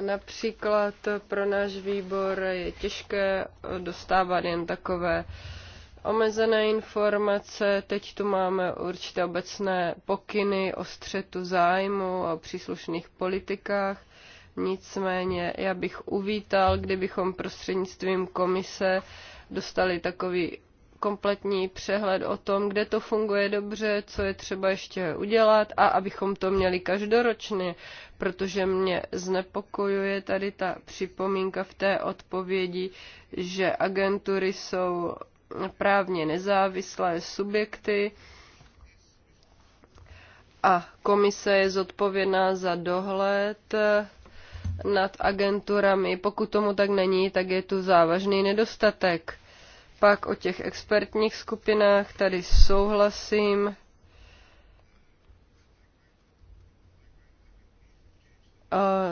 Například pro náš výbor je těžké dostávat jen takové uh, omezené informace, teď tu máme určité obecné pokyny o střetu zájmu, o příslušných politikách. Nicméně já bych uvítal, kdybychom prostřednictvím komise dostali takový kompletní přehled o tom, kde to funguje dobře, co je třeba ještě udělat a abychom to měli každoročně, protože mě znepokojuje tady ta připomínka v té odpovědi, že agentury jsou právně nezávislé subjekty a komise je zodpovědná za dohled nad agenturami. Pokud tomu tak není, tak je tu závažný nedostatek. Pak o těch expertních skupinách tady souhlasím.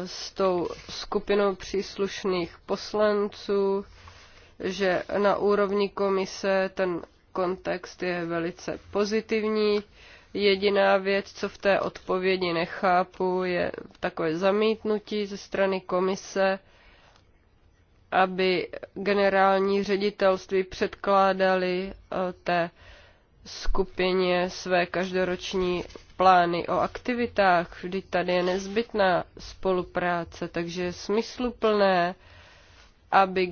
s tou skupinou příslušných poslanců že na úrovni komise ten kontext je velice pozitivní. Jediná věc, co v té odpovědi nechápu, je takové zamítnutí ze strany komise, aby generální ředitelství předkládali eh, té skupině své každoroční plány o aktivitách, vždyť tady je nezbytná spolupráce, takže je smysluplné aby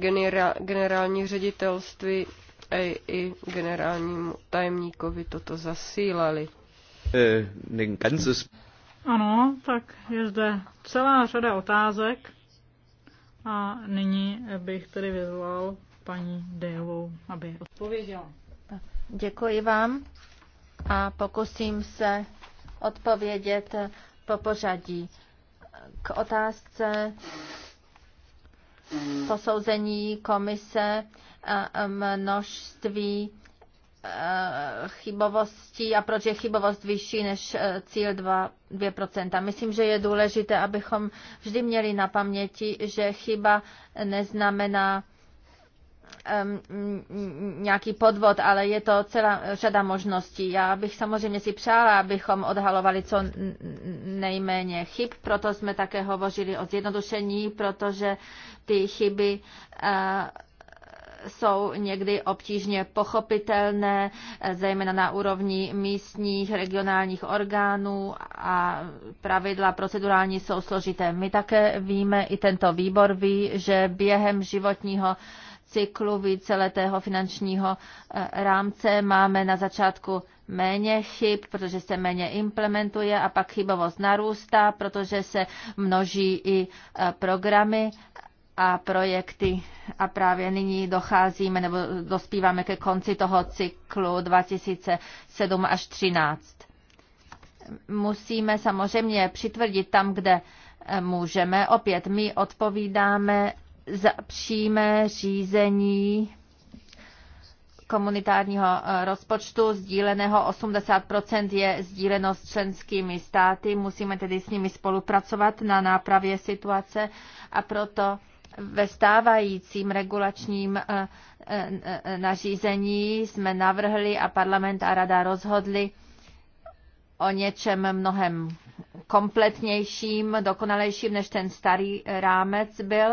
generální ředitelství a i generálnímu tajemníkovi toto zasílali. E, ano, tak je zde celá řada otázek a nyní bych tedy vyzval paní Dejovou, aby odpověděla. Děkuji vám a pokusím se odpovědět po pořadí. K otázce posouzení komise a eh, množství eh, chybovostí a proč je chybovost vyšší než eh, cíl 2, 2%. Myslím, že je důležité, abychom vždy měli na paměti, že chyba neznamená nějaký podvod, ale je to celá řada možností. Já bych samozřejmě si přála, abychom odhalovali co nejméně chyb, proto jsme také hovořili o zjednodušení, protože ty chyby eh, jsou někdy obtížně pochopitelné, eh, zejména na úrovni místních, regionálních orgánů a pravidla procedurální jsou složité. My také víme, i tento výbor ví, že během životního cyklu víceletého finančního eh, rámce máme na začátku méně chyb, protože se méně implementuje a pak chybovost narůstá, protože se množí i eh, programy a projekty. A právě nyní docházíme nebo dospíváme ke konci toho cyklu 2007 až 2013. Musíme samozřejmě přitvrdit tam, kde eh, můžeme. Opět my odpovídáme za přímé řízení komunitárního eh, rozpočtu sdíleného 80% je sdíleno s členskými státy. Musíme tedy s nimi spolupracovat na nápravě situace a proto ve stávajícím regulačním eh, eh, nařízení jsme navrhli a parlament a rada rozhodli o něčem mnohem kompletnějším, dokonalejším než ten starý rámec byl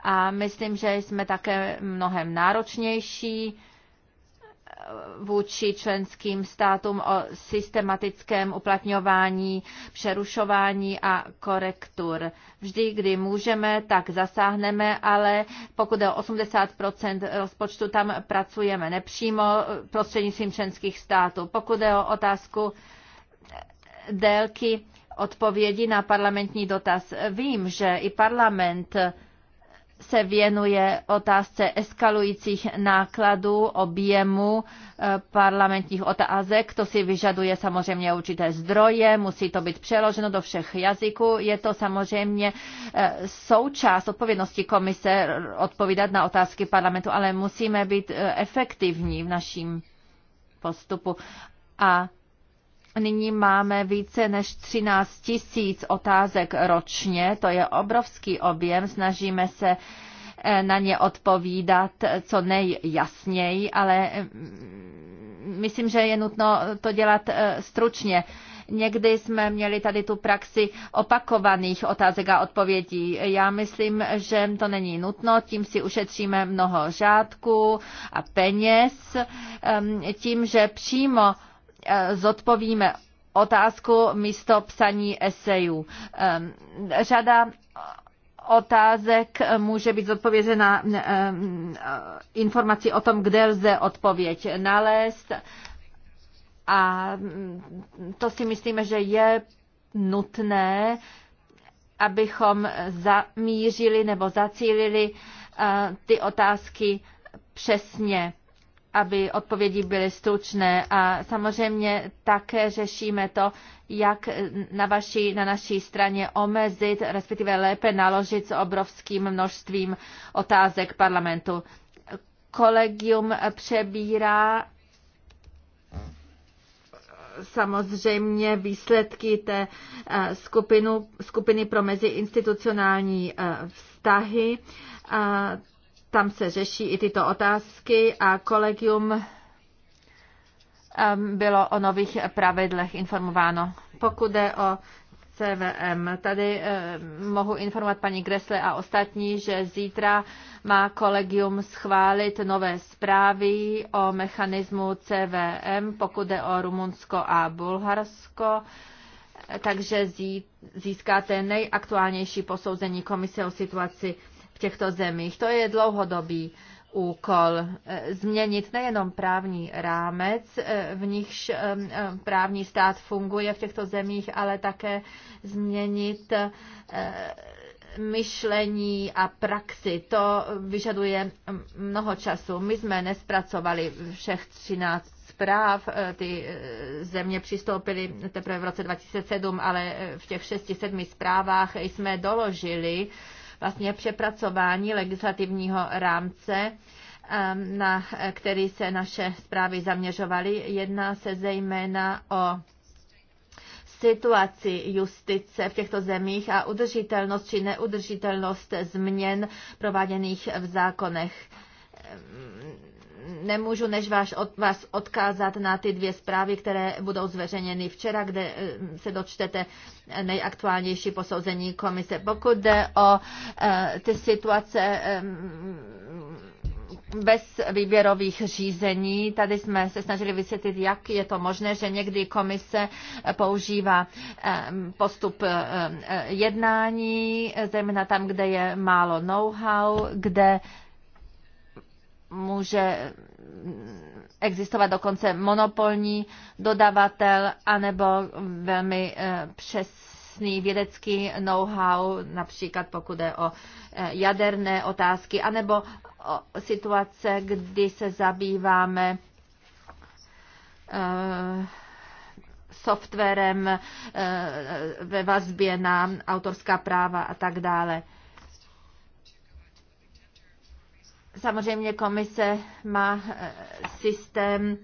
a myslím, že jsme také mnohem náročnější eh, vůči členským státům o systematickém uplatňování, přerušování a korektur. Vždy, kdy můžeme, tak zasáhneme, ale pokud je o 80 rozpočtu, tam pracujeme nepřímo eh, prostřednictvím členských států. Pokud je o otázku eh, délky odpovědi na parlamentní dotaz. Vím, že i parlament se věnuje otázce eskalujících nákladů, objemu eh, parlamentních otázek. To si vyžaduje samozřejmě určité zdroje, musí to být přeloženo do všech jazyků. Je to samozřejmě eh, součást odpovědnosti komise odpovídat na otázky parlamentu, ale musíme být eh, efektivní v naším postupu. A Nyní máme více než 13 tisíc otázek ročně, to je obrovský objem, snažíme se eh, na ně odpovídat co nejjasněji, ale mm, myslím, že je nutno to dělat eh, stručně. Někdy jsme měli tady tu praxi opakovaných otázek a odpovědí. Já myslím, že to není nutno, tím si ušetříme mnoho řádků a peněz, ehm, tím, že přímo Eh, zodpovíme otázku místo psaní esejů. Eh, řada otázek může být zodpovězena eh, informací o tom, kde lze odpověď nalézt. A mm, to si myslíme, že je nutné, abychom zamířili nebo zacílili ty otázky přesně aby odpovědi byly stručné a samozřejmě také řešíme to, jak na, vaší, na naší straně omezit, respektive lépe naložit s obrovským množstvím otázek parlamentu. Kolegium přebírá samozřejmě výsledky té eh, skupinu, skupiny pro meziinstitucionální eh, vztahy. A tam se řeší i tyto otázky a kolegium bylo o nových pravidlech informováno. Pokud jde o CVM. Tady eh, mohu informovat paní Gresle a ostatní, že zítra má kolegium schválit nové zprávy o mechanismu CVM, pokud jde o Rumunsko a Bulharsko. Takže získáte nejaktuálnější posouzení komise o situaci v těchto zemích. To je dlouhodobý úkol eh, změnit nejenom právní rámec, eh, v nichž eh, právní stát funguje v těchto zemích, ale také změnit myšlení a praxi. To vyžaduje mnoho času. My jsme nespracovali všech 13 zpráv. Ty země přistoupily teprve v roce 2007, ale v těch 6-7 zprávách jsme doložili, vlastně přepracování legislativního rámce, ehm, na který se naše zprávy zaměřovaly. Jedná se zejména o situaci justice v těchto zemích a udržitelnost či neudržitelnost změn prováděných v zákonech ehm, nemůžu než vás, od, vás odkázat na ty dvě zprávy, které budou zveřejněny včera, kde eh, se dočtete nejaktuálnější posouzení komise. Pokud jde o eh, ty situace ehm, bez výběrových řízení. Tady jsme se snažili vysvětlit, jak je to možné, že někdy komise používá ehm, postup ehm, eh, jednání, zejména tam, kde je málo know-how, kde může existovat dokonce monopolní dodavatel anebo velmi eh, přesný vědecký know-how, například pokud je o eh, jaderné otázky, anebo o situace, kdy se zabýváme eh, softwarem ve vazbě na autorská práva a tak dále. Samozřejmě komise má eh, systém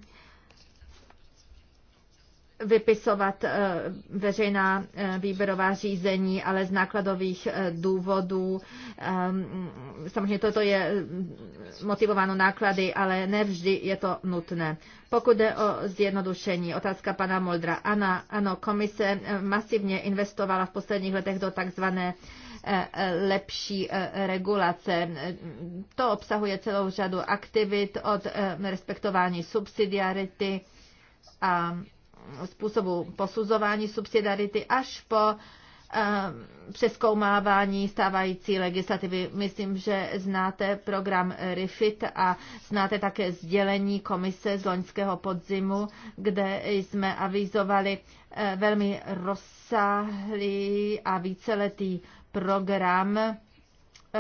vypisovat eh, veřejná eh, výběrová řízení, ale z nákladových eh, důvodů. Ehm, samozřejmě toto je mm, motivováno náklady, ale nevždy je to nutné. Pokud jde o zjednodušení, otázka pana Moldra. Ano, ano, komise masivně investovala v posledních letech do takzvané lepší regulace. To obsahuje celou řadu aktivit od respektování subsidiarity a způsobu posuzování subsidiarity až po ehm, přeskoumávání stávající legislativy. Myslím, že znáte program RIFIT a znáte také sdělení komise z loňského podzimu, kde jsme avizovali eh, velmi rozsáhlý a víceletý program eh,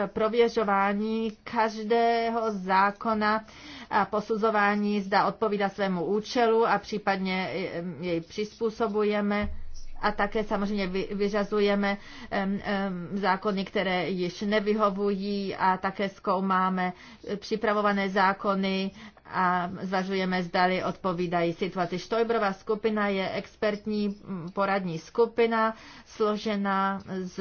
prověřování každého zákona a posuzování, zda odpovídá svému účelu a případně jej přizpůsobujeme a také samozřejmě vyřazujeme zákony, které již nevyhovují a také zkoumáme připravované zákony a zvažujeme, zdali odpovídají situaci. Štojbrová skupina je expertní poradní skupina složená z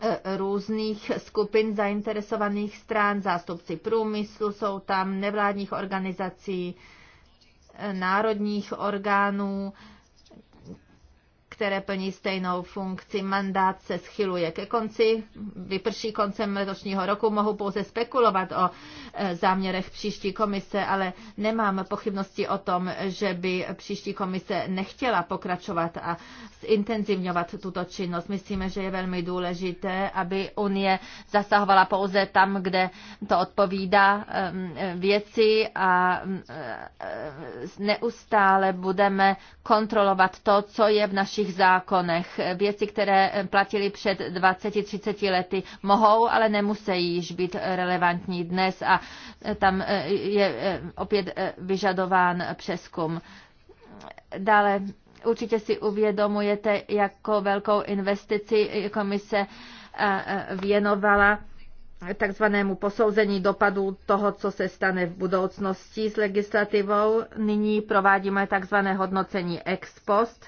E, různých skupin zainteresovaných stran, zástupci průmyslu, jsou tam nevládních organizací, e, národních orgánů, které plní stejnou funkci. Mandát se schyluje ke konci, vyprší koncem letošního roku. Mohu pouze spekulovat o e, záměrech příští komise, ale nemám pochybnosti o tom, že by příští komise nechtěla pokračovat a zintenzivňovat tuto činnost. Myslíme, že je velmi důležité, aby Unie zasahovala pouze tam, kde to odpovídá věci a e, e, neustále budeme kontrolovat to, co je v našich našich zákonech. Věci, které platily před 20-30 lety, mohou, ale nemusí již být relevantní dnes a tam eh, je eh, opět eh, vyžadován přeskum. Dále určitě si uvědomujete, jakou velkou investici komise věnovala takzvanému posouzení dopadu toho, co se stane v budoucnosti s legislativou. Nyní provádíme takzvané hodnocení ex post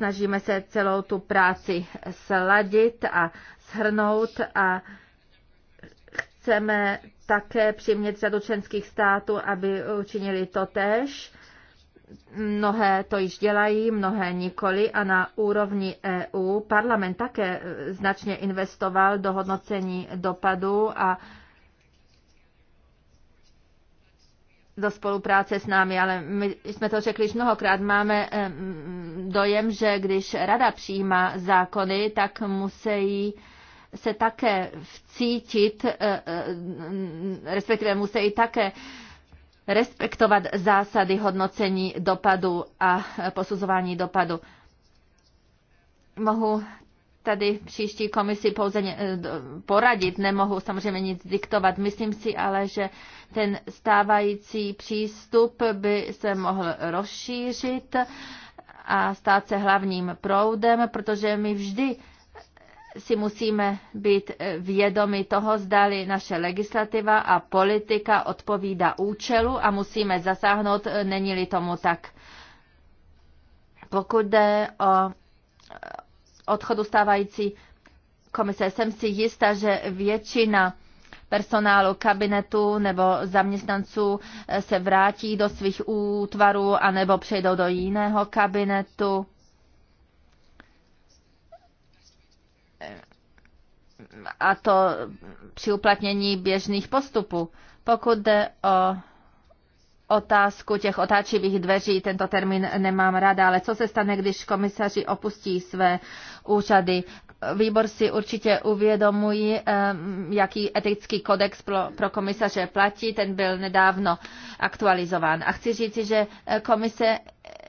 Snažíme se celou tu práci sladit a shrnout a chceme také přimět řadu členských států, aby učinili to tež. Mnohé to již dělají, mnohé nikoli a na úrovni EU parlament také značně investoval do hodnocení dopadu a do spolupráce s námi, ale my jsme to řekli už mnohokrát. Máme dojem, že když rada přijímá zákony, tak musí se také vcítit, e, e, respektive musí také respektovat zásady hodnocení dopadu a posuzování dopadu. Mohu tady příští komisi pouze eh, poradit, nemohu samozřejmě nic diktovat. Myslím si ale, že ten stávající přístup by se mohl rozšířit a stát se hlavním proudem, protože my vždy si musíme být eh, vědomi toho, zdali naše legislativa a politika odpovídá účelu a musíme zasáhnout, eh, není-li tomu tak. Pokud jde o odchodu stávající komise. Jsem si jistá, že většina personálu kabinetu nebo zaměstnanců se vrátí do svých útvarů anebo přejdou do jiného kabinetu. A to při uplatnění běžných postupů. Pokud jde o otázku těch otáčivých dveří, tento termín nemám ráda, ale co se stane, když komisaři opustí své úřady? výbor si určitě uvědomují, eh, jaký etický kodex pro, pro komisaře platí. Ten byl nedávno aktualizován. A chci říci, že eh, komise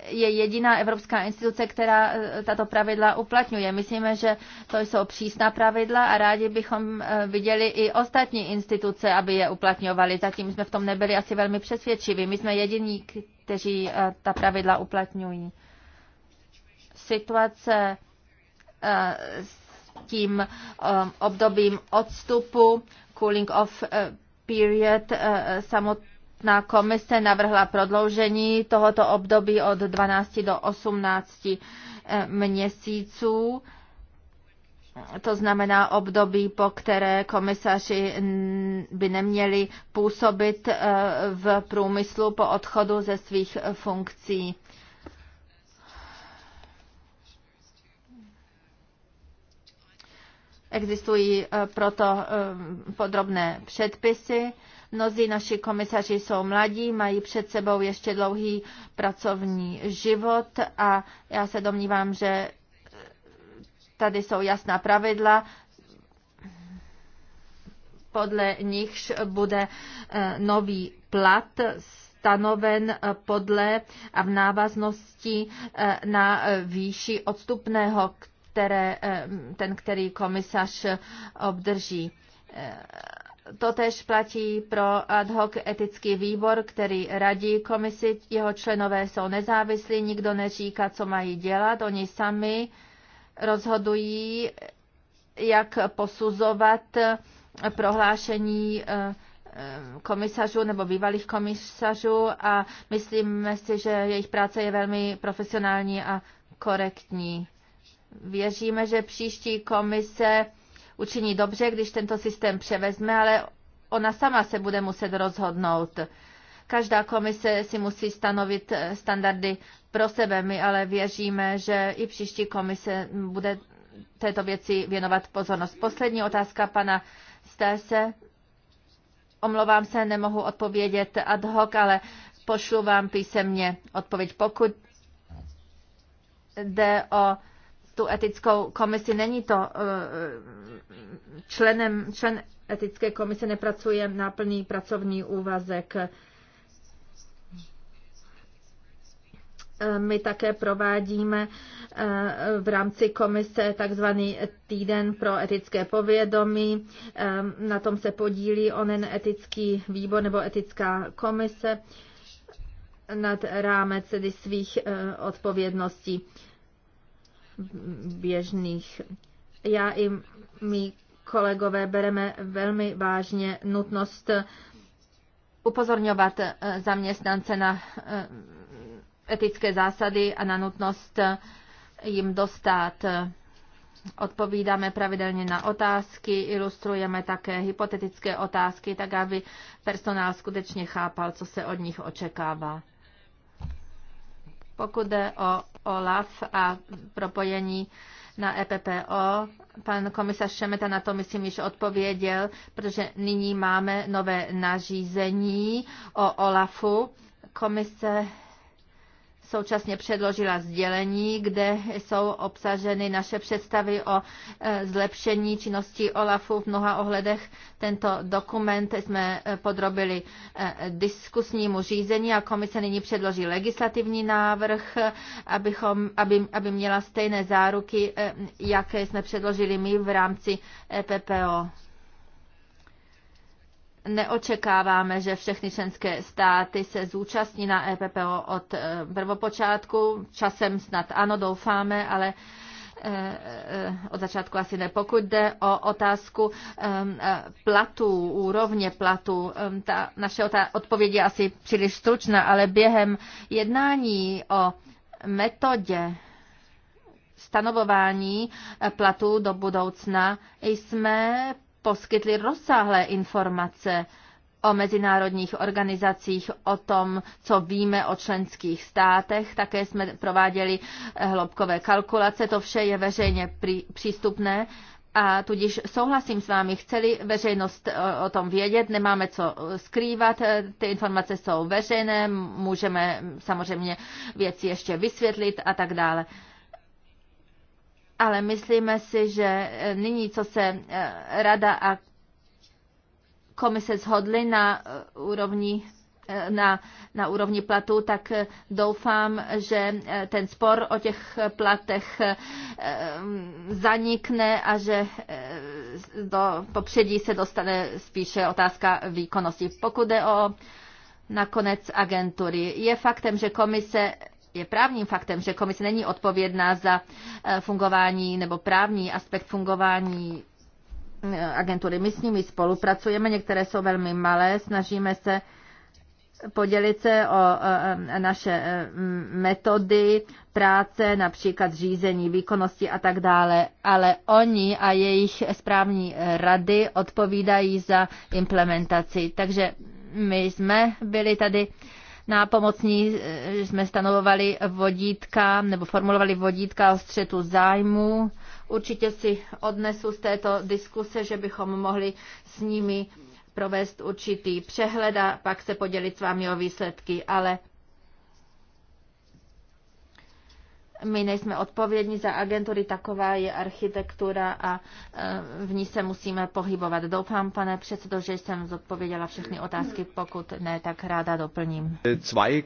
je jediná evropská instituce, která eh, tato pravidla uplatňuje. Myslíme, že to jsou přísná pravidla a rádi bychom viděli i ostatní instituce, aby je uplatňovali. Zatím jsme v tom nebyli asi velmi přesvědčiví. My jsme jediní, kteří ta pravidla uplatňují. Situace Eh, s tím eh, obdobím odstupu, cooling off eh, period, samotná komise navrhla prodloužení tohoto období od 12 do 18 měsíců. To znamená období, po které komisaři by neměli působit v průmyslu po odchodu ze svých funkcí. Existují eh, proto eh, podrobné předpisy. Mnozí naši komisaři jsou mladí, mají před sebou ještě dlouhý pracovní život a já se domnívám, že eh, tady jsou jasná pravidla, podle nichž bude nový plat stanoven podle a v návaznosti na výši odstupného, které eh, ten který komisař obdrží. Eh, to tež platí pro ad hoc etický výbor, který radí komisi. Jeho členové jsou nezávislí, nikdo neříká, co mají dělat. Oni sami rozhodují, jak posuzovat prohlášení eh, komisařů nebo bývalých komisařů a myslíme si, že jejich práce je velmi profesionální a korektní. Věříme, že příští komise učiní dobře, když tento systém převezme, ale ona sama se bude muset rozhodnout. Každá komise si musí stanovit eh, standardy pro sebe. My ale věříme, že i příští komise bude této věci věnovat pozornost. Poslední otázka pana Stase. Omlouvám se, nemohu odpovědět ad hoc, ale pošlu vám písemně odpověď. Pokud jde o tu etickou komisi. Není to eh, členem, člen etické komise nepracuje na plný pracovní úvazek. Eh, my také provádíme eh, v rámci komise takzvaný týden pro etické povědomí. Na tom se podílí onen etický výbor nebo etická komise nad rámec tedy svých odpovědností běžných. Já i mý kolegové bereme velmi vážně nutnost upozorňovat eh, zaměstnance na eh, etické zásady a na nutnost eh, jim dostat. Odpovídáme pravidelně na otázky, ilustrujeme také hypotetické otázky, tak aby personál skutečně chápal, co se od nich očekává. Pokud jde o OLAF a propojení na EPPO, pan komisař Šemeta na to, myslím, již odpověděl, protože nyní máme nové nařízení o OLAFu. Komise současně předložila sdělení, kde jsou obsaženy naše představy o e, zlepšení činnosti OLAFu v mnoha ohledech. Tento dokument jsme e, podrobili e, diskusnímu řízení a komise nyní předloží legislativní návrh, abychom, aby, aby měla stejné záruky, jaké jsme předložili my v rámci EPPO neočekáváme, že všechny členské státy se zúčastní na EPPO od eh, prvopočátku. Časem snad ano, doufáme, ale eh, eh, od začátku asi ne. Pokud jde o otázku ehm, platů, úrovně platů, ehm, ta naše odpověď je asi příliš stručná, ale během jednání o metodě stanovování platů do budoucna jsme poskytli rozsáhlé informace o mezinárodních organizacích, o tom, co víme o členských státech. Také jsme prováděli eh, hloubkové kalkulace. To vše je veřejně přístupné. A tudíž souhlasím s vámi, chceli veřejnost eh, o tom vědět, nemáme co eh, skrývat, ty informace jsou veřejné, můžeme samozřejmě věci ještě vysvětlit a tak dále ale myslíme si, že eh, nyní, co se eh, Rada a komise shodly na eh, úrovni na, na úrovni platů, tak doufám, že ten spor o těch platech zanikne a že do popředí se dostane spíše otázka výkonnosti. Pokud jde o nakonec agentury. Je faktem, že komise je právním faktem, že komise není odpovědná za eh, fungování nebo právní aspekt fungování eh, agentury. My s nimi spolupracujeme, některé jsou velmi malé, snažíme se podělit se o naše eh, metody práce, například řízení, výkonnosti a tak dále, ale oni a jejich správní rady odpovídají za implementaci. Takže my jsme byli tady uh, na pomocní eh, jsme stanovovali vodítka nebo formulovali vodítka o střetu zájmu. Určitě si odnesu z této diskuse, že bychom mohli s nimi provést určitý přehled a pak se podělit s vámi o výsledky, ale My nejsme odpovědní za agentury, taková je architektura a e, v ní se musíme pohybovat. Doufám, pane předsedo, že jsem zodpověděla všechny otázky. Pokud ne, tak ráda doplním. Zwei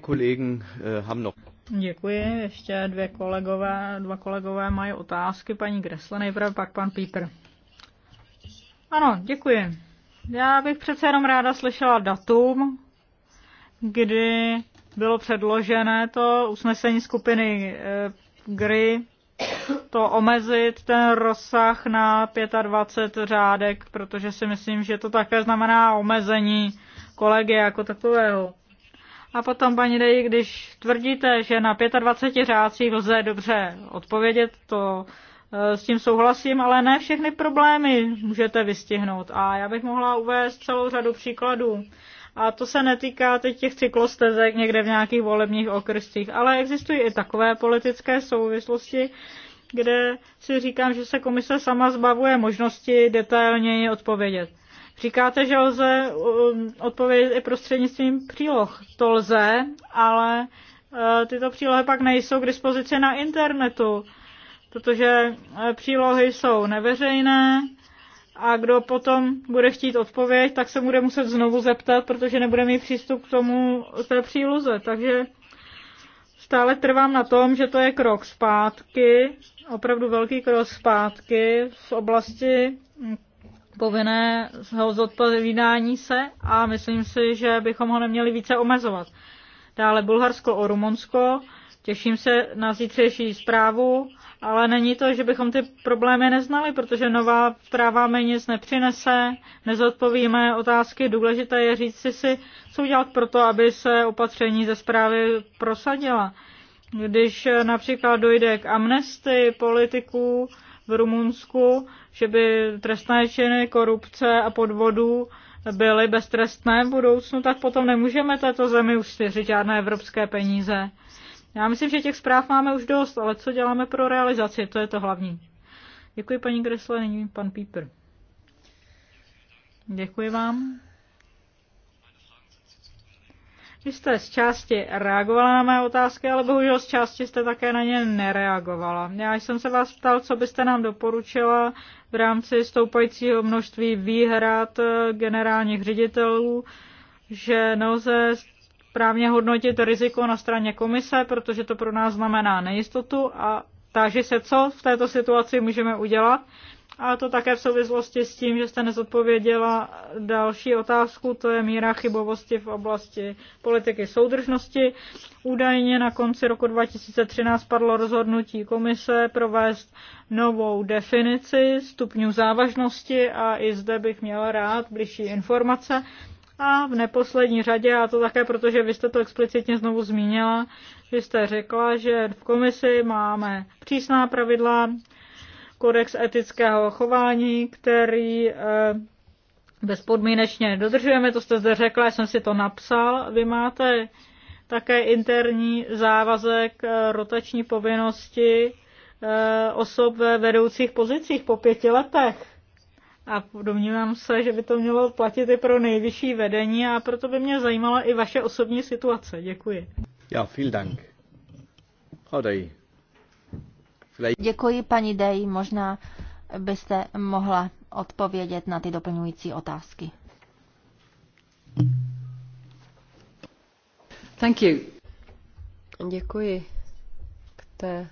haben noch. Děkuji. Ještě dvě kolegové, dva kolegové mají otázky. Paní Gressle nejprve, pak pan Píper. Ano, děkuji. Já bych přece jenom ráda slyšela datum, kdy bylo předložené to usnesení skupiny e, gry to omezit ten rozsah na 25 řádek, protože si myslím, že to také znamená omezení kolegy jako takového. A potom, paní Dej, když tvrdíte, že na 25 řádcích lze dobře odpovědět, to e, s tím souhlasím, ale ne všechny problémy můžete vystihnout. A já bych mohla uvést celou řadu příkladů. A to se netýká teď těch cyklostezek někde v nějakých volebních okrscích, ale existují i takové politické souvislosti, kde si říkám, že se komise sama zbavuje možnosti detailněji odpovědět. Říkáte, že lze um, odpovědět i prostřednictvím příloh. To lze, ale eh, tyto přílohy pak nejsou k dispozici na internetu, protože eh, přílohy jsou neveřejné, a kdo potom bude chtít odpověď, tak se bude muset znovu zeptat, protože nebude mít přístup k tomu té příloze. Takže stále trvám na tom, že to je krok zpátky, opravdu velký krok zpátky v oblasti povinného zodpovídání se a myslím si, že bychom ho neměli více omezovat. Dále Bulharsko o Rumunsko. Těším se na zítřejší zprávu ale není to, že bychom ty problémy neznali, protože nová práva mi nic nepřinese, nezodpovíme otázky. Důležité je říct si, co udělat pro to, aby se opatření ze zprávy prosadila. Když například dojde k amnesty politiků v Rumunsku, že by trestné činy korupce a podvodů byly beztrestné v budoucnu, tak potom nemůžeme této zemi uštěřit žádné evropské peníze. Já myslím, že těch zpráv máme už dost, ale co děláme pro realizaci, to je to hlavní. Děkuji paní Gresle, nyní pan Píper. Děkuji vám. Vy jste z části reagovala na mé otázky, ale bohužel z části jste také na ně nereagovala. Já jsem se vás ptal, co byste nám doporučila v rámci stoupajícího množství výhrad eh, generálních ředitelů, že nelze správně hodnotit riziko na straně komise, protože to pro nás znamená nejistotu a táži se, co v této situaci můžeme udělat. A to také v souvislosti s tím, že jste nezodpověděla další otázku, to je míra chybovosti v oblasti politiky soudržnosti. Údajně na konci roku 2013 padlo rozhodnutí komise provést novou definici stupňů závažnosti a i zde bych měla rád bližší informace, a v neposlední řadě, a to také protože vy jste to explicitně znovu zmínila, že jste řekla, že v komisi máme přísná pravidla, kodex etického chování, který eh, bezpodmínečně dodržujeme, to jste zde řekla, já jsem si to napsal. Vy máte také interní závazek eh, rotační povinnosti eh, osob ve vedoucích pozicích po pěti letech. A domnívám se, že by to mělo platit i pro nejvyšší vedení a proto by mě zajímala i vaše osobní situace. Děkuji. Ja, vielen Dank. Hodej. Děkuji, paní Dej. Možná byste mohla odpovědět na ty doplňující otázky. Thank you. Děkuji. K té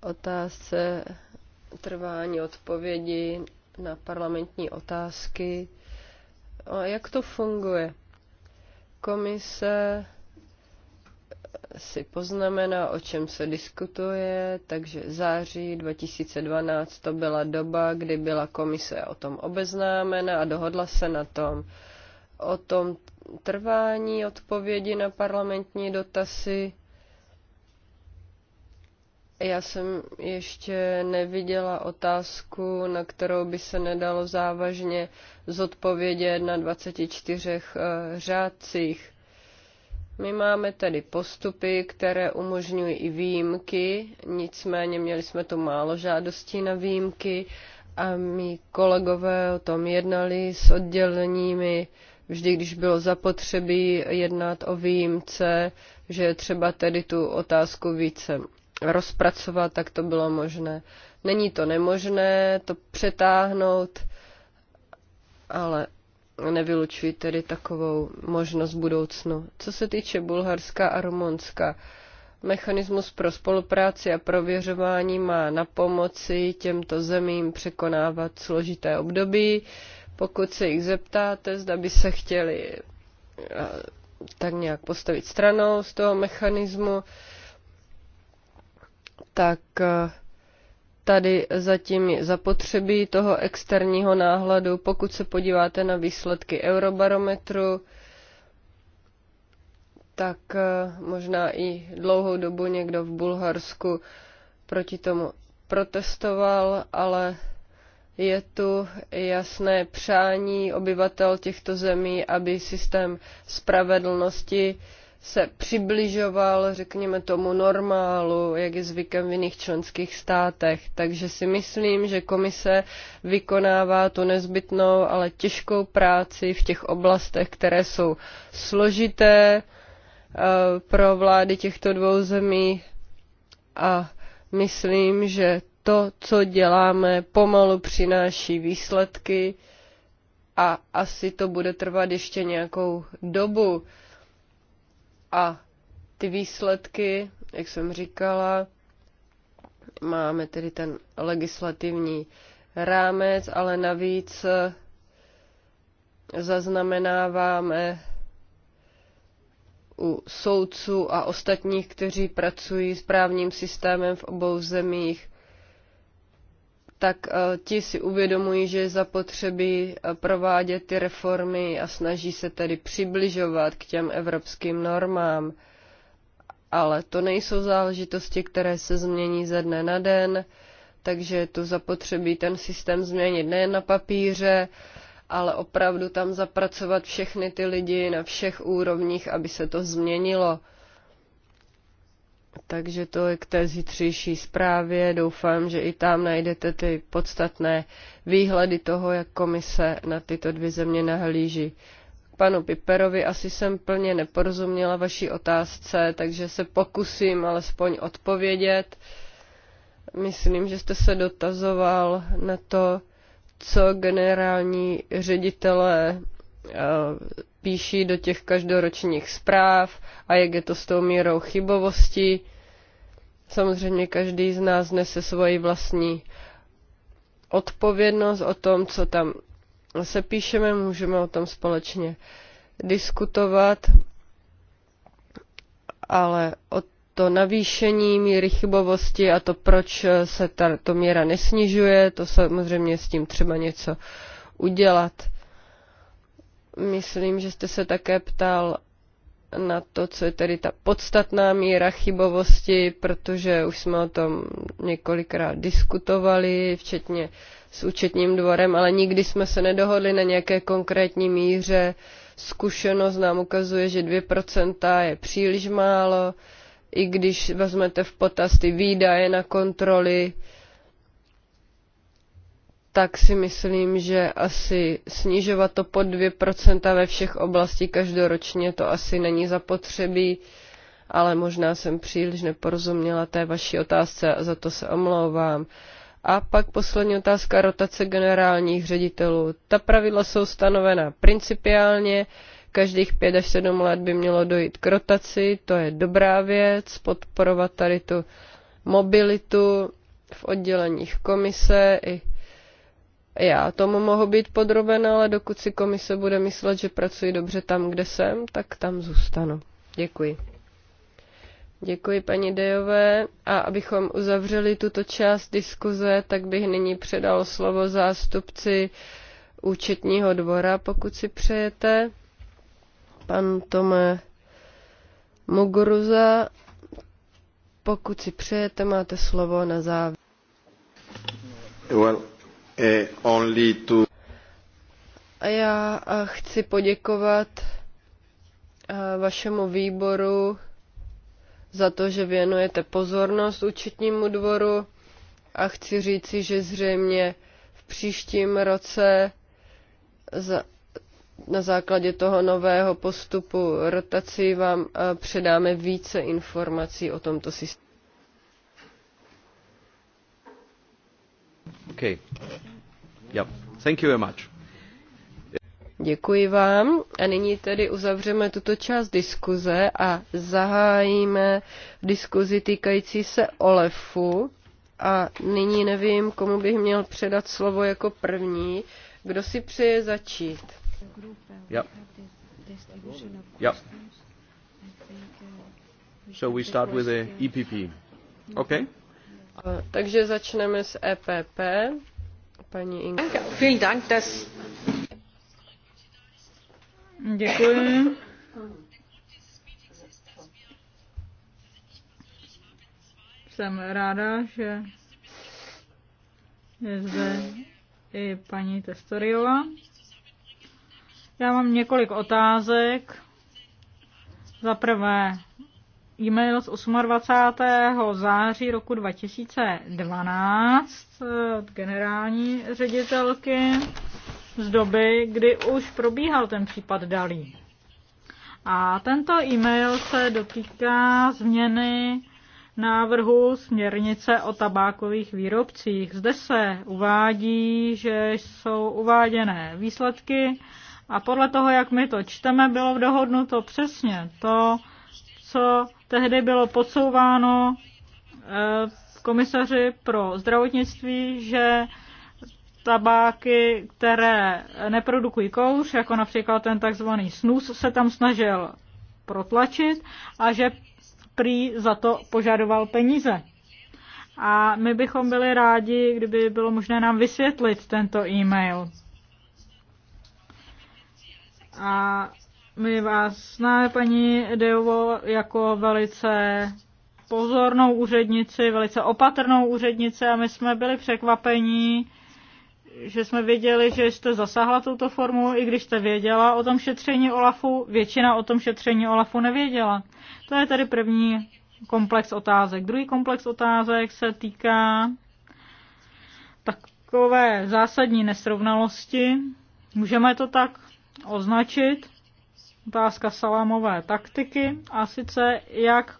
otázce trvání odpovědi na parlamentní otázky. A jak to funguje? Komise si poznamená, o čem se diskutuje, takže září 2012 to byla doba, kdy byla komise o tom obeznámena a dohodla se na tom. O tom trvání odpovědi na parlamentní dotazy já jsem ještě neviděla otázku, na kterou by se nedalo závažně zodpovědět na 24 eh, řádcích. My máme tedy postupy, které umožňují i výjimky, nicméně měli jsme tu málo žádostí na výjimky a my kolegové o tom jednali s odděleními vždy, když bylo zapotřebí jednat o výjimce, že je třeba tedy tu otázku více rozpracovat, tak to bylo možné. Není to nemožné to přetáhnout, ale nevylučuji tedy takovou možnost budoucnu. Co se týče Bulharska a Rumunska, mechanismus pro spolupráci a prověřování má na pomoci těmto zemím překonávat složité období. Pokud se jich zeptáte, zda by se chtěli eh, tak nějak postavit stranou z toho mechanismu, tak eh, tady zatím zapotřebí toho externího náhledu. Pokud se podíváte na výsledky eurobarometru, tak eh, možná i dlouhou dobu někdo v Bulharsku proti tomu protestoval, ale je tu jasné přání obyvatel těchto zemí, aby systém spravedlnosti se přibližoval, řekněme tomu, normálu, jak je zvykem v jiných členských státech. Takže si myslím, že komise vykonává tu nezbytnou, ale těžkou práci v těch oblastech, které jsou složité eh, pro vlády těchto dvou zemí a myslím, že to, co děláme, pomalu přináší výsledky a asi to bude trvat ještě nějakou dobu. A ty výsledky, jak jsem říkala, máme tedy ten legislativní rámec, ale navíc eh, zaznamenáváme u soudců a ostatních, kteří pracují s právním systémem v obou zemích, tak eh, ti si uvědomují, že je zapotřebí eh, provádět ty reformy a snaží se tedy přibližovat k těm evropským normám. Ale to nejsou záležitosti, které se změní ze dne na den, takže je tu zapotřebí ten systém změnit nejen na papíře, ale opravdu tam zapracovat všechny ty lidi na všech úrovních, aby se to změnilo. Takže to je k té zítřejší zprávě. Doufám, že i tam najdete ty podstatné výhledy toho, jak komise na tyto dvě země nahlíží. Panu Piperovi asi jsem plně neporozuměla vaší otázce, takže se pokusím alespoň odpovědět. Myslím, že jste se dotazoval na to, co generální ředitelé eh, píší do těch každoročních zpráv a jak je to s tou mírou chybovosti. Samozřejmě každý z nás nese svoji vlastní odpovědnost o tom, co tam se píšeme, můžeme o tom společně diskutovat, ale o to navýšení míry chybovosti a to, proč se ta to míra nesnižuje, to samozřejmě s tím třeba něco udělat. Myslím, že jste se také ptal na to, co je tedy ta podstatná míra chybovosti, protože už jsme o tom několikrát diskutovali, včetně s účetním dvorem, ale nikdy jsme se nedohodli na nějaké konkrétní míře. Zkušenost nám ukazuje, že 2% je příliš málo, i když vezmete v potaz ty výdaje na kontroly, tak si myslím, že asi snižovat to pod 2% ve všech oblasti každoročně to asi není zapotřebí, ale možná jsem příliš neporozuměla té vaší otázce a za to se omlouvám. A pak poslední otázka rotace generálních ředitelů. Ta pravidla jsou stanovena principiálně, každých 5 až 7 let by mělo dojít k rotaci, to je dobrá věc, podporovat tady tu mobilitu v odděleních komise i já tomu mohu být podrobena, ale dokud si komise bude myslet, že pracuji dobře tam, kde jsem, tak tam zůstanu. Děkuji. Děkuji paní Dejové a abychom uzavřeli tuto část diskuze, tak bych nyní předal slovo zástupci účetního dvora, pokud si přejete. Pan Tome Muguruza, pokud si přejete, máte slovo na závěr. Well. Eh, only to... Já eh, chci poděkovat eh, vašemu výboru za to, že věnujete pozornost účetnímu dvoru a chci říci, že zřejmě v příštím roce za, na základě toho nového postupu rotací vám předáme více informací o tomto systému. Okay. Děkuji vám a nyní tedy uzavřeme tuto část diskuze a zahájíme diskuzi týkající se OLEFu. A nyní nevím, komu bych měl předat slovo jako první. Kdo si přeje začít? Yep. Yep. So we start with the EPP. Okay? Takže začneme s EPP. Paní Inka. Dank, dass... Děkuji. Jsem ráda, že je zde i paní Testoriova. Já mám několik otázek. Za prvé, e-mail z 28. září roku 2012 eh, od generální ředitelky z doby, kdy už probíhal ten případ Dalí. A tento e-mail se dotýká změny návrhu směrnice o tabákových výrobcích. Zde se uvádí, že jsou uváděné výsledky a podle toho, jak my to čteme, bylo dohodnuto přesně to, co Tehdy bylo podsouváno eh, komisaři pro zdravotnictví, že tabáky, které neprodukují kouř, jako například ten takzvaný snus, se tam snažil protlačit a že prý za to požadoval peníze. A my bychom byli rádi, kdyby bylo možné nám vysvětlit tento e-mail. A my vás známe, paní Dejovo, jako velice pozornou úřednici, velice opatrnou úřednici a my jsme byli překvapení, že jsme věděli, že jste zasáhla touto formu, i když jste věděla o tom šetření Olafu, většina o tom šetření Olafu nevěděla. To je tedy první komplex otázek. Druhý komplex otázek se týká takové zásadní nesrovnalosti, můžeme to tak označit, otázka salámové taktiky a sice jak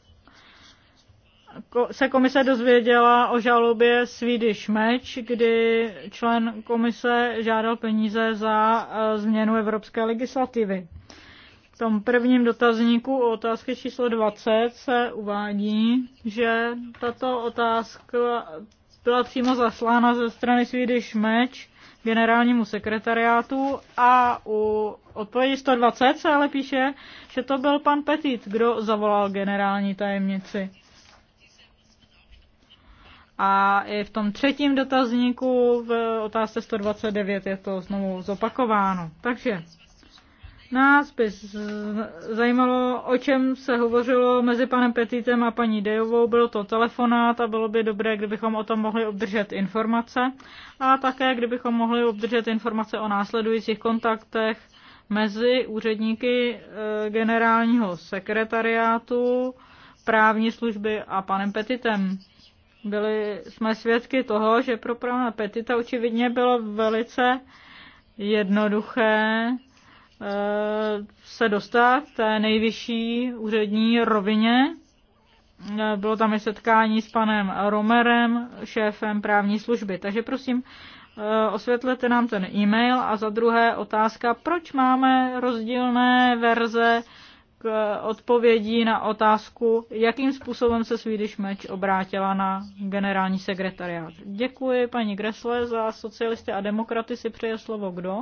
se komise dozvěděla o žalobě Swedish Match, kdy člen komise žádal peníze za e, změnu evropské legislativy. V tom prvním dotazníku o otázky číslo 20 se uvádí, že tato otázka byla přímo zaslána ze strany Swedish Match generálnímu sekretariátu a u odpovědi 120 se ale píše, že to byl pan Petit, kdo zavolal generální tajemnici. A i v tom třetím dotazníku v otázce 129 je to znovu zopakováno. Takže Nás by zajímalo, o čem se hovořilo mezi panem Petitem a paní Dejovou. Byl to telefonát a bylo by dobré, kdybychom o tom mohli obdržet informace a také, kdybychom mohli obdržet informace o následujících kontaktech mezi úředníky eh, generálního sekretariátu, právní služby a panem Petitem. Byli jsme svědky toho, že pro pana Petita očividně bylo velice jednoduché Eh, se dostat té nejvyšší úřední rovině. Eh, bylo tam i setkání s panem Romerem, šéfem právní služby. Takže prosím, eh, osvětlete nám ten e-mail a za druhé otázka, proč máme rozdílné verze k odpovědí na otázku, jakým způsobem se Swedish Match obrátila na generální sekretariát. Děkuji paní Gresle za socialisty a demokraty si přeje slovo kdo?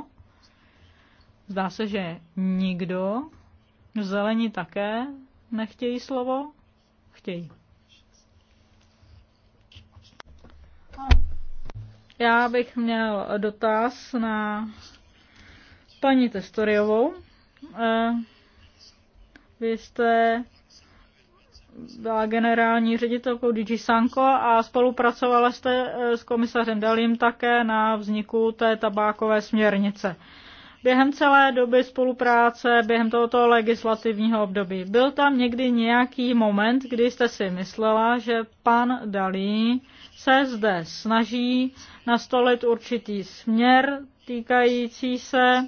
Zdá se, že nikdo. Zelení také nechtějí slovo. Chtějí. Já bych měl dotaz na paní Testoriovou. Eh, vy jste byla generální ředitelkou DG Sanko a spolupracovala jste eh, s komisařem Dalím také na vzniku té tabákové směrnice během celé doby spolupráce, během tohoto legislativního období. Byl tam někdy nějaký moment, kdy jste si myslela, že pan Dalí se zde snaží nastolit určitý směr týkající se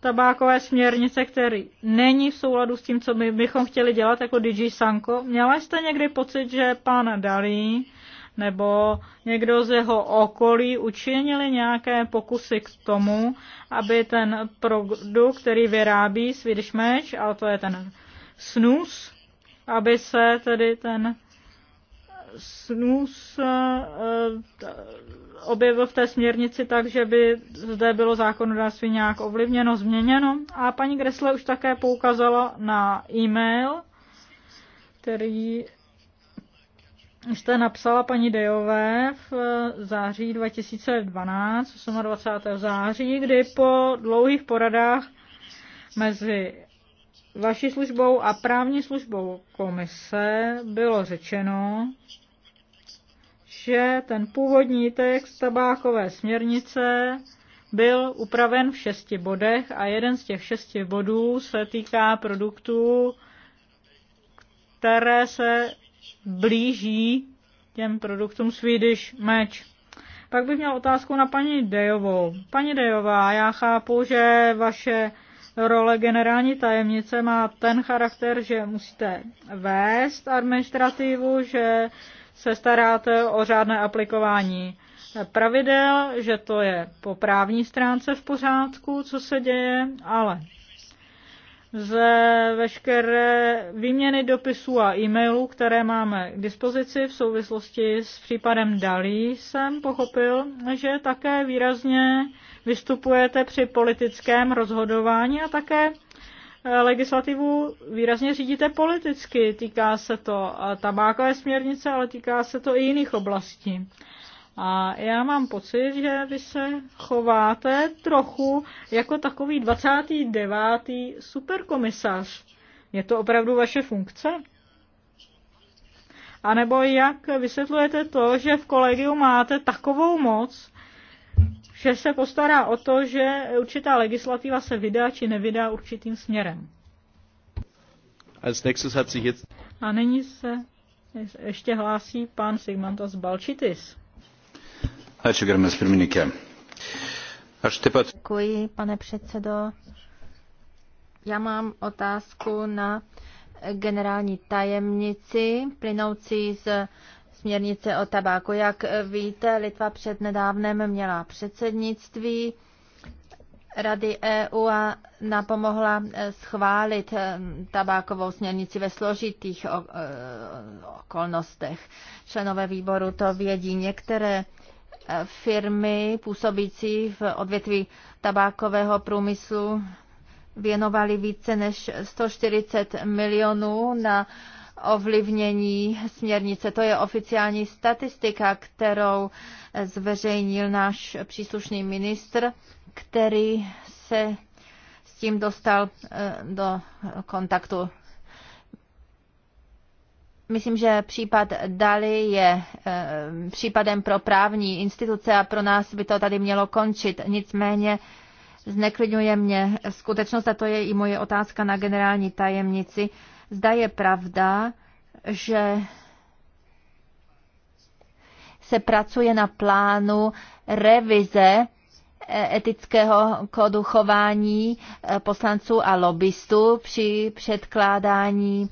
tabákové směrnice, který není v souladu s tím, co my bychom chtěli dělat jako DG Sanko. Měla jste někdy pocit, že pan Dalí nebo někdo z jeho okolí učinili nějaké pokusy k tomu, aby ten produkt, který vyrábí Swedish Match, ale to je ten snus, aby se tedy ten snus eh, eh, objevil v té směrnici tak, že by zde bylo zákonodárství nějak ovlivněno, změněno. A paní Gressle už také poukázala na e-mail, který jste napsala paní Dejové v eh, září 2012, 28. září, kdy po dlouhých poradách mezi vaší službou a právní službou komise bylo řečeno, že ten původní text tabákové směrnice byl upraven v šesti bodech a jeden z těch šesti bodů se týká produktů, které se blíží těm produktům Swedish Match. Pak bych měl otázku na paní Dejovou. Paní Dejová, já chápu, že vaše role generální tajemnice má ten charakter, že musíte vést administrativu, že se staráte o řádné aplikování pravidel, že to je po právní stránce v pořádku, co se děje, ale že veškeré výměny dopisů a e-mailů, které máme k dispozici v souvislosti s případem Dalí, jsem pochopil, že také výrazně vystupujete při politickém rozhodování a také eh, legislativu výrazně řídíte politicky. Týká se to tabákové směrnice, ale týká se to i jiných oblastí. A já mám pocit, že vy se chováte trochu jako takový 29. superkomisař. Je to opravdu vaše funkce? A nebo jak vysvětlujete to, že v kolegiu máte takovou moc, že se postará o to, že určitá legislativa se vydá či nevydá určitým směrem? Als nächstes hat sich jetzt... A nyní se ještě hlásí pan Sigmantas Balčitis. Děkuji, pane předsedo. Já mám otázku na generální tajemnici plynoucí z směrnice o tabáku. Jak víte, Litva přednedávnem měla předsednictví Rady EU a napomohla eh, schválit eh, tabákovou směrnici ve složitých eh, okolnostech. Členové výboru to vědí. Některé Eh, firmy působící v odvětví tabákového průmyslu věnovali více než 140 milionů na ovlivnění směrnice. To je oficiální statistika, kterou zveřejnil náš příslušný ministr, který se s tím dostal eh, do kontaktu Myslím, že případ Dali je eh, případem pro právní instituce a pro nás by to tady mělo končit. Nicméně zneklidňuje mě skutečnost, a to je i moje otázka na generální tajemnici, zda je pravda, že se pracuje na plánu revize eh, etického kodu chování eh, poslanců a lobbystů při předkládání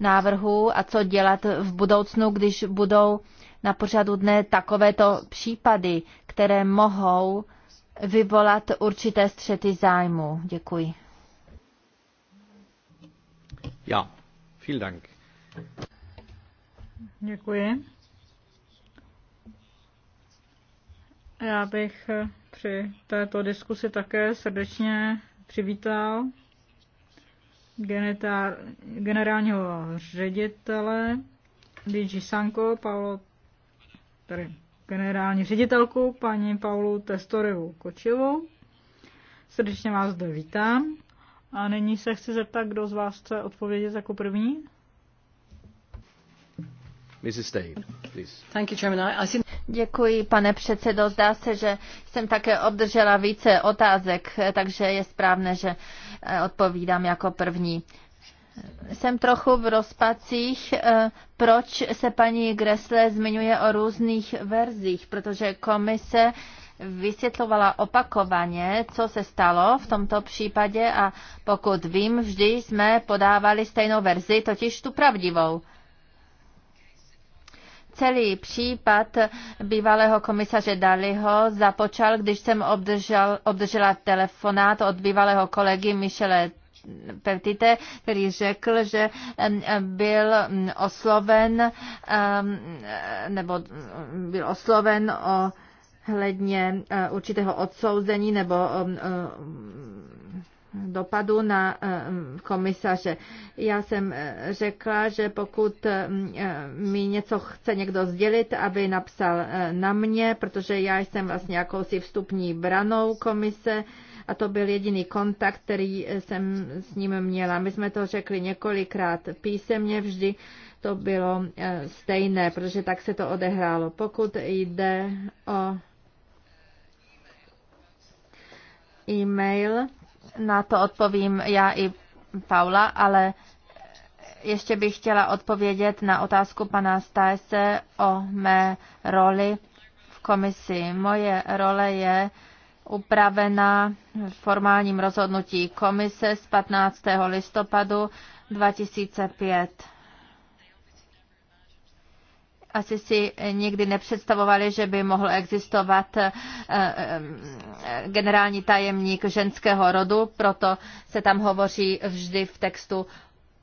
návrhů a co dělat v budoucnu, když budou na pořadu dne takovéto případy, které mohou vyvolat určité střety zájmu. Děkuji. Ja, vielen Dank. Děkuji. Já bych při této diskusi také srdečně přivítal genetár, generálního ředitele DG Sanko, Paolo, tady generální ředitelku, paní Paulu Testorevu Kočevou. Srdečně vás zde vítám. A nyní se chci zeptat, kdo z vás chce odpovědět jako první? Děkuji, pane předsedo. Zdá se, že jsem také obdržela více otázek, takže je správné, že eh, odpovídám jako první. Jsem trochu v rozpacích, eh, proč se paní Gressle zmiňuje o různých verzích, protože komise vysvětlovala opakovaně, co se stalo v tomto případě a pokud vím, vždy jsme podávali stejnou verzi, totiž tu pravdivou. Celý případ bývalého komisaře Daliho započal, když jsem obdržel, obdržela telefonát od bývalého kolegy Michele Petite, který řekl, že byl osloven nebo byl osloven o hledně eh, určitého odsouzení nebo dopadu na eh, komisaře. Já jsem eh, řekla, že pokud eh, mi něco chce někdo sdělit, aby napsal na mě, protože já jsem vlastně jakousi vstupní branou komise a to byl jediný kontakt, který jsem s ním měla. My jsme to řekli několikrát písemně vždy, to bylo stejné, protože tak se to odehrálo. Pokud jde o e-mail, na to odpovím já i Paula, ale ještě bych chtěla odpovědět na otázku pana Stajse o mé roli v komisi. Moje role je upravena formálním rozhodnutí komise z 15. listopadu 2005 asi si nikdy nepředstavovali, že by mohl existovat eh, eh, generální tajemník ženského rodu, proto se tam hovoří vždy v textu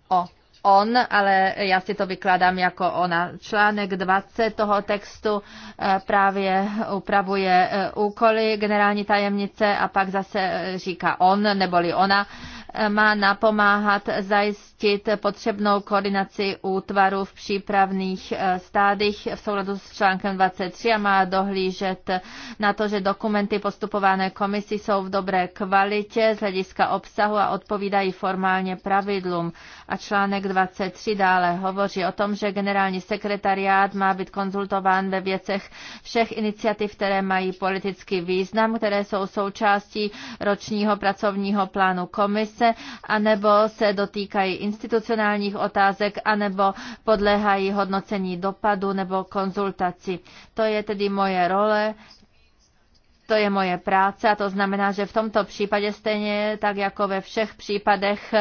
o on, ale já si to vykládám jako ona. Článek 20 toho textu eh, právě upravuje úkoly generální tajemnice a pak zase říká on neboli ona má napomáhat zajistit potřebnou koordinaci útvaru v přípravných eh, stádích v souladu s článkem 23 a má dohlížet na to, že dokumenty postupované komisi jsou v dobré kvalitě z hlediska obsahu a odpovídají formálně pravidlům. A článek 23 dále hovoří o tom, že generální sekretariát má být konzultován ve věcech všech iniciativ, které mají politický význam, které jsou součástí ročního pracovního plánu komise práce, anebo se dotýkají institucionálních otázek, anebo podléhají hodnocení dopadu nebo konzultaci. To je tedy moje role to je moje práce a to znamená, že v tomto případě stejně tak jako ve všech případech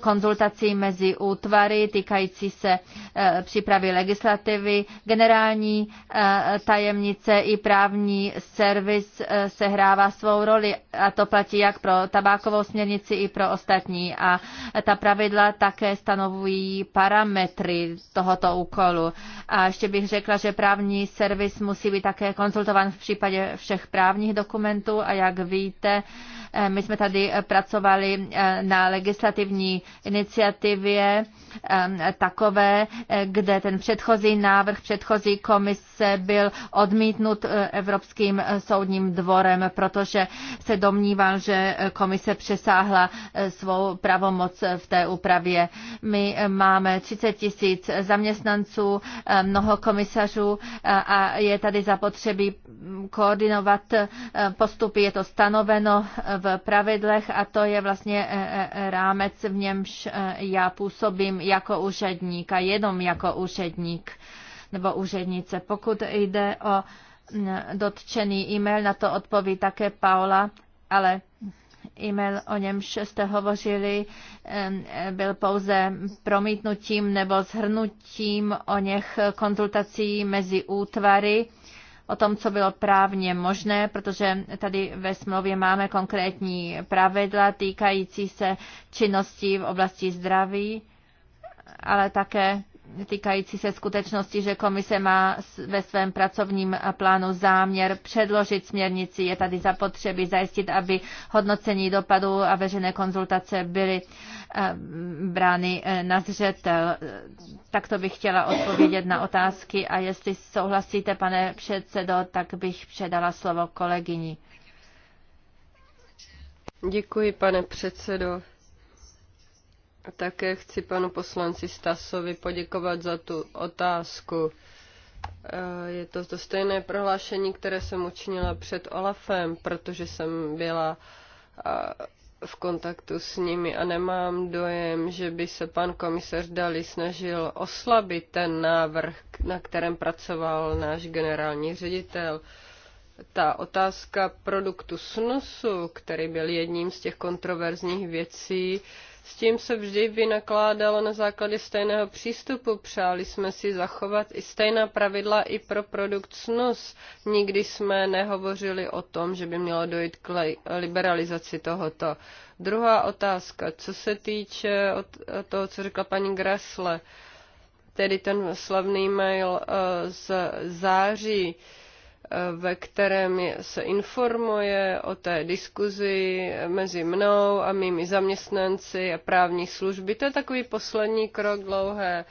konzultací mezi útvary týkající se e, přípravy legislativy, generální e, tajemnice i právní servis e, sehrává svou roli a to platí jak pro tabákovou směrnici i pro ostatní a ta pravidla také stanovují parametry tohoto úkolu. A ještě bych řekla, že právní servis musí být také konzultovan v případě všech právních dokumentů a jak víte, eh, my jsme tady eh, pracovali eh, na legislativní iniciativě takové, kde ten předchozí návrh předchozí komise byl odmítnut Evropským soudním dvorem, protože se domníval, že komise přesáhla svou pravomoc v té úpravě. My máme 30 tisíc zaměstnanců, mnoho komisařů a je tady zapotřebí koordinovat eh, postupy. Je to stanoveno v pravidlech a to je vlastně eh, eh, rámec, v němž já působím jako úředník a jenom jako úředník nebo úřednice. Pokud jde o mm, dotčený e-mail, na to odpoví také Paula, ale e-mail, o němž jste hovořili, byl pouze promítnutím nebo zhrnutím o něch konzultací mezi útvary o tom, co bylo právně možné, protože tady ve smlouvě máme konkrétní pravidla týkající se činností v oblasti zdraví, ale také týkající se skutečnosti, že komise má ve svém pracovním plánu záměr předložit směrnici. Je tady zapotřebí zajistit, aby hodnocení dopadu a veřejné konzultace byly eh, brány eh, na zřetel. Takto bych chtěla odpovědět na otázky a jestli souhlasíte, pane předsedo, tak bych předala slovo kolegyni. Děkuji, pane předsedo. Také chci panu poslanci Stasovi poděkovat za tu otázku. Eh, je to to stejné prohlášení, které jsem učinila před Olafem, protože jsem byla eh, v kontaktu s nimi a nemám dojem, že by se pan komisař Dali snažil oslabit ten návrh, na kterém pracoval náš generální ředitel. Ta otázka produktu snusu, který byl jedním z těch kontroverzních věcí, s tím se vždy vynakládalo na základě stejného přístupu. Přáli jsme si zachovat i stejná pravidla i pro produkt snus. Nikdy jsme nehovořili o tom, že by mělo dojít k liberalizaci tohoto. Druhá otázka, co se týče toho, co řekla paní Grasle, tedy ten slavný mail eh, z září Eh, ve kterém se informuje o té diskuzi mezi mnou a mými zaměstnanci a právní služby. To je takový poslední krok dlouhé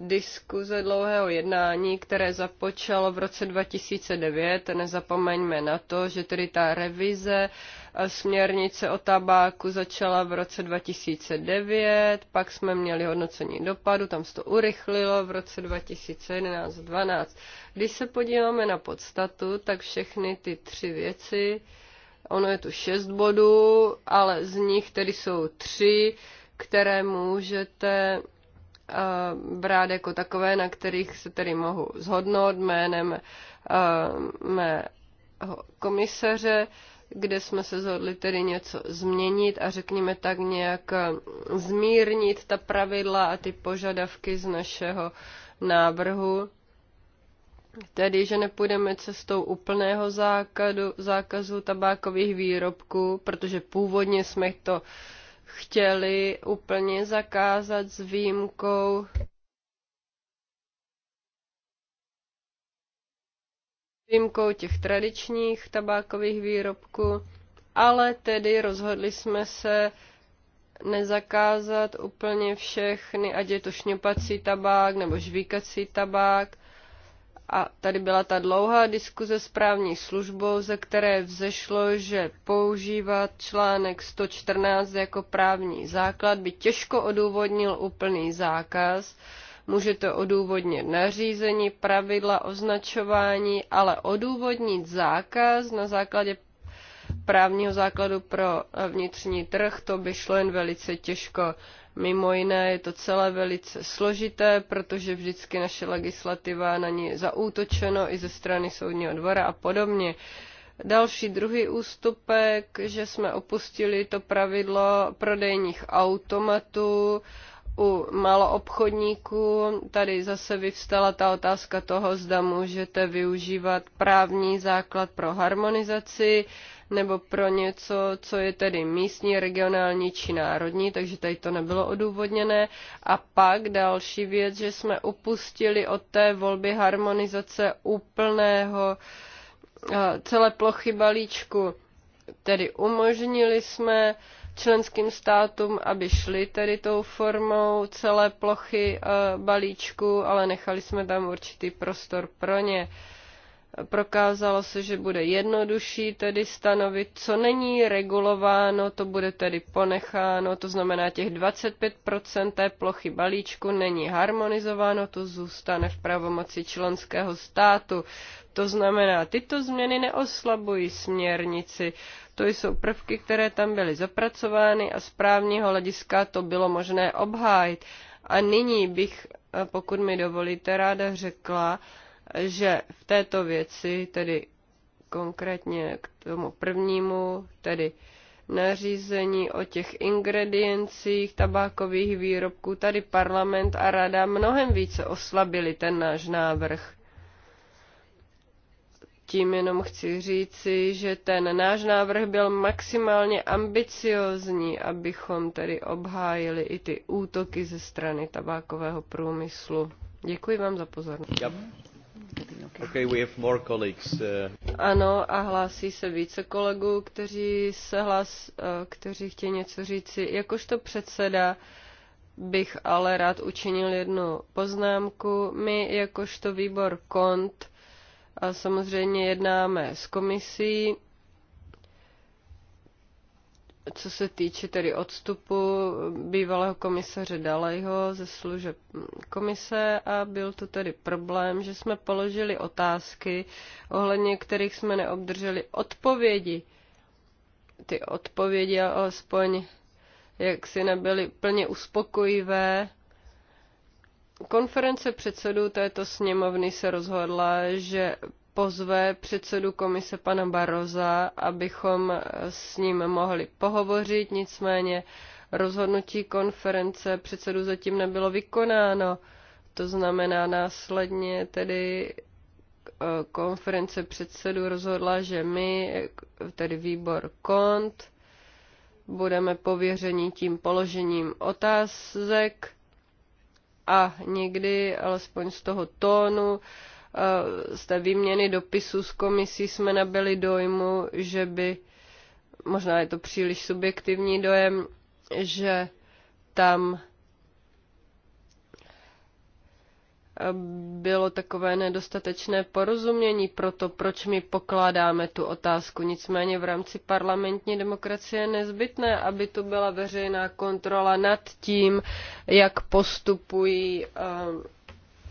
diskuze dlouhého jednání, které započalo v roce 2009. Nezapomeňme na to, že tedy ta revize eh, směrnice o tabáku začala v roce 2009, pak jsme měli hodnocení dopadu, tam se to urychlilo v roce 2011-2012. Když se podíváme na podstatu, tak všechny ty tři věci, ono je tu šest bodů, ale z nich tedy jsou tři, které můžete brát jako takové, na kterých se tedy mohu zhodnout jménem mého komisaře, kde jsme se zhodli tedy něco změnit a řekněme tak nějak zmírnit ta pravidla a ty požadavky z našeho návrhu. Tedy, že nepůjdeme cestou úplného zákazu, zákazu tabákových výrobků, protože původně jsme to uh, chtěli úplně zakázat s výjimkou výjimkou těch tradičních tabákových výrobků, ale tedy rozhodli jsme se nezakázat úplně všechny, ať je to šňupací tabák nebo žvíkací tabák, a tady byla ta dlouhá diskuze s právní službou, ze které vzešlo, že používat článek 114 jako právní základ by těžko odůvodnil úplný zákaz. Může to odůvodnit nařízení, pravidla, označování, ale odůvodnit zákaz na základě právního základu pro vnitřní trh, to by šlo jen velice těžko. Mimo jiné je to celé velice složité, protože vždycky naše legislativa na ní je zaútočeno i ze strany soudního dvora a podobně. Další druhý ústupek, že jsme opustili to pravidlo prodejních automatů u maloobchodníků. Tady zase vyvstala ta otázka toho, zda můžete využívat právní základ pro harmonizaci nebo pro něco, co je tedy místní, regionální či národní, takže tady to nebylo odůvodněné. A pak další věc, že jsme upustili od té volby harmonizace úplného eh, celé plochy balíčku. Tedy umožnili jsme členským státům, aby šli tedy tou formou celé plochy eh, balíčku, ale nechali jsme tam určitý prostor pro ně. Prokázalo se, že bude jednodušší tedy stanovit, co není regulováno, to bude tedy ponecháno, to znamená těch 25% té plochy balíčku není harmonizováno, to zůstane v pravomoci členského státu. To znamená, tyto změny neoslabují směrnici. To jsou prvky, které tam byly zapracovány a z právního hlediska to bylo možné obhájit. A nyní bych, eh, pokud mi dovolíte, ráda řekla, že v této věci, tedy konkrétně k tomu prvnímu, tedy nařízení o těch ingrediencích tabákových výrobků, tady parlament a rada mnohem více oslabili ten náš návrh. Tím jenom chci říci, že ten náš návrh byl maximálně ambiciozní, abychom tedy obhájili i ty útoky ze strany tabákového průmyslu. Děkuji vám za pozornost. Yep. Okay, we have more colleagues. Uh, ano, a hlásí se více kolegů, kteří se hlás, eh, kteří chtějí něco říci. Jakožto předseda bych ale rád učinil jednu poznámku. My jakožto výbor KONT a samozřejmě jednáme s komisí, co se týče tedy odstupu bývalého komisaře Dalejho ze služeb komise a byl to tedy problém, že jsme položili otázky, ohledně kterých jsme neobdrželi odpovědi. Ty odpovědi alespoň jak si nebyly plně uspokojivé. Konference předsedů této sněmovny se rozhodla, že pozve předsedu komise pana Baroza, abychom s ním mohli pohovořit, nicméně rozhodnutí konference předsedu zatím nebylo vykonáno. To znamená následně tedy eh, konference předsedu rozhodla, že my, eh, tedy výbor KONT, budeme pověřeni tím položením otázek a někdy, alespoň z toho tónu, z té výměny dopisů s komisí jsme nabili dojmu, že by, možná je to příliš subjektivní dojem, že tam bylo takové nedostatečné porozumění pro to, proč my pokládáme tu otázku. Nicméně v rámci parlamentní demokracie je nezbytné, aby tu byla veřejná kontrola nad tím, jak postupují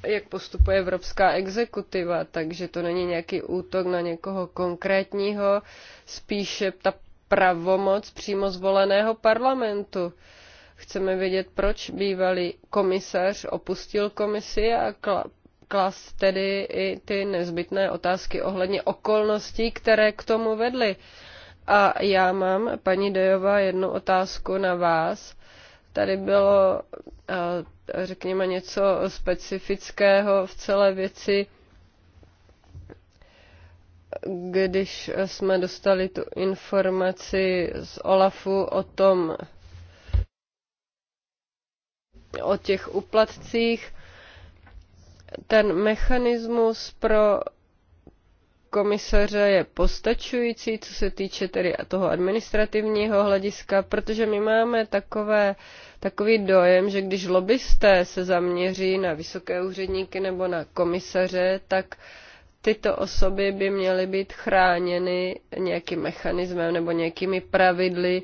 jak postupuje evropská exekutiva, takže to není nějaký útok na někoho konkrétního, spíše ta pravomoc přímo zvoleného parlamentu. Chceme vědět, proč bývalý komisař opustil komisi a klas tedy i ty nezbytné otázky ohledně okolností, které k tomu vedly. A já mám, paní Dejová, jednu otázku na vás. Tady bylo, eh, řekněme, něco specifického v celé věci, když jsme dostali tu informaci z Olafu o tom, o těch uplatcích, ten mechanismus pro komisaře je postačující, co se týče tedy toho administrativního hlediska, protože my máme takové, takový dojem, že když lobbysté se zaměří na vysoké úředníky nebo na komisaře, tak tyto osoby by měly být chráněny nějakým mechanismem nebo nějakými pravidly,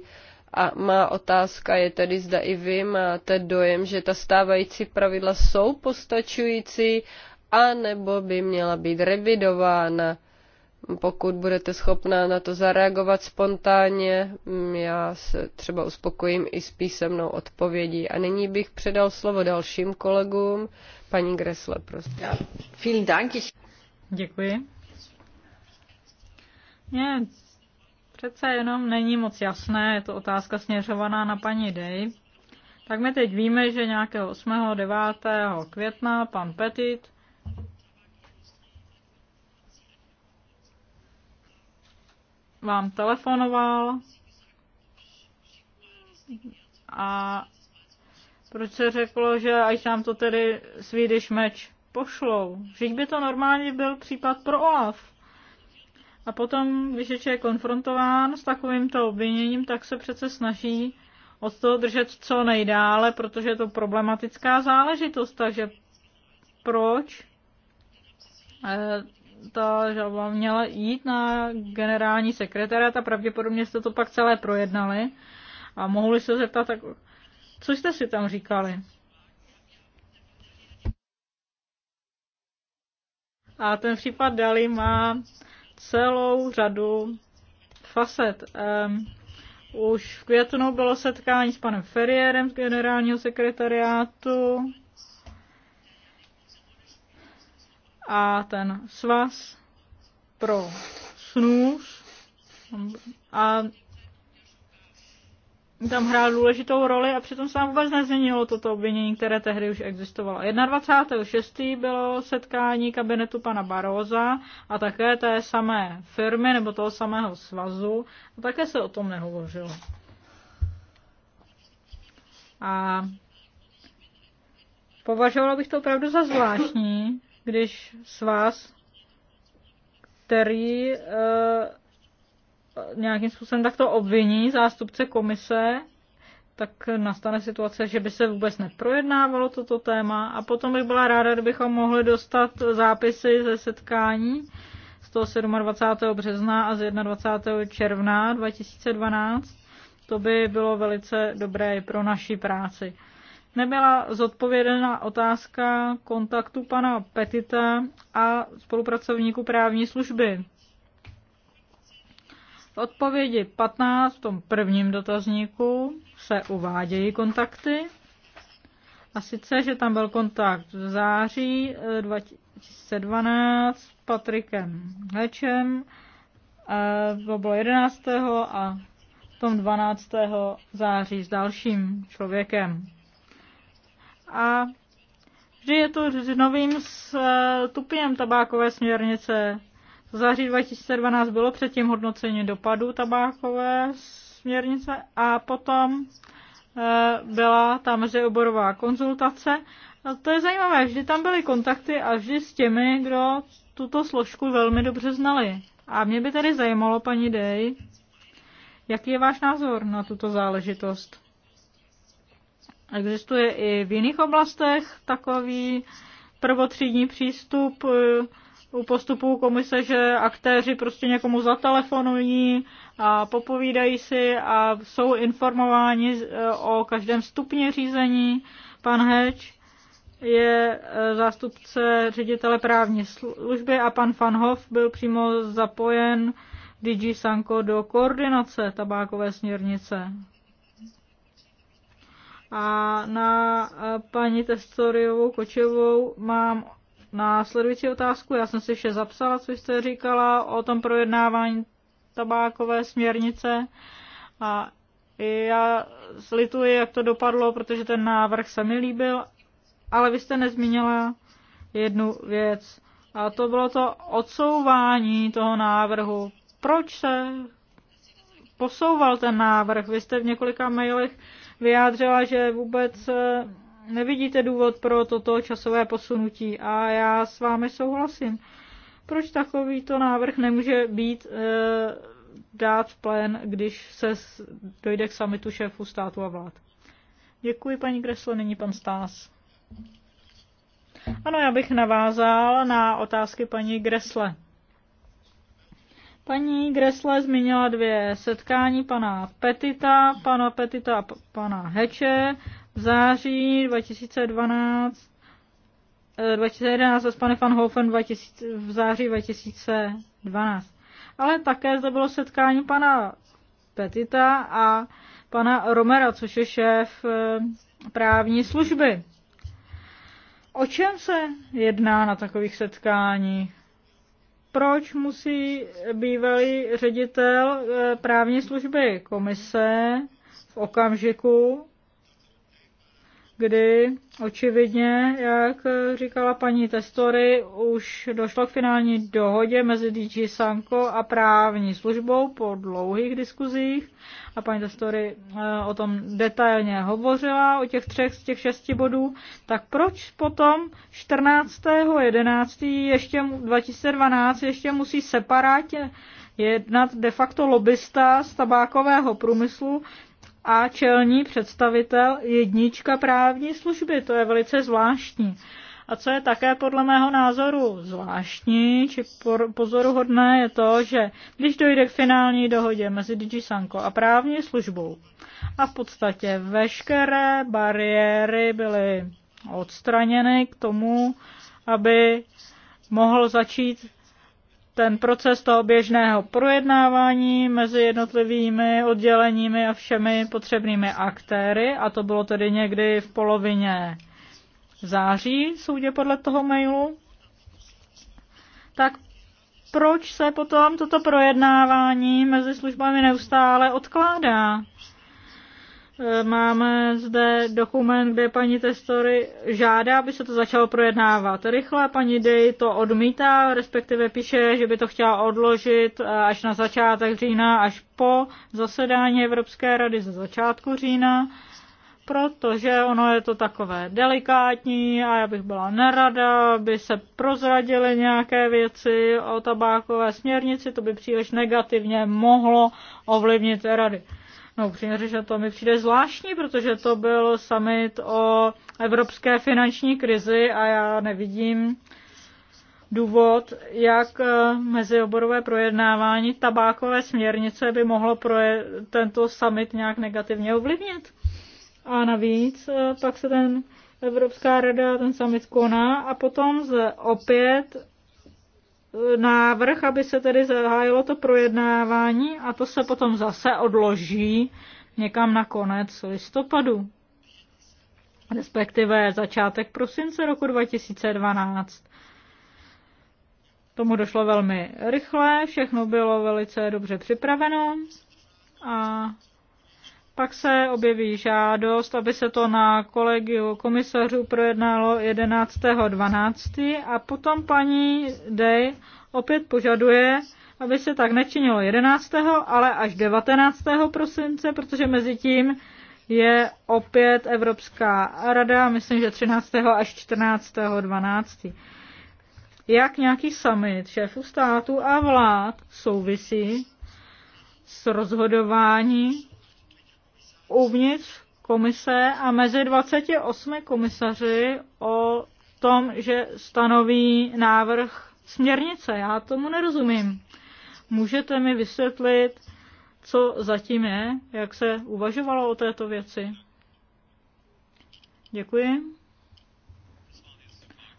a má otázka je tedy, zda i vy máte dojem, že ta stávající pravidla jsou postačující, a nebo by měla být revidována pokud budete schopná na to zareagovat spontánně, mm, já se třeba uspokojím i s písemnou odpovědí. A nyní bych předal slovo dalším kolegům. Paní Gresle, prosím. Vielen Dank. Děkuji. Ne, přece jenom není moc jasné, je to otázka směřovaná na paní Dej. Tak my teď víme, že nějakého 8. 9. května pan Petit vám telefonoval a proč se řeklo, že až nám to tedy Swedish Match pošlou. Vždyť by to normálně byl případ pro Olaf. A potom, když je člověk konfrontován s takovýmto obviněním, tak se přece snaží od toho držet co nejdále, protože je to problematická záležitost. Takže proč eh, ta žalba měla jít na generální sekretariat a pravděpodobně jste to pak celé projednali a mohli se zeptat, tak, co jste si tam říkali? A ten případ Dali má celou řadu facet. Um, už v květnu bylo setkání s panem Ferrierem z generálního sekretariátu. a ten svaz pro snůz a tam hrál důležitou roli a přitom se nám vůbec nezměnilo toto obvinění, které tehdy už existovalo. 21.6. bylo setkání kabinetu pana Baróza a také té samé firmy nebo toho samého svazu a také se o tom nehovořilo. A považovala bych to opravdu za zvláštní, když s vás, který e, nějakým způsobem takto obviní zástupce komise, tak nastane situace, že by se vůbec neprojednávalo toto téma a potom bych byla ráda, kdybychom mohli dostat zápisy ze setkání z toho 27. března a z 21. června 2012. To by bylo velice dobré pro naši práci nebyla zodpovědena otázka kontaktu pana Petita a spolupracovníků právní služby. V odpovědi 15 v tom prvním dotazníku se uvádějí kontakty. A sice, že tam byl kontakt v září 2012 eh, s Patrikem Hečem, eh, to bylo 11. a tom 12. září s dalším člověkem a vždy je to s novým stupněm eh, tabákové směrnice. V září 2012 bylo předtím hodnocení dopadu tabákové směrnice a potom eh, byla tam oborová konzultace. A to je zajímavé, vždy tam byly kontakty a vždy s těmi, kdo tuto složku velmi dobře znali. A mě by tedy zajímalo, paní Dej, jaký je váš názor na tuto záležitost? Existuje i v jiných oblastech takový prvotřídní přístup eh, u postupů komise, že aktéři prostě někomu zatelefonují a popovídají si a jsou informováni eh, o každém stupně řízení. Pan Heč je eh, zástupce ředitele právní služby a pan Fanhof byl přímo zapojen DG Sanko do koordinace tabákové směrnice. A na eh, paní Testoriovou Kočovou mám následující otázku. Já jsem si vše zapsala, co jste říkala o tom projednávání tabákové směrnice. A já slituji, jak to dopadlo, protože ten návrh se mi líbil, ale vy jste nezmínila jednu věc. A to bylo to odsouvání toho návrhu. Proč se posouval ten návrh? Vy jste v několika mailech vyjádřila, že vůbec eh, nevidíte důvod pro toto časové posunutí a já s vámi souhlasím. Proč takovýto návrh nemůže být e, dát v plén, když se dojde k samitu šéfů státu a vlád? Děkuji, paní Kreslo, nyní pan Stás. Ano, já bych navázal na otázky paní Gresle. Paní Gresle zmínila dvě setkání pana Petita, pana Petita a pana Heče v září 2012, 2011 eh, a s panem Van Hofen 2000, v září 2012. Ale také zde bylo setkání pana Petita a pana Romera, což je šéf eh, právní služby. O čem se jedná na takových setkáních? proč musí bývalý ředitel eh, právní služby komise v okamžiku, kdy očividně, jak říkala paní Testory, už došlo k finální dohodě mezi DG Sanko a právní službou po dlouhých diskuzích. A paní Testory eh, o tom detailně hovořila, o těch třech z těch šesti bodů. Tak proč potom 14.11. ještě 2012 ještě musí separátně jednat de facto lobista z tabákového průmyslu, a čelní představitel jednička právní služby. To je velice zvláštní. A co je také podle mého názoru zvláštní či pozoruhodné, je to, že když dojde k finální dohodě mezi DG Sanko a právní službou a v podstatě veškeré bariéry byly odstraněny k tomu, aby mohl začít ten proces toho běžného projednávání mezi jednotlivými odděleními a všemi potřebnými aktéry, a to bylo tedy někdy v polovině září, soudě podle toho mailu, tak proč se potom toto projednávání mezi službami neustále odkládá? E, máme zde dokument, kde paní Testory žádá, aby se to začalo projednávat rychle. Paní Dej to odmítá, respektive píše, že by to chtěla odložit e, až na začátek října, až po zasedání Evropské rady ze začátku října, protože ono je to takové delikátní a já bych byla nerada, aby se prozradily nějaké věci o tabákové směrnici, to by příliš negativně mohlo ovlivnit rady. No upřímně že to mi přijde zvláštní, protože to byl summit o evropské finanční krizi a já nevidím důvod, jak eh, mezioborové projednávání tabákové směrnice by mohlo proje- tento summit nějak negativně ovlivnit. A navíc eh, pak se ten Evropská rada ten summit koná a potom z opět návrh, aby se tedy zahájilo to projednávání a to se potom zase odloží někam na konec listopadu, respektive začátek prosince roku 2012. Tomu došlo velmi rychle, všechno bylo velice dobře připraveno a pak se objeví žádost, aby se to na kolegiu komisařů projednalo 11.12. a potom paní Day opět požaduje, aby se tak nečinilo 11., ale až 19. prosince, protože mezi tím je opět Evropská rada, myslím, že 13. až 14. 12. Jak nějaký summit šéfů států a vlád souvisí s rozhodování uvnitř komise a mezi 28 komisaři o tom, že stanoví návrh směrnice. Já tomu nerozumím. Můžete mi vysvětlit, co zatím je, jak se uvažovalo o této věci? Děkuji.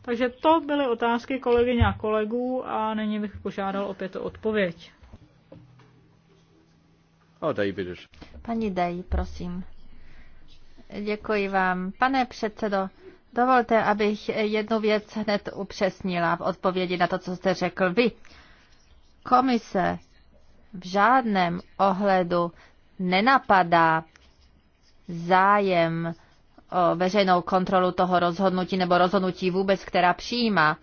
Takže to byly otázky kolegyně a kolegů a nyní bych požádal opět o odpověď. Pani Dej, prosím. Děkuji vám. Pane předsedo, dovolte, abych jednu věc hned upřesnila v odpovědi na to, co jste řekl vy. Komise v žádném ohledu nenapadá zájem o veřejnou kontrolu toho rozhodnutí nebo rozhodnutí vůbec, která přijímá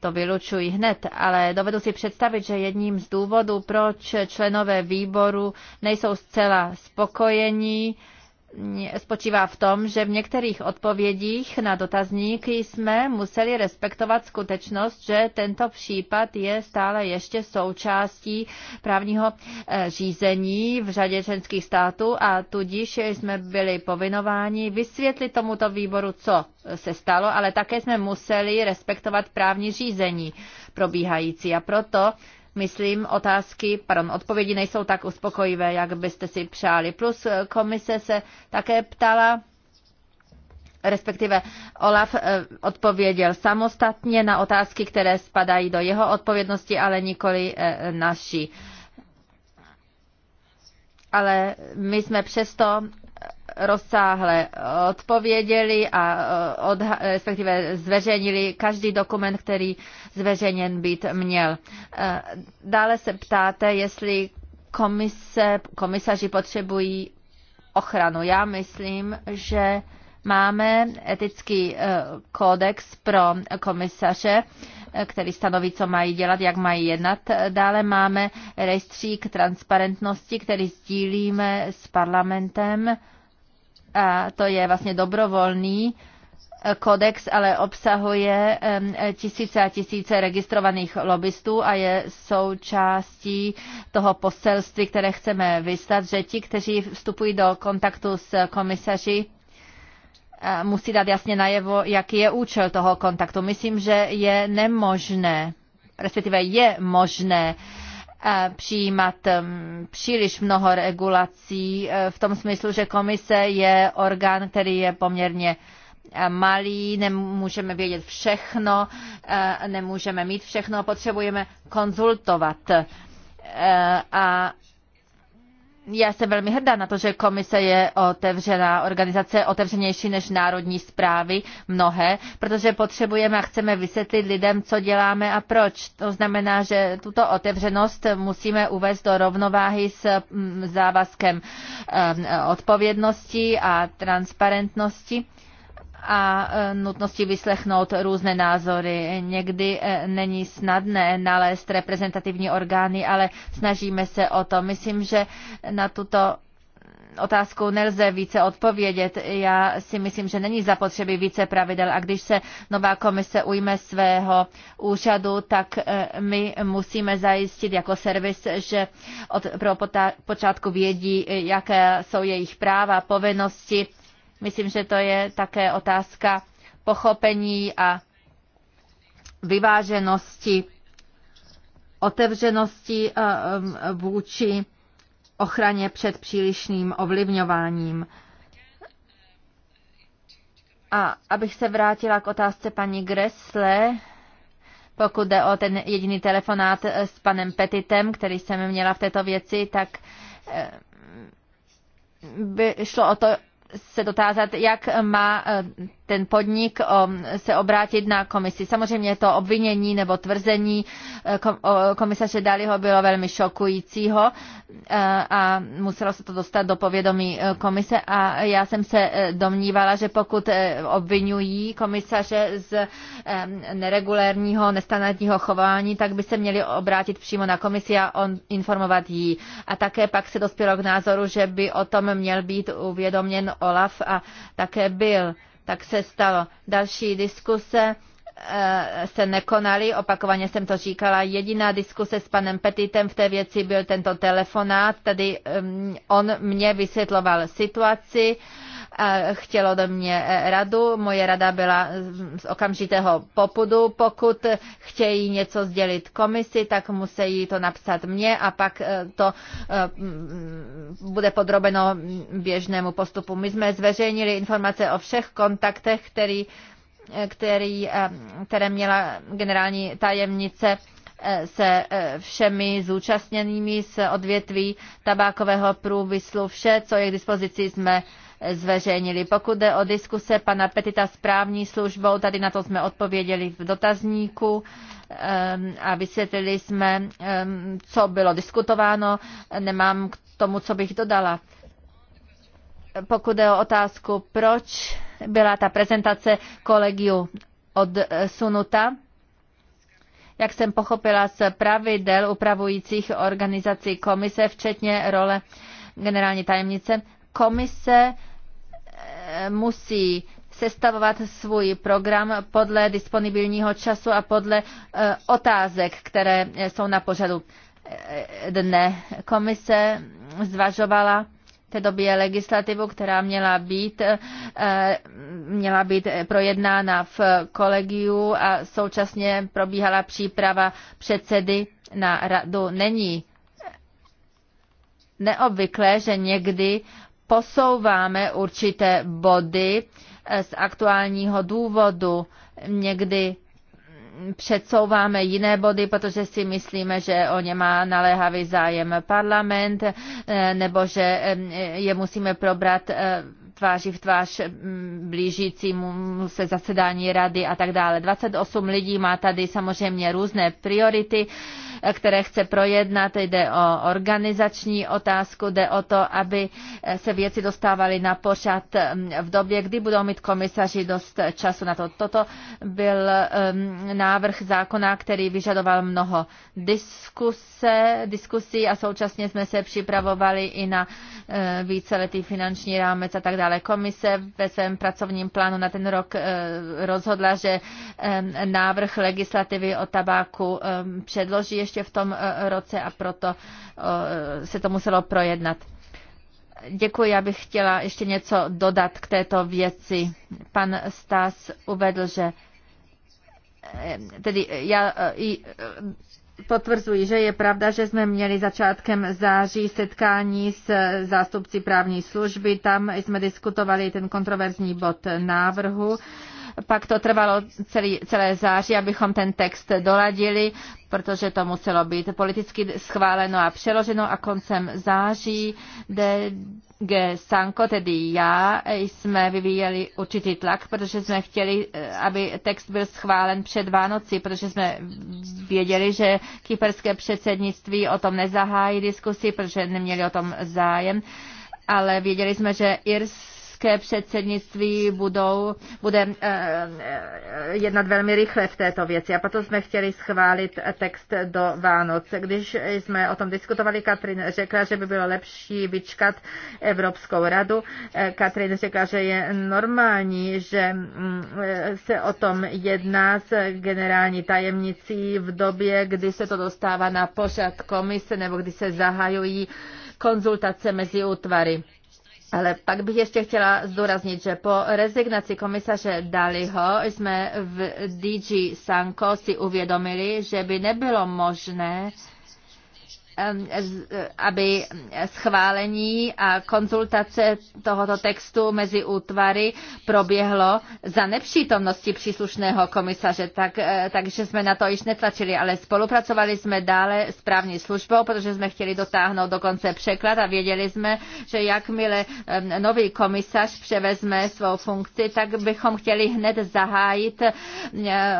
to vylučuji hned, ale dovedu si představit, že jedním z důvodů, proč členové výboru nejsou zcela spokojení, spočívá v tom, že v některých odpovědích na dotazník jsme museli respektovat skutečnost, že tento případ je stále ještě součástí právního eh, řízení v řadě členských států a tudíž jsme byli povinováni vysvětlit tomuto výboru, co se stalo, ale také jsme museli respektovat právní řízení probíhající a proto myslím, otázky, pardon, odpovědi nejsou tak uspokojivé, jak byste si přáli. Plus eh, komise se také ptala, respektive Olaf eh, odpověděl samostatně na otázky, které spadají do jeho odpovědnosti, ale nikoli eh, naší. Ale my jsme přesto rozsáhle odpověděli a eh, odha- respektive zveřejnili každý dokument, který zveřejněn být měl. Eh, dále se ptáte, jestli komise, komisaři potřebují ochranu. Já myslím, že máme etický eh, kodex pro komisaře, který stanoví, co mají dělat, jak mají jednat. Dále máme rejstřík transparentnosti, který sdílíme s parlamentem. A to je vlastně dobrovolný kodex ale obsahuje tisíce a tisíce registrovaných lobbystů a je součástí toho poselství, které chceme vyslat, že ti, kteří vstupují do kontaktu s komisaři, musí dát jasně najevo, jaký je účel toho kontaktu. Myslím, že je nemožné, respektive je možné přijímat um, příliš mnoho regulací uh, v tom smyslu, že komise je orgán, který je poměrně malý, nemůžeme vědět všechno, nemůžeme mít všechno, potřebujeme konzultovat a já jsem velmi hrdá na to, že komise je otevřená organizace, otevřenější než národní zprávy, mnohé, protože potřebujeme a chceme vysvětlit lidem, co děláme a proč. To znamená, že tuto otevřenost musíme uvést do rovnováhy s mm, závazkem eh, odpovědnosti a transparentnosti a e, nutnosti vyslechnout různé názory. Někdy e, není snadné nalézt reprezentativní orgány, ale snažíme se o to. Myslím, že na tuto otázkou nelze více odpovědět. Já si myslím, že není zapotřebí více pravidel a když se nová komise ujme svého úřadu, tak e, my musíme zajistit jako servis, že od pro počátku vědí, jaké jsou jejich práva, povinnosti Myslím, že to je také otázka pochopení a vyváženosti, otevřenosti eh, eh, vůči ochraně před přílišným ovlivňováním. A abych se vrátila k otázce paní Gresle, pokud jde o ten jediný telefonát eh, s panem Petitem, který jsem měla v této věci, tak by šlo o to, se dotázat, jak má eh, ten podnik se obrátit na komisi. Samozřejmě to obvinění nebo tvrzení e, komisaře Daliho bylo velmi šokujícího e, a muselo se to dostat do povědomí e, komise a já jsem se domnívala, že pokud obvinují komisaře z neregulérního, nestandardního chování, tak by se měli obrátit přímo na komisi a on informovat jí. A také pak se dospělo k názoru, že by o tom měl být uvědoměn Olaf a také byl tak se stalo. Další diskuse eh, se nekonaly, opakovaně jsem to říkala. Jediná diskuse s panem Petitem v té věci byl tento telefonát, tady mm, on mě vysvětloval situaci, chtělo do mě e, radu. Moje rada byla mm, z okamžitého popudu. Pokud chtějí něco sdělit komisi, tak musí to napsat mně a pak e, to e, mm, bude podrobeno běžnému postupu. My jsme zveřejnili informace o všech kontaktech, který, který, které měla generální tajemnice se všemi zúčastněnými z odvětví tabákového průmyslu. Vše, co je k dispozici, jsme zveřejnili. Pokud jde o diskuse pana Petita s právní službou, tady na to jsme odpověděli v dotazníku ehm, a vysvětlili jsme, ehm, co bylo diskutováno. Nemám k tomu, co bych dodala. Pokud jde o otázku, proč byla ta prezentace kolegiu odsunuta, jak jsem pochopila z pravidel upravujících organizací komise, včetně role generální tajemnice, komise musí sestavovat svůj program podle disponibilního času a podle e, otázek, které jsou na pořadu e, dne. Komise zvažovala v té době legislativu, která měla být, e, měla být projednána v kolegiu a současně probíhala příprava předsedy na radu. Není neobvyklé, že někdy posouváme určité body eh, z aktuálního důvodu. Někdy předsouváme jiné body, protože si myslíme, že o ně má naléhavý zájem parlament, eh, nebo že eh, je musíme probrat tváří v tvář mm, blížícímu se zasedání rady a tak dále. 28 lidí má tady samozřejmě různé priority které chce projednat. Jde o organizační otázku, jde o to, aby se věci dostávaly na pořad mm, v době, kdy budou mít komisaři dost času na to. Toto byl mm, návrh zákona, který vyžadoval mnoho diskuse, diskusí a současně jsme se připravovali i na eh, víceletý finanční rámec a tak dále. Komise ve svém pracovním plánu na ten rok eh, rozhodla, že eh, návrh legislativy o tabáku předloží ještě ještě v tom eh, roce a proto eh, se to muselo projednat. Děkuji, já bych chtěla ještě něco dodat k této věci. Pan Stas uvedl, že eh, tedy já i potvrzuji, že je pravda, že jsme měli začátkem září setkání s zástupci právní služby. Tam jsme diskutovali ten kontroverzní bod návrhu pak to trvalo celý, celé září, abychom ten text doladili, protože to muselo být politicky schváleno a přeloženo a koncem září G. Sanko, tedy já, jsme vyvíjeli určitý tlak, protože jsme chtěli, eh, aby text byl schválen před Vánoci, protože jsme věděli, že kyperské předsednictví o tom nezahájí diskusi, protože neměli o tom zájem ale věděli jsme, že IRS české předsednictví budou, bude eh, eh, jednat velmi rychle v této věci a proto jsme chtěli schválit text do Vánoc. Když jsme o tom diskutovali, Katrin řekla, že by bylo lepší vyčkat Evropskou radu. Eh, Katrin řekla, že je normální, že mm, se o tom jedná s generální tajemnicí v době, kdy se to dostává na pořad komise nebo kdy se zahajují konzultace mezi útvary. Ale pak bych ještě chtěla zdůraznit, že po rezignaci komisaře Daliho jsme v DG Sanko si uvědomili, že by nebylo možné aby schválení a konzultace tohoto textu mezi útvary proběhlo za nepřítomnosti příslušného komisaře, tak, e, takže jsme na to již netlačili, ale spolupracovali jsme dále s právní službou, protože jsme chtěli dotáhnout dokonce překlad a věděli jsme, že jakmile nový komisař převezme svou funkci, tak bychom chtěli hned zahájit e,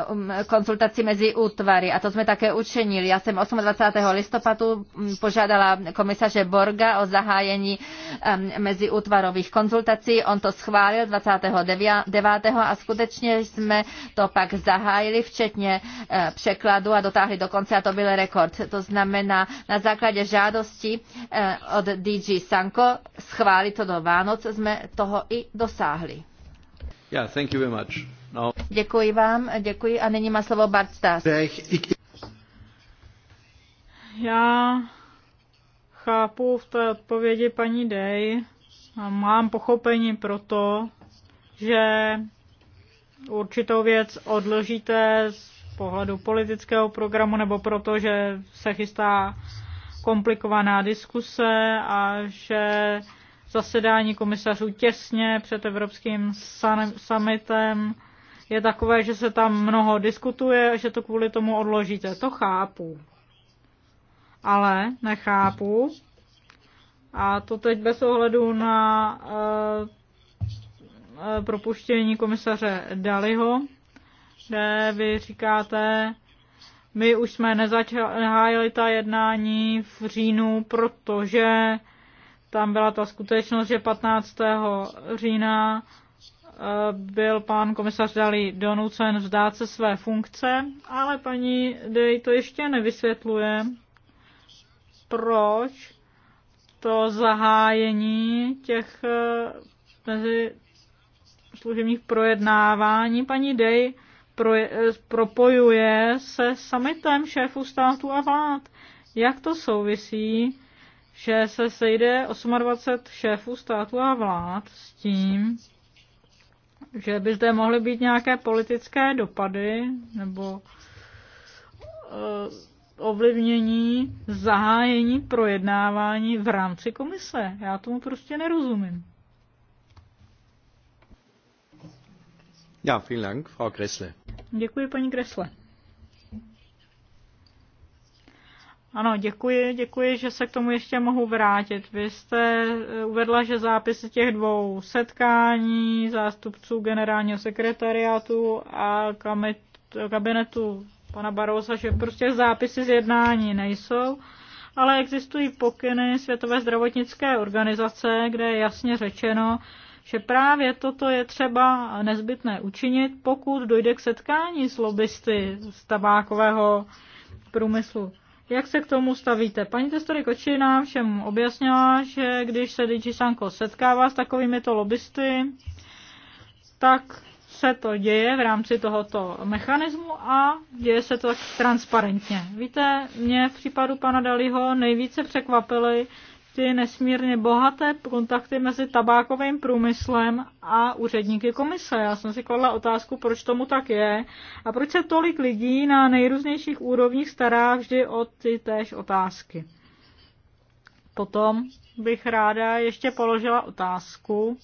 um, konzultaci mezi útvary a to jsme také učinili. Já jsem 28. listopadu Mm, požádala komisaře Borga o zahájení meziútvarových konzultací. On to schválil 29. a skutečně jsme to pak zahájili, včetně eh, překladu a dotáhli do konce a to byl rekord. To znamená, na základě žádosti eh, od DG Sanko schválit to do Vánoc jsme toho i dosáhli. Yeah, thank you very much. No. Děkuji vám, děkuji a nyní má slovo Bart Stas. Já chápu v té odpovědi paní Dej a mám pochopení pro to, že určitou věc odložíte z pohledu politického programu nebo proto, že se chystá komplikovaná diskuse a že zasedání komisařů těsně před Evropským summitem je takové, že se tam mnoho diskutuje a že to kvůli tomu odložíte. To chápu ale nechápu, a to teď bez ohledu na e, propuštění komisaře Daliho, kde vy říkáte, my už jsme nezahájili ta jednání v říjnu, protože tam byla ta skutečnost, že 15. října eh, byl pan komisař Dalí donucen vzdát se své funkce, ale paní Dej to ještě nevysvětluje, proč to zahájení těch eh, mezi služebních projednávání paní Dej eh, propojuje se summitem šéfů států a vlád. Jak to souvisí, že se sejde 28 šéfů států a vlád s tím, že by zde mohly být nějaké politické dopady nebo uh, ovlivnění zahájení projednávání v rámci komise. Já tomu prostě nerozumím. Ja, vielen Dank, Frau Gressle. Děkuji, paní Gressle. Ano, děkuji, děkuji, že se k tomu ještě mohu vrátit. Vy jste eh, uvedla, že zápisy těch dvou setkání zástupců generálního sekretariátu a kabinetu pana Barosa, že prostě zápisy z jednání nejsou, ale existují pokyny Světové zdravotnické organizace, kde je jasně řečeno, že právě toto je třeba nezbytné učinit, pokud dojde k setkání s lobbysty z tabákového průmyslu. Jak se k tomu stavíte? Paní testory Kočina všem objasnila, že když se DG Sanko setkává s takovými to lobbysty, tak se to děje v rámci tohoto mechanismu a děje se to tak transparentně. Víte, mě v případu pana Daliho nejvíce překvapily ty nesmírně bohaté kontakty mezi tabákovým průmyslem a úředníky komise. Já jsem si kladla otázku, proč tomu tak je a proč se tolik lidí na nejrůznějších úrovních stará vždy o ty též otázky. Potom bych ráda ještě položila otázku,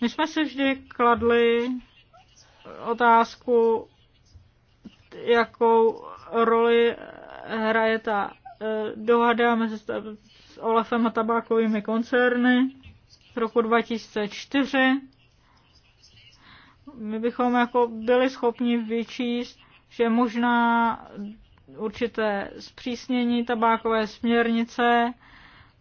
my jsme si vždy kladli otázku, jakou roli hraje ta eh, dohada mezi s Olafem a tabákovými koncerny z roku 2004. My bychom jako byli schopni vyčíst, že možná určité zpřísnění tabákové směrnice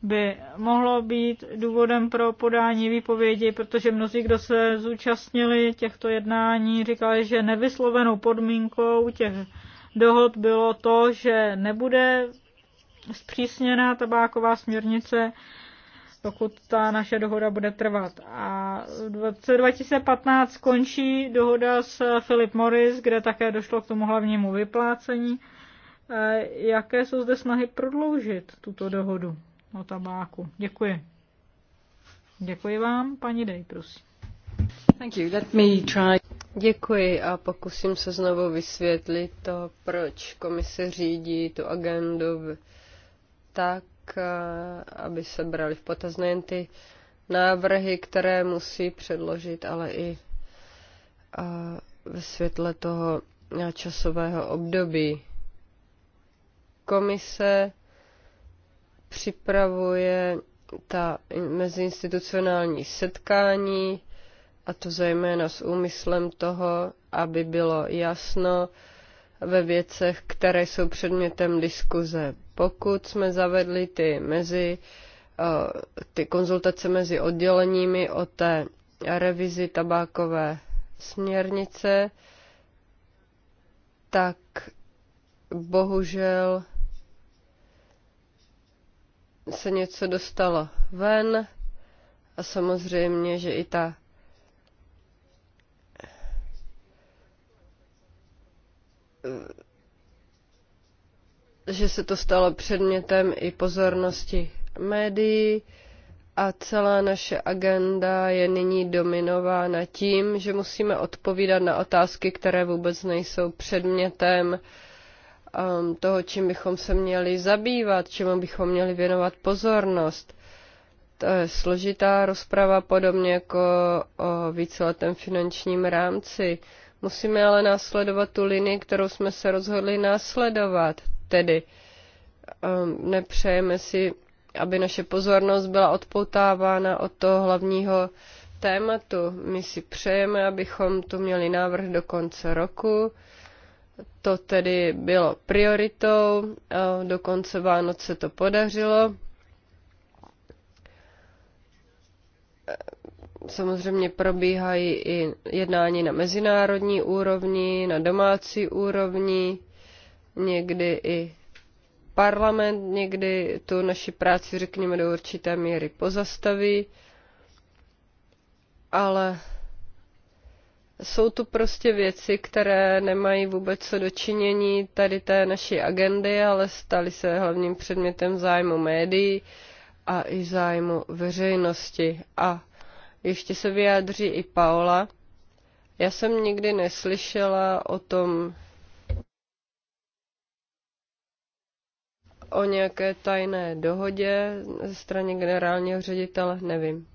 by mohlo být důvodem pro podání výpovědi, protože mnozí, kdo se zúčastnili těchto jednání, říkali, že nevyslovenou podmínkou těch dohod bylo to, že nebude zpřísněná tabáková směrnice, pokud ta naše dohoda bude trvat. A v 2015 skončí dohoda s Philip Morris, kde také došlo k tomu hlavnímu vyplácení. E, jaké jsou zde snahy prodloužit tuto dohodu? o tabáku. Děkuji. Děkuji vám, paní Dej, prosím. Thank you. Let me try. Děkuji a pokusím se znovu vysvětlit to, proč komise řídí tu agendu tak, aby se brali v potaz nejen ty návrhy, které musí předložit, ale i ve světle toho časového období. Komise připravuje ta meziinstitucionální setkání, a to zejména s úmyslem toho, aby bylo jasno ve věcech, které jsou předmětem diskuze. Pokud jsme zavedli ty, mezi, eh, ty konzultace mezi odděleními o té revizi tabákové směrnice, tak bohužel se něco dostalo ven a samozřejmě, že i ta že se to stalo předmětem i pozornosti médií a celá naše agenda je nyní dominována tím, že musíme odpovídat na otázky, které vůbec nejsou předmětem uh, Um, toho, čím bychom se měli zabývat, čemu bychom měli věnovat pozornost. To je složitá rozprava, podobně jako o víceletém finančním rámci. Musíme ale následovat tu linii, kterou jsme se rozhodli následovat. Tedy um, nepřejeme si, aby naše pozornost byla odpoutávána od toho hlavního tématu. My si přejeme, abychom tu měli návrh do konce roku to tedy bylo prioritou, do konce Vánoc se to podařilo. Samozřejmě probíhají i jednání na mezinárodní úrovni, na domácí úrovni, někdy i parlament někdy tu naši práci, řekněme, do určité míry pozastaví, ale jsou tu prostě věci, které nemají vůbec co dočinění tady té naší agendy, ale staly se hlavním předmětem zájmu médií a i zájmu veřejnosti. A ještě se vyjádří i Paola. Já jsem nikdy neslyšela o tom, o nějaké tajné dohodě ze strany generálního ředitele, nevím.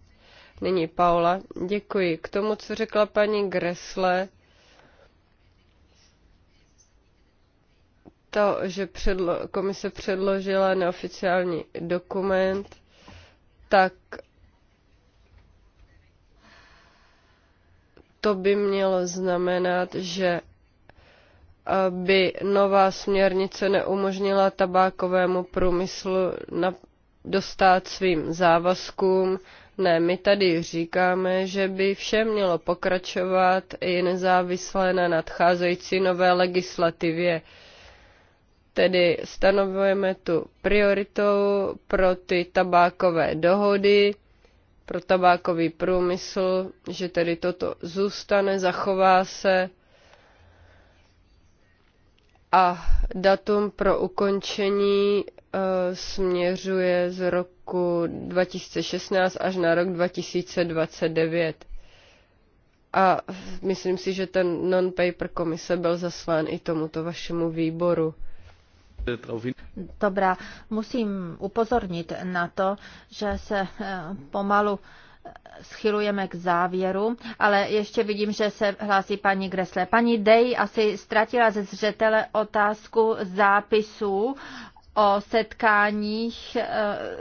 Nyní Paula. Děkuji. K tomu, co řekla paní Gresle, to, že předlo- komise předložila neoficiální dokument, tak to by mělo znamenat, že eh, by nová směrnice neumožnila tabákovému průmyslu na- dostat svým závazkům, ne, my tady říkáme, že by vše mělo pokračovat i nezávisle na nadcházející nové legislativě. Tedy stanovujeme tu prioritou pro ty tabákové dohody, pro tabákový průmysl, že tedy toto zůstane, zachová se a datum pro ukončení e, směřuje z roku roku 2016 až na rok 2029. A myslím si, že ten non-paper komise byl zaslán i tomuto vašemu výboru. Dobrá, musím upozornit na to, že se eh, pomalu eh, schylujeme k závěru, ale ještě vidím, že se hlásí paní Gresle. Paní Dej asi ztratila ze zřetele otázku zápisů o setkáních eh,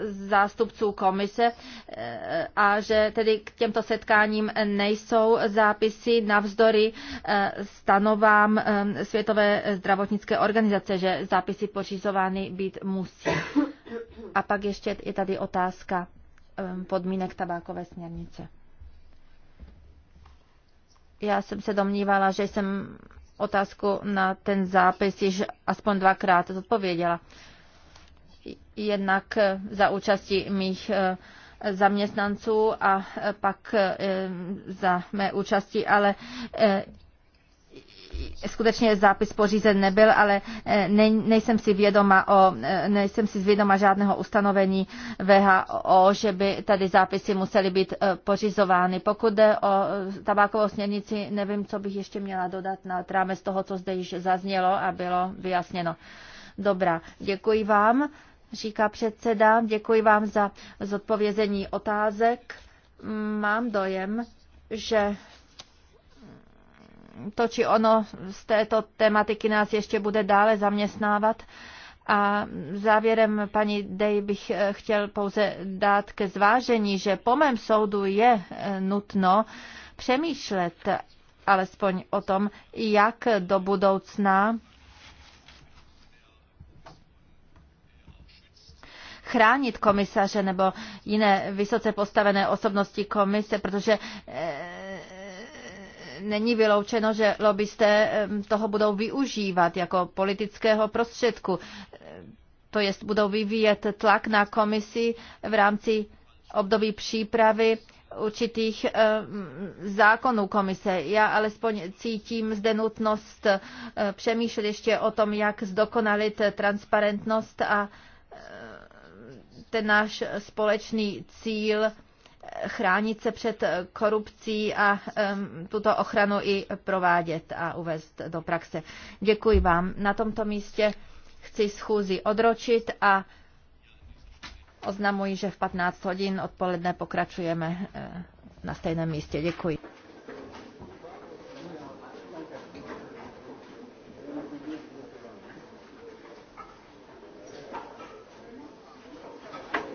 zástupců komise eh, a že tedy k těmto setkáním nejsou zápisy navzdory eh, stanovám Světové zdravotnické organizace, že zápisy pořizovány být musí. A pak ještě je tady otázka podmínek tabákové směrnice. Já jsem se domnívala, že jsem otázku na ten zápis již aspoň dvakrát zodpověděla jednak za účasti mých eh, zaměstnanců a eh, pak eh, za mé účasti, ale skutečně zápis pořízen nebyl, ale ne, nejsem si vědoma o, nejsem si vědoma žádného ustanovení VHO, že by tady zápisy musely být pořizovány. Pokud jde o tabákovou směrnici, nevím, co bych ještě měla dodat na z toho, co zde již zaznělo a bylo vyjasněno. Dobrá, děkuji vám říká předseda. Děkuji vám za zodpovězení otázek. Mám dojem, že to či ono z této tematiky nás ještě bude dále zaměstnávat. A závěrem, paní Dej, bych eh, chtěl pouze dát ke zvážení, že po mém soudu je eh, nutno přemýšlet alespoň o tom, jak do budoucna chránit komisaře nebo jiné vysoce postavené osobnosti komise, protože eh, není vyloučeno, že lobbysté eh, toho budou využívat jako politického prostředku. Eh, to jest budou vyvíjet tlak na komisi v rámci období přípravy určitých zákonů komise. Já alespoň cítím zde nutnost přemýšlet ještě o tom, jak zdokonalit transparentnost a ten náš společný cíl eh, chránit se před korupcí a tuto ochranu i provádět a uvést do praxe. Děkuji vám. Na tomto místě chci schůzi odročit a oznamuji, že v 15 hodin odpoledne pokračujeme eh, na stejném místě. Děkuji.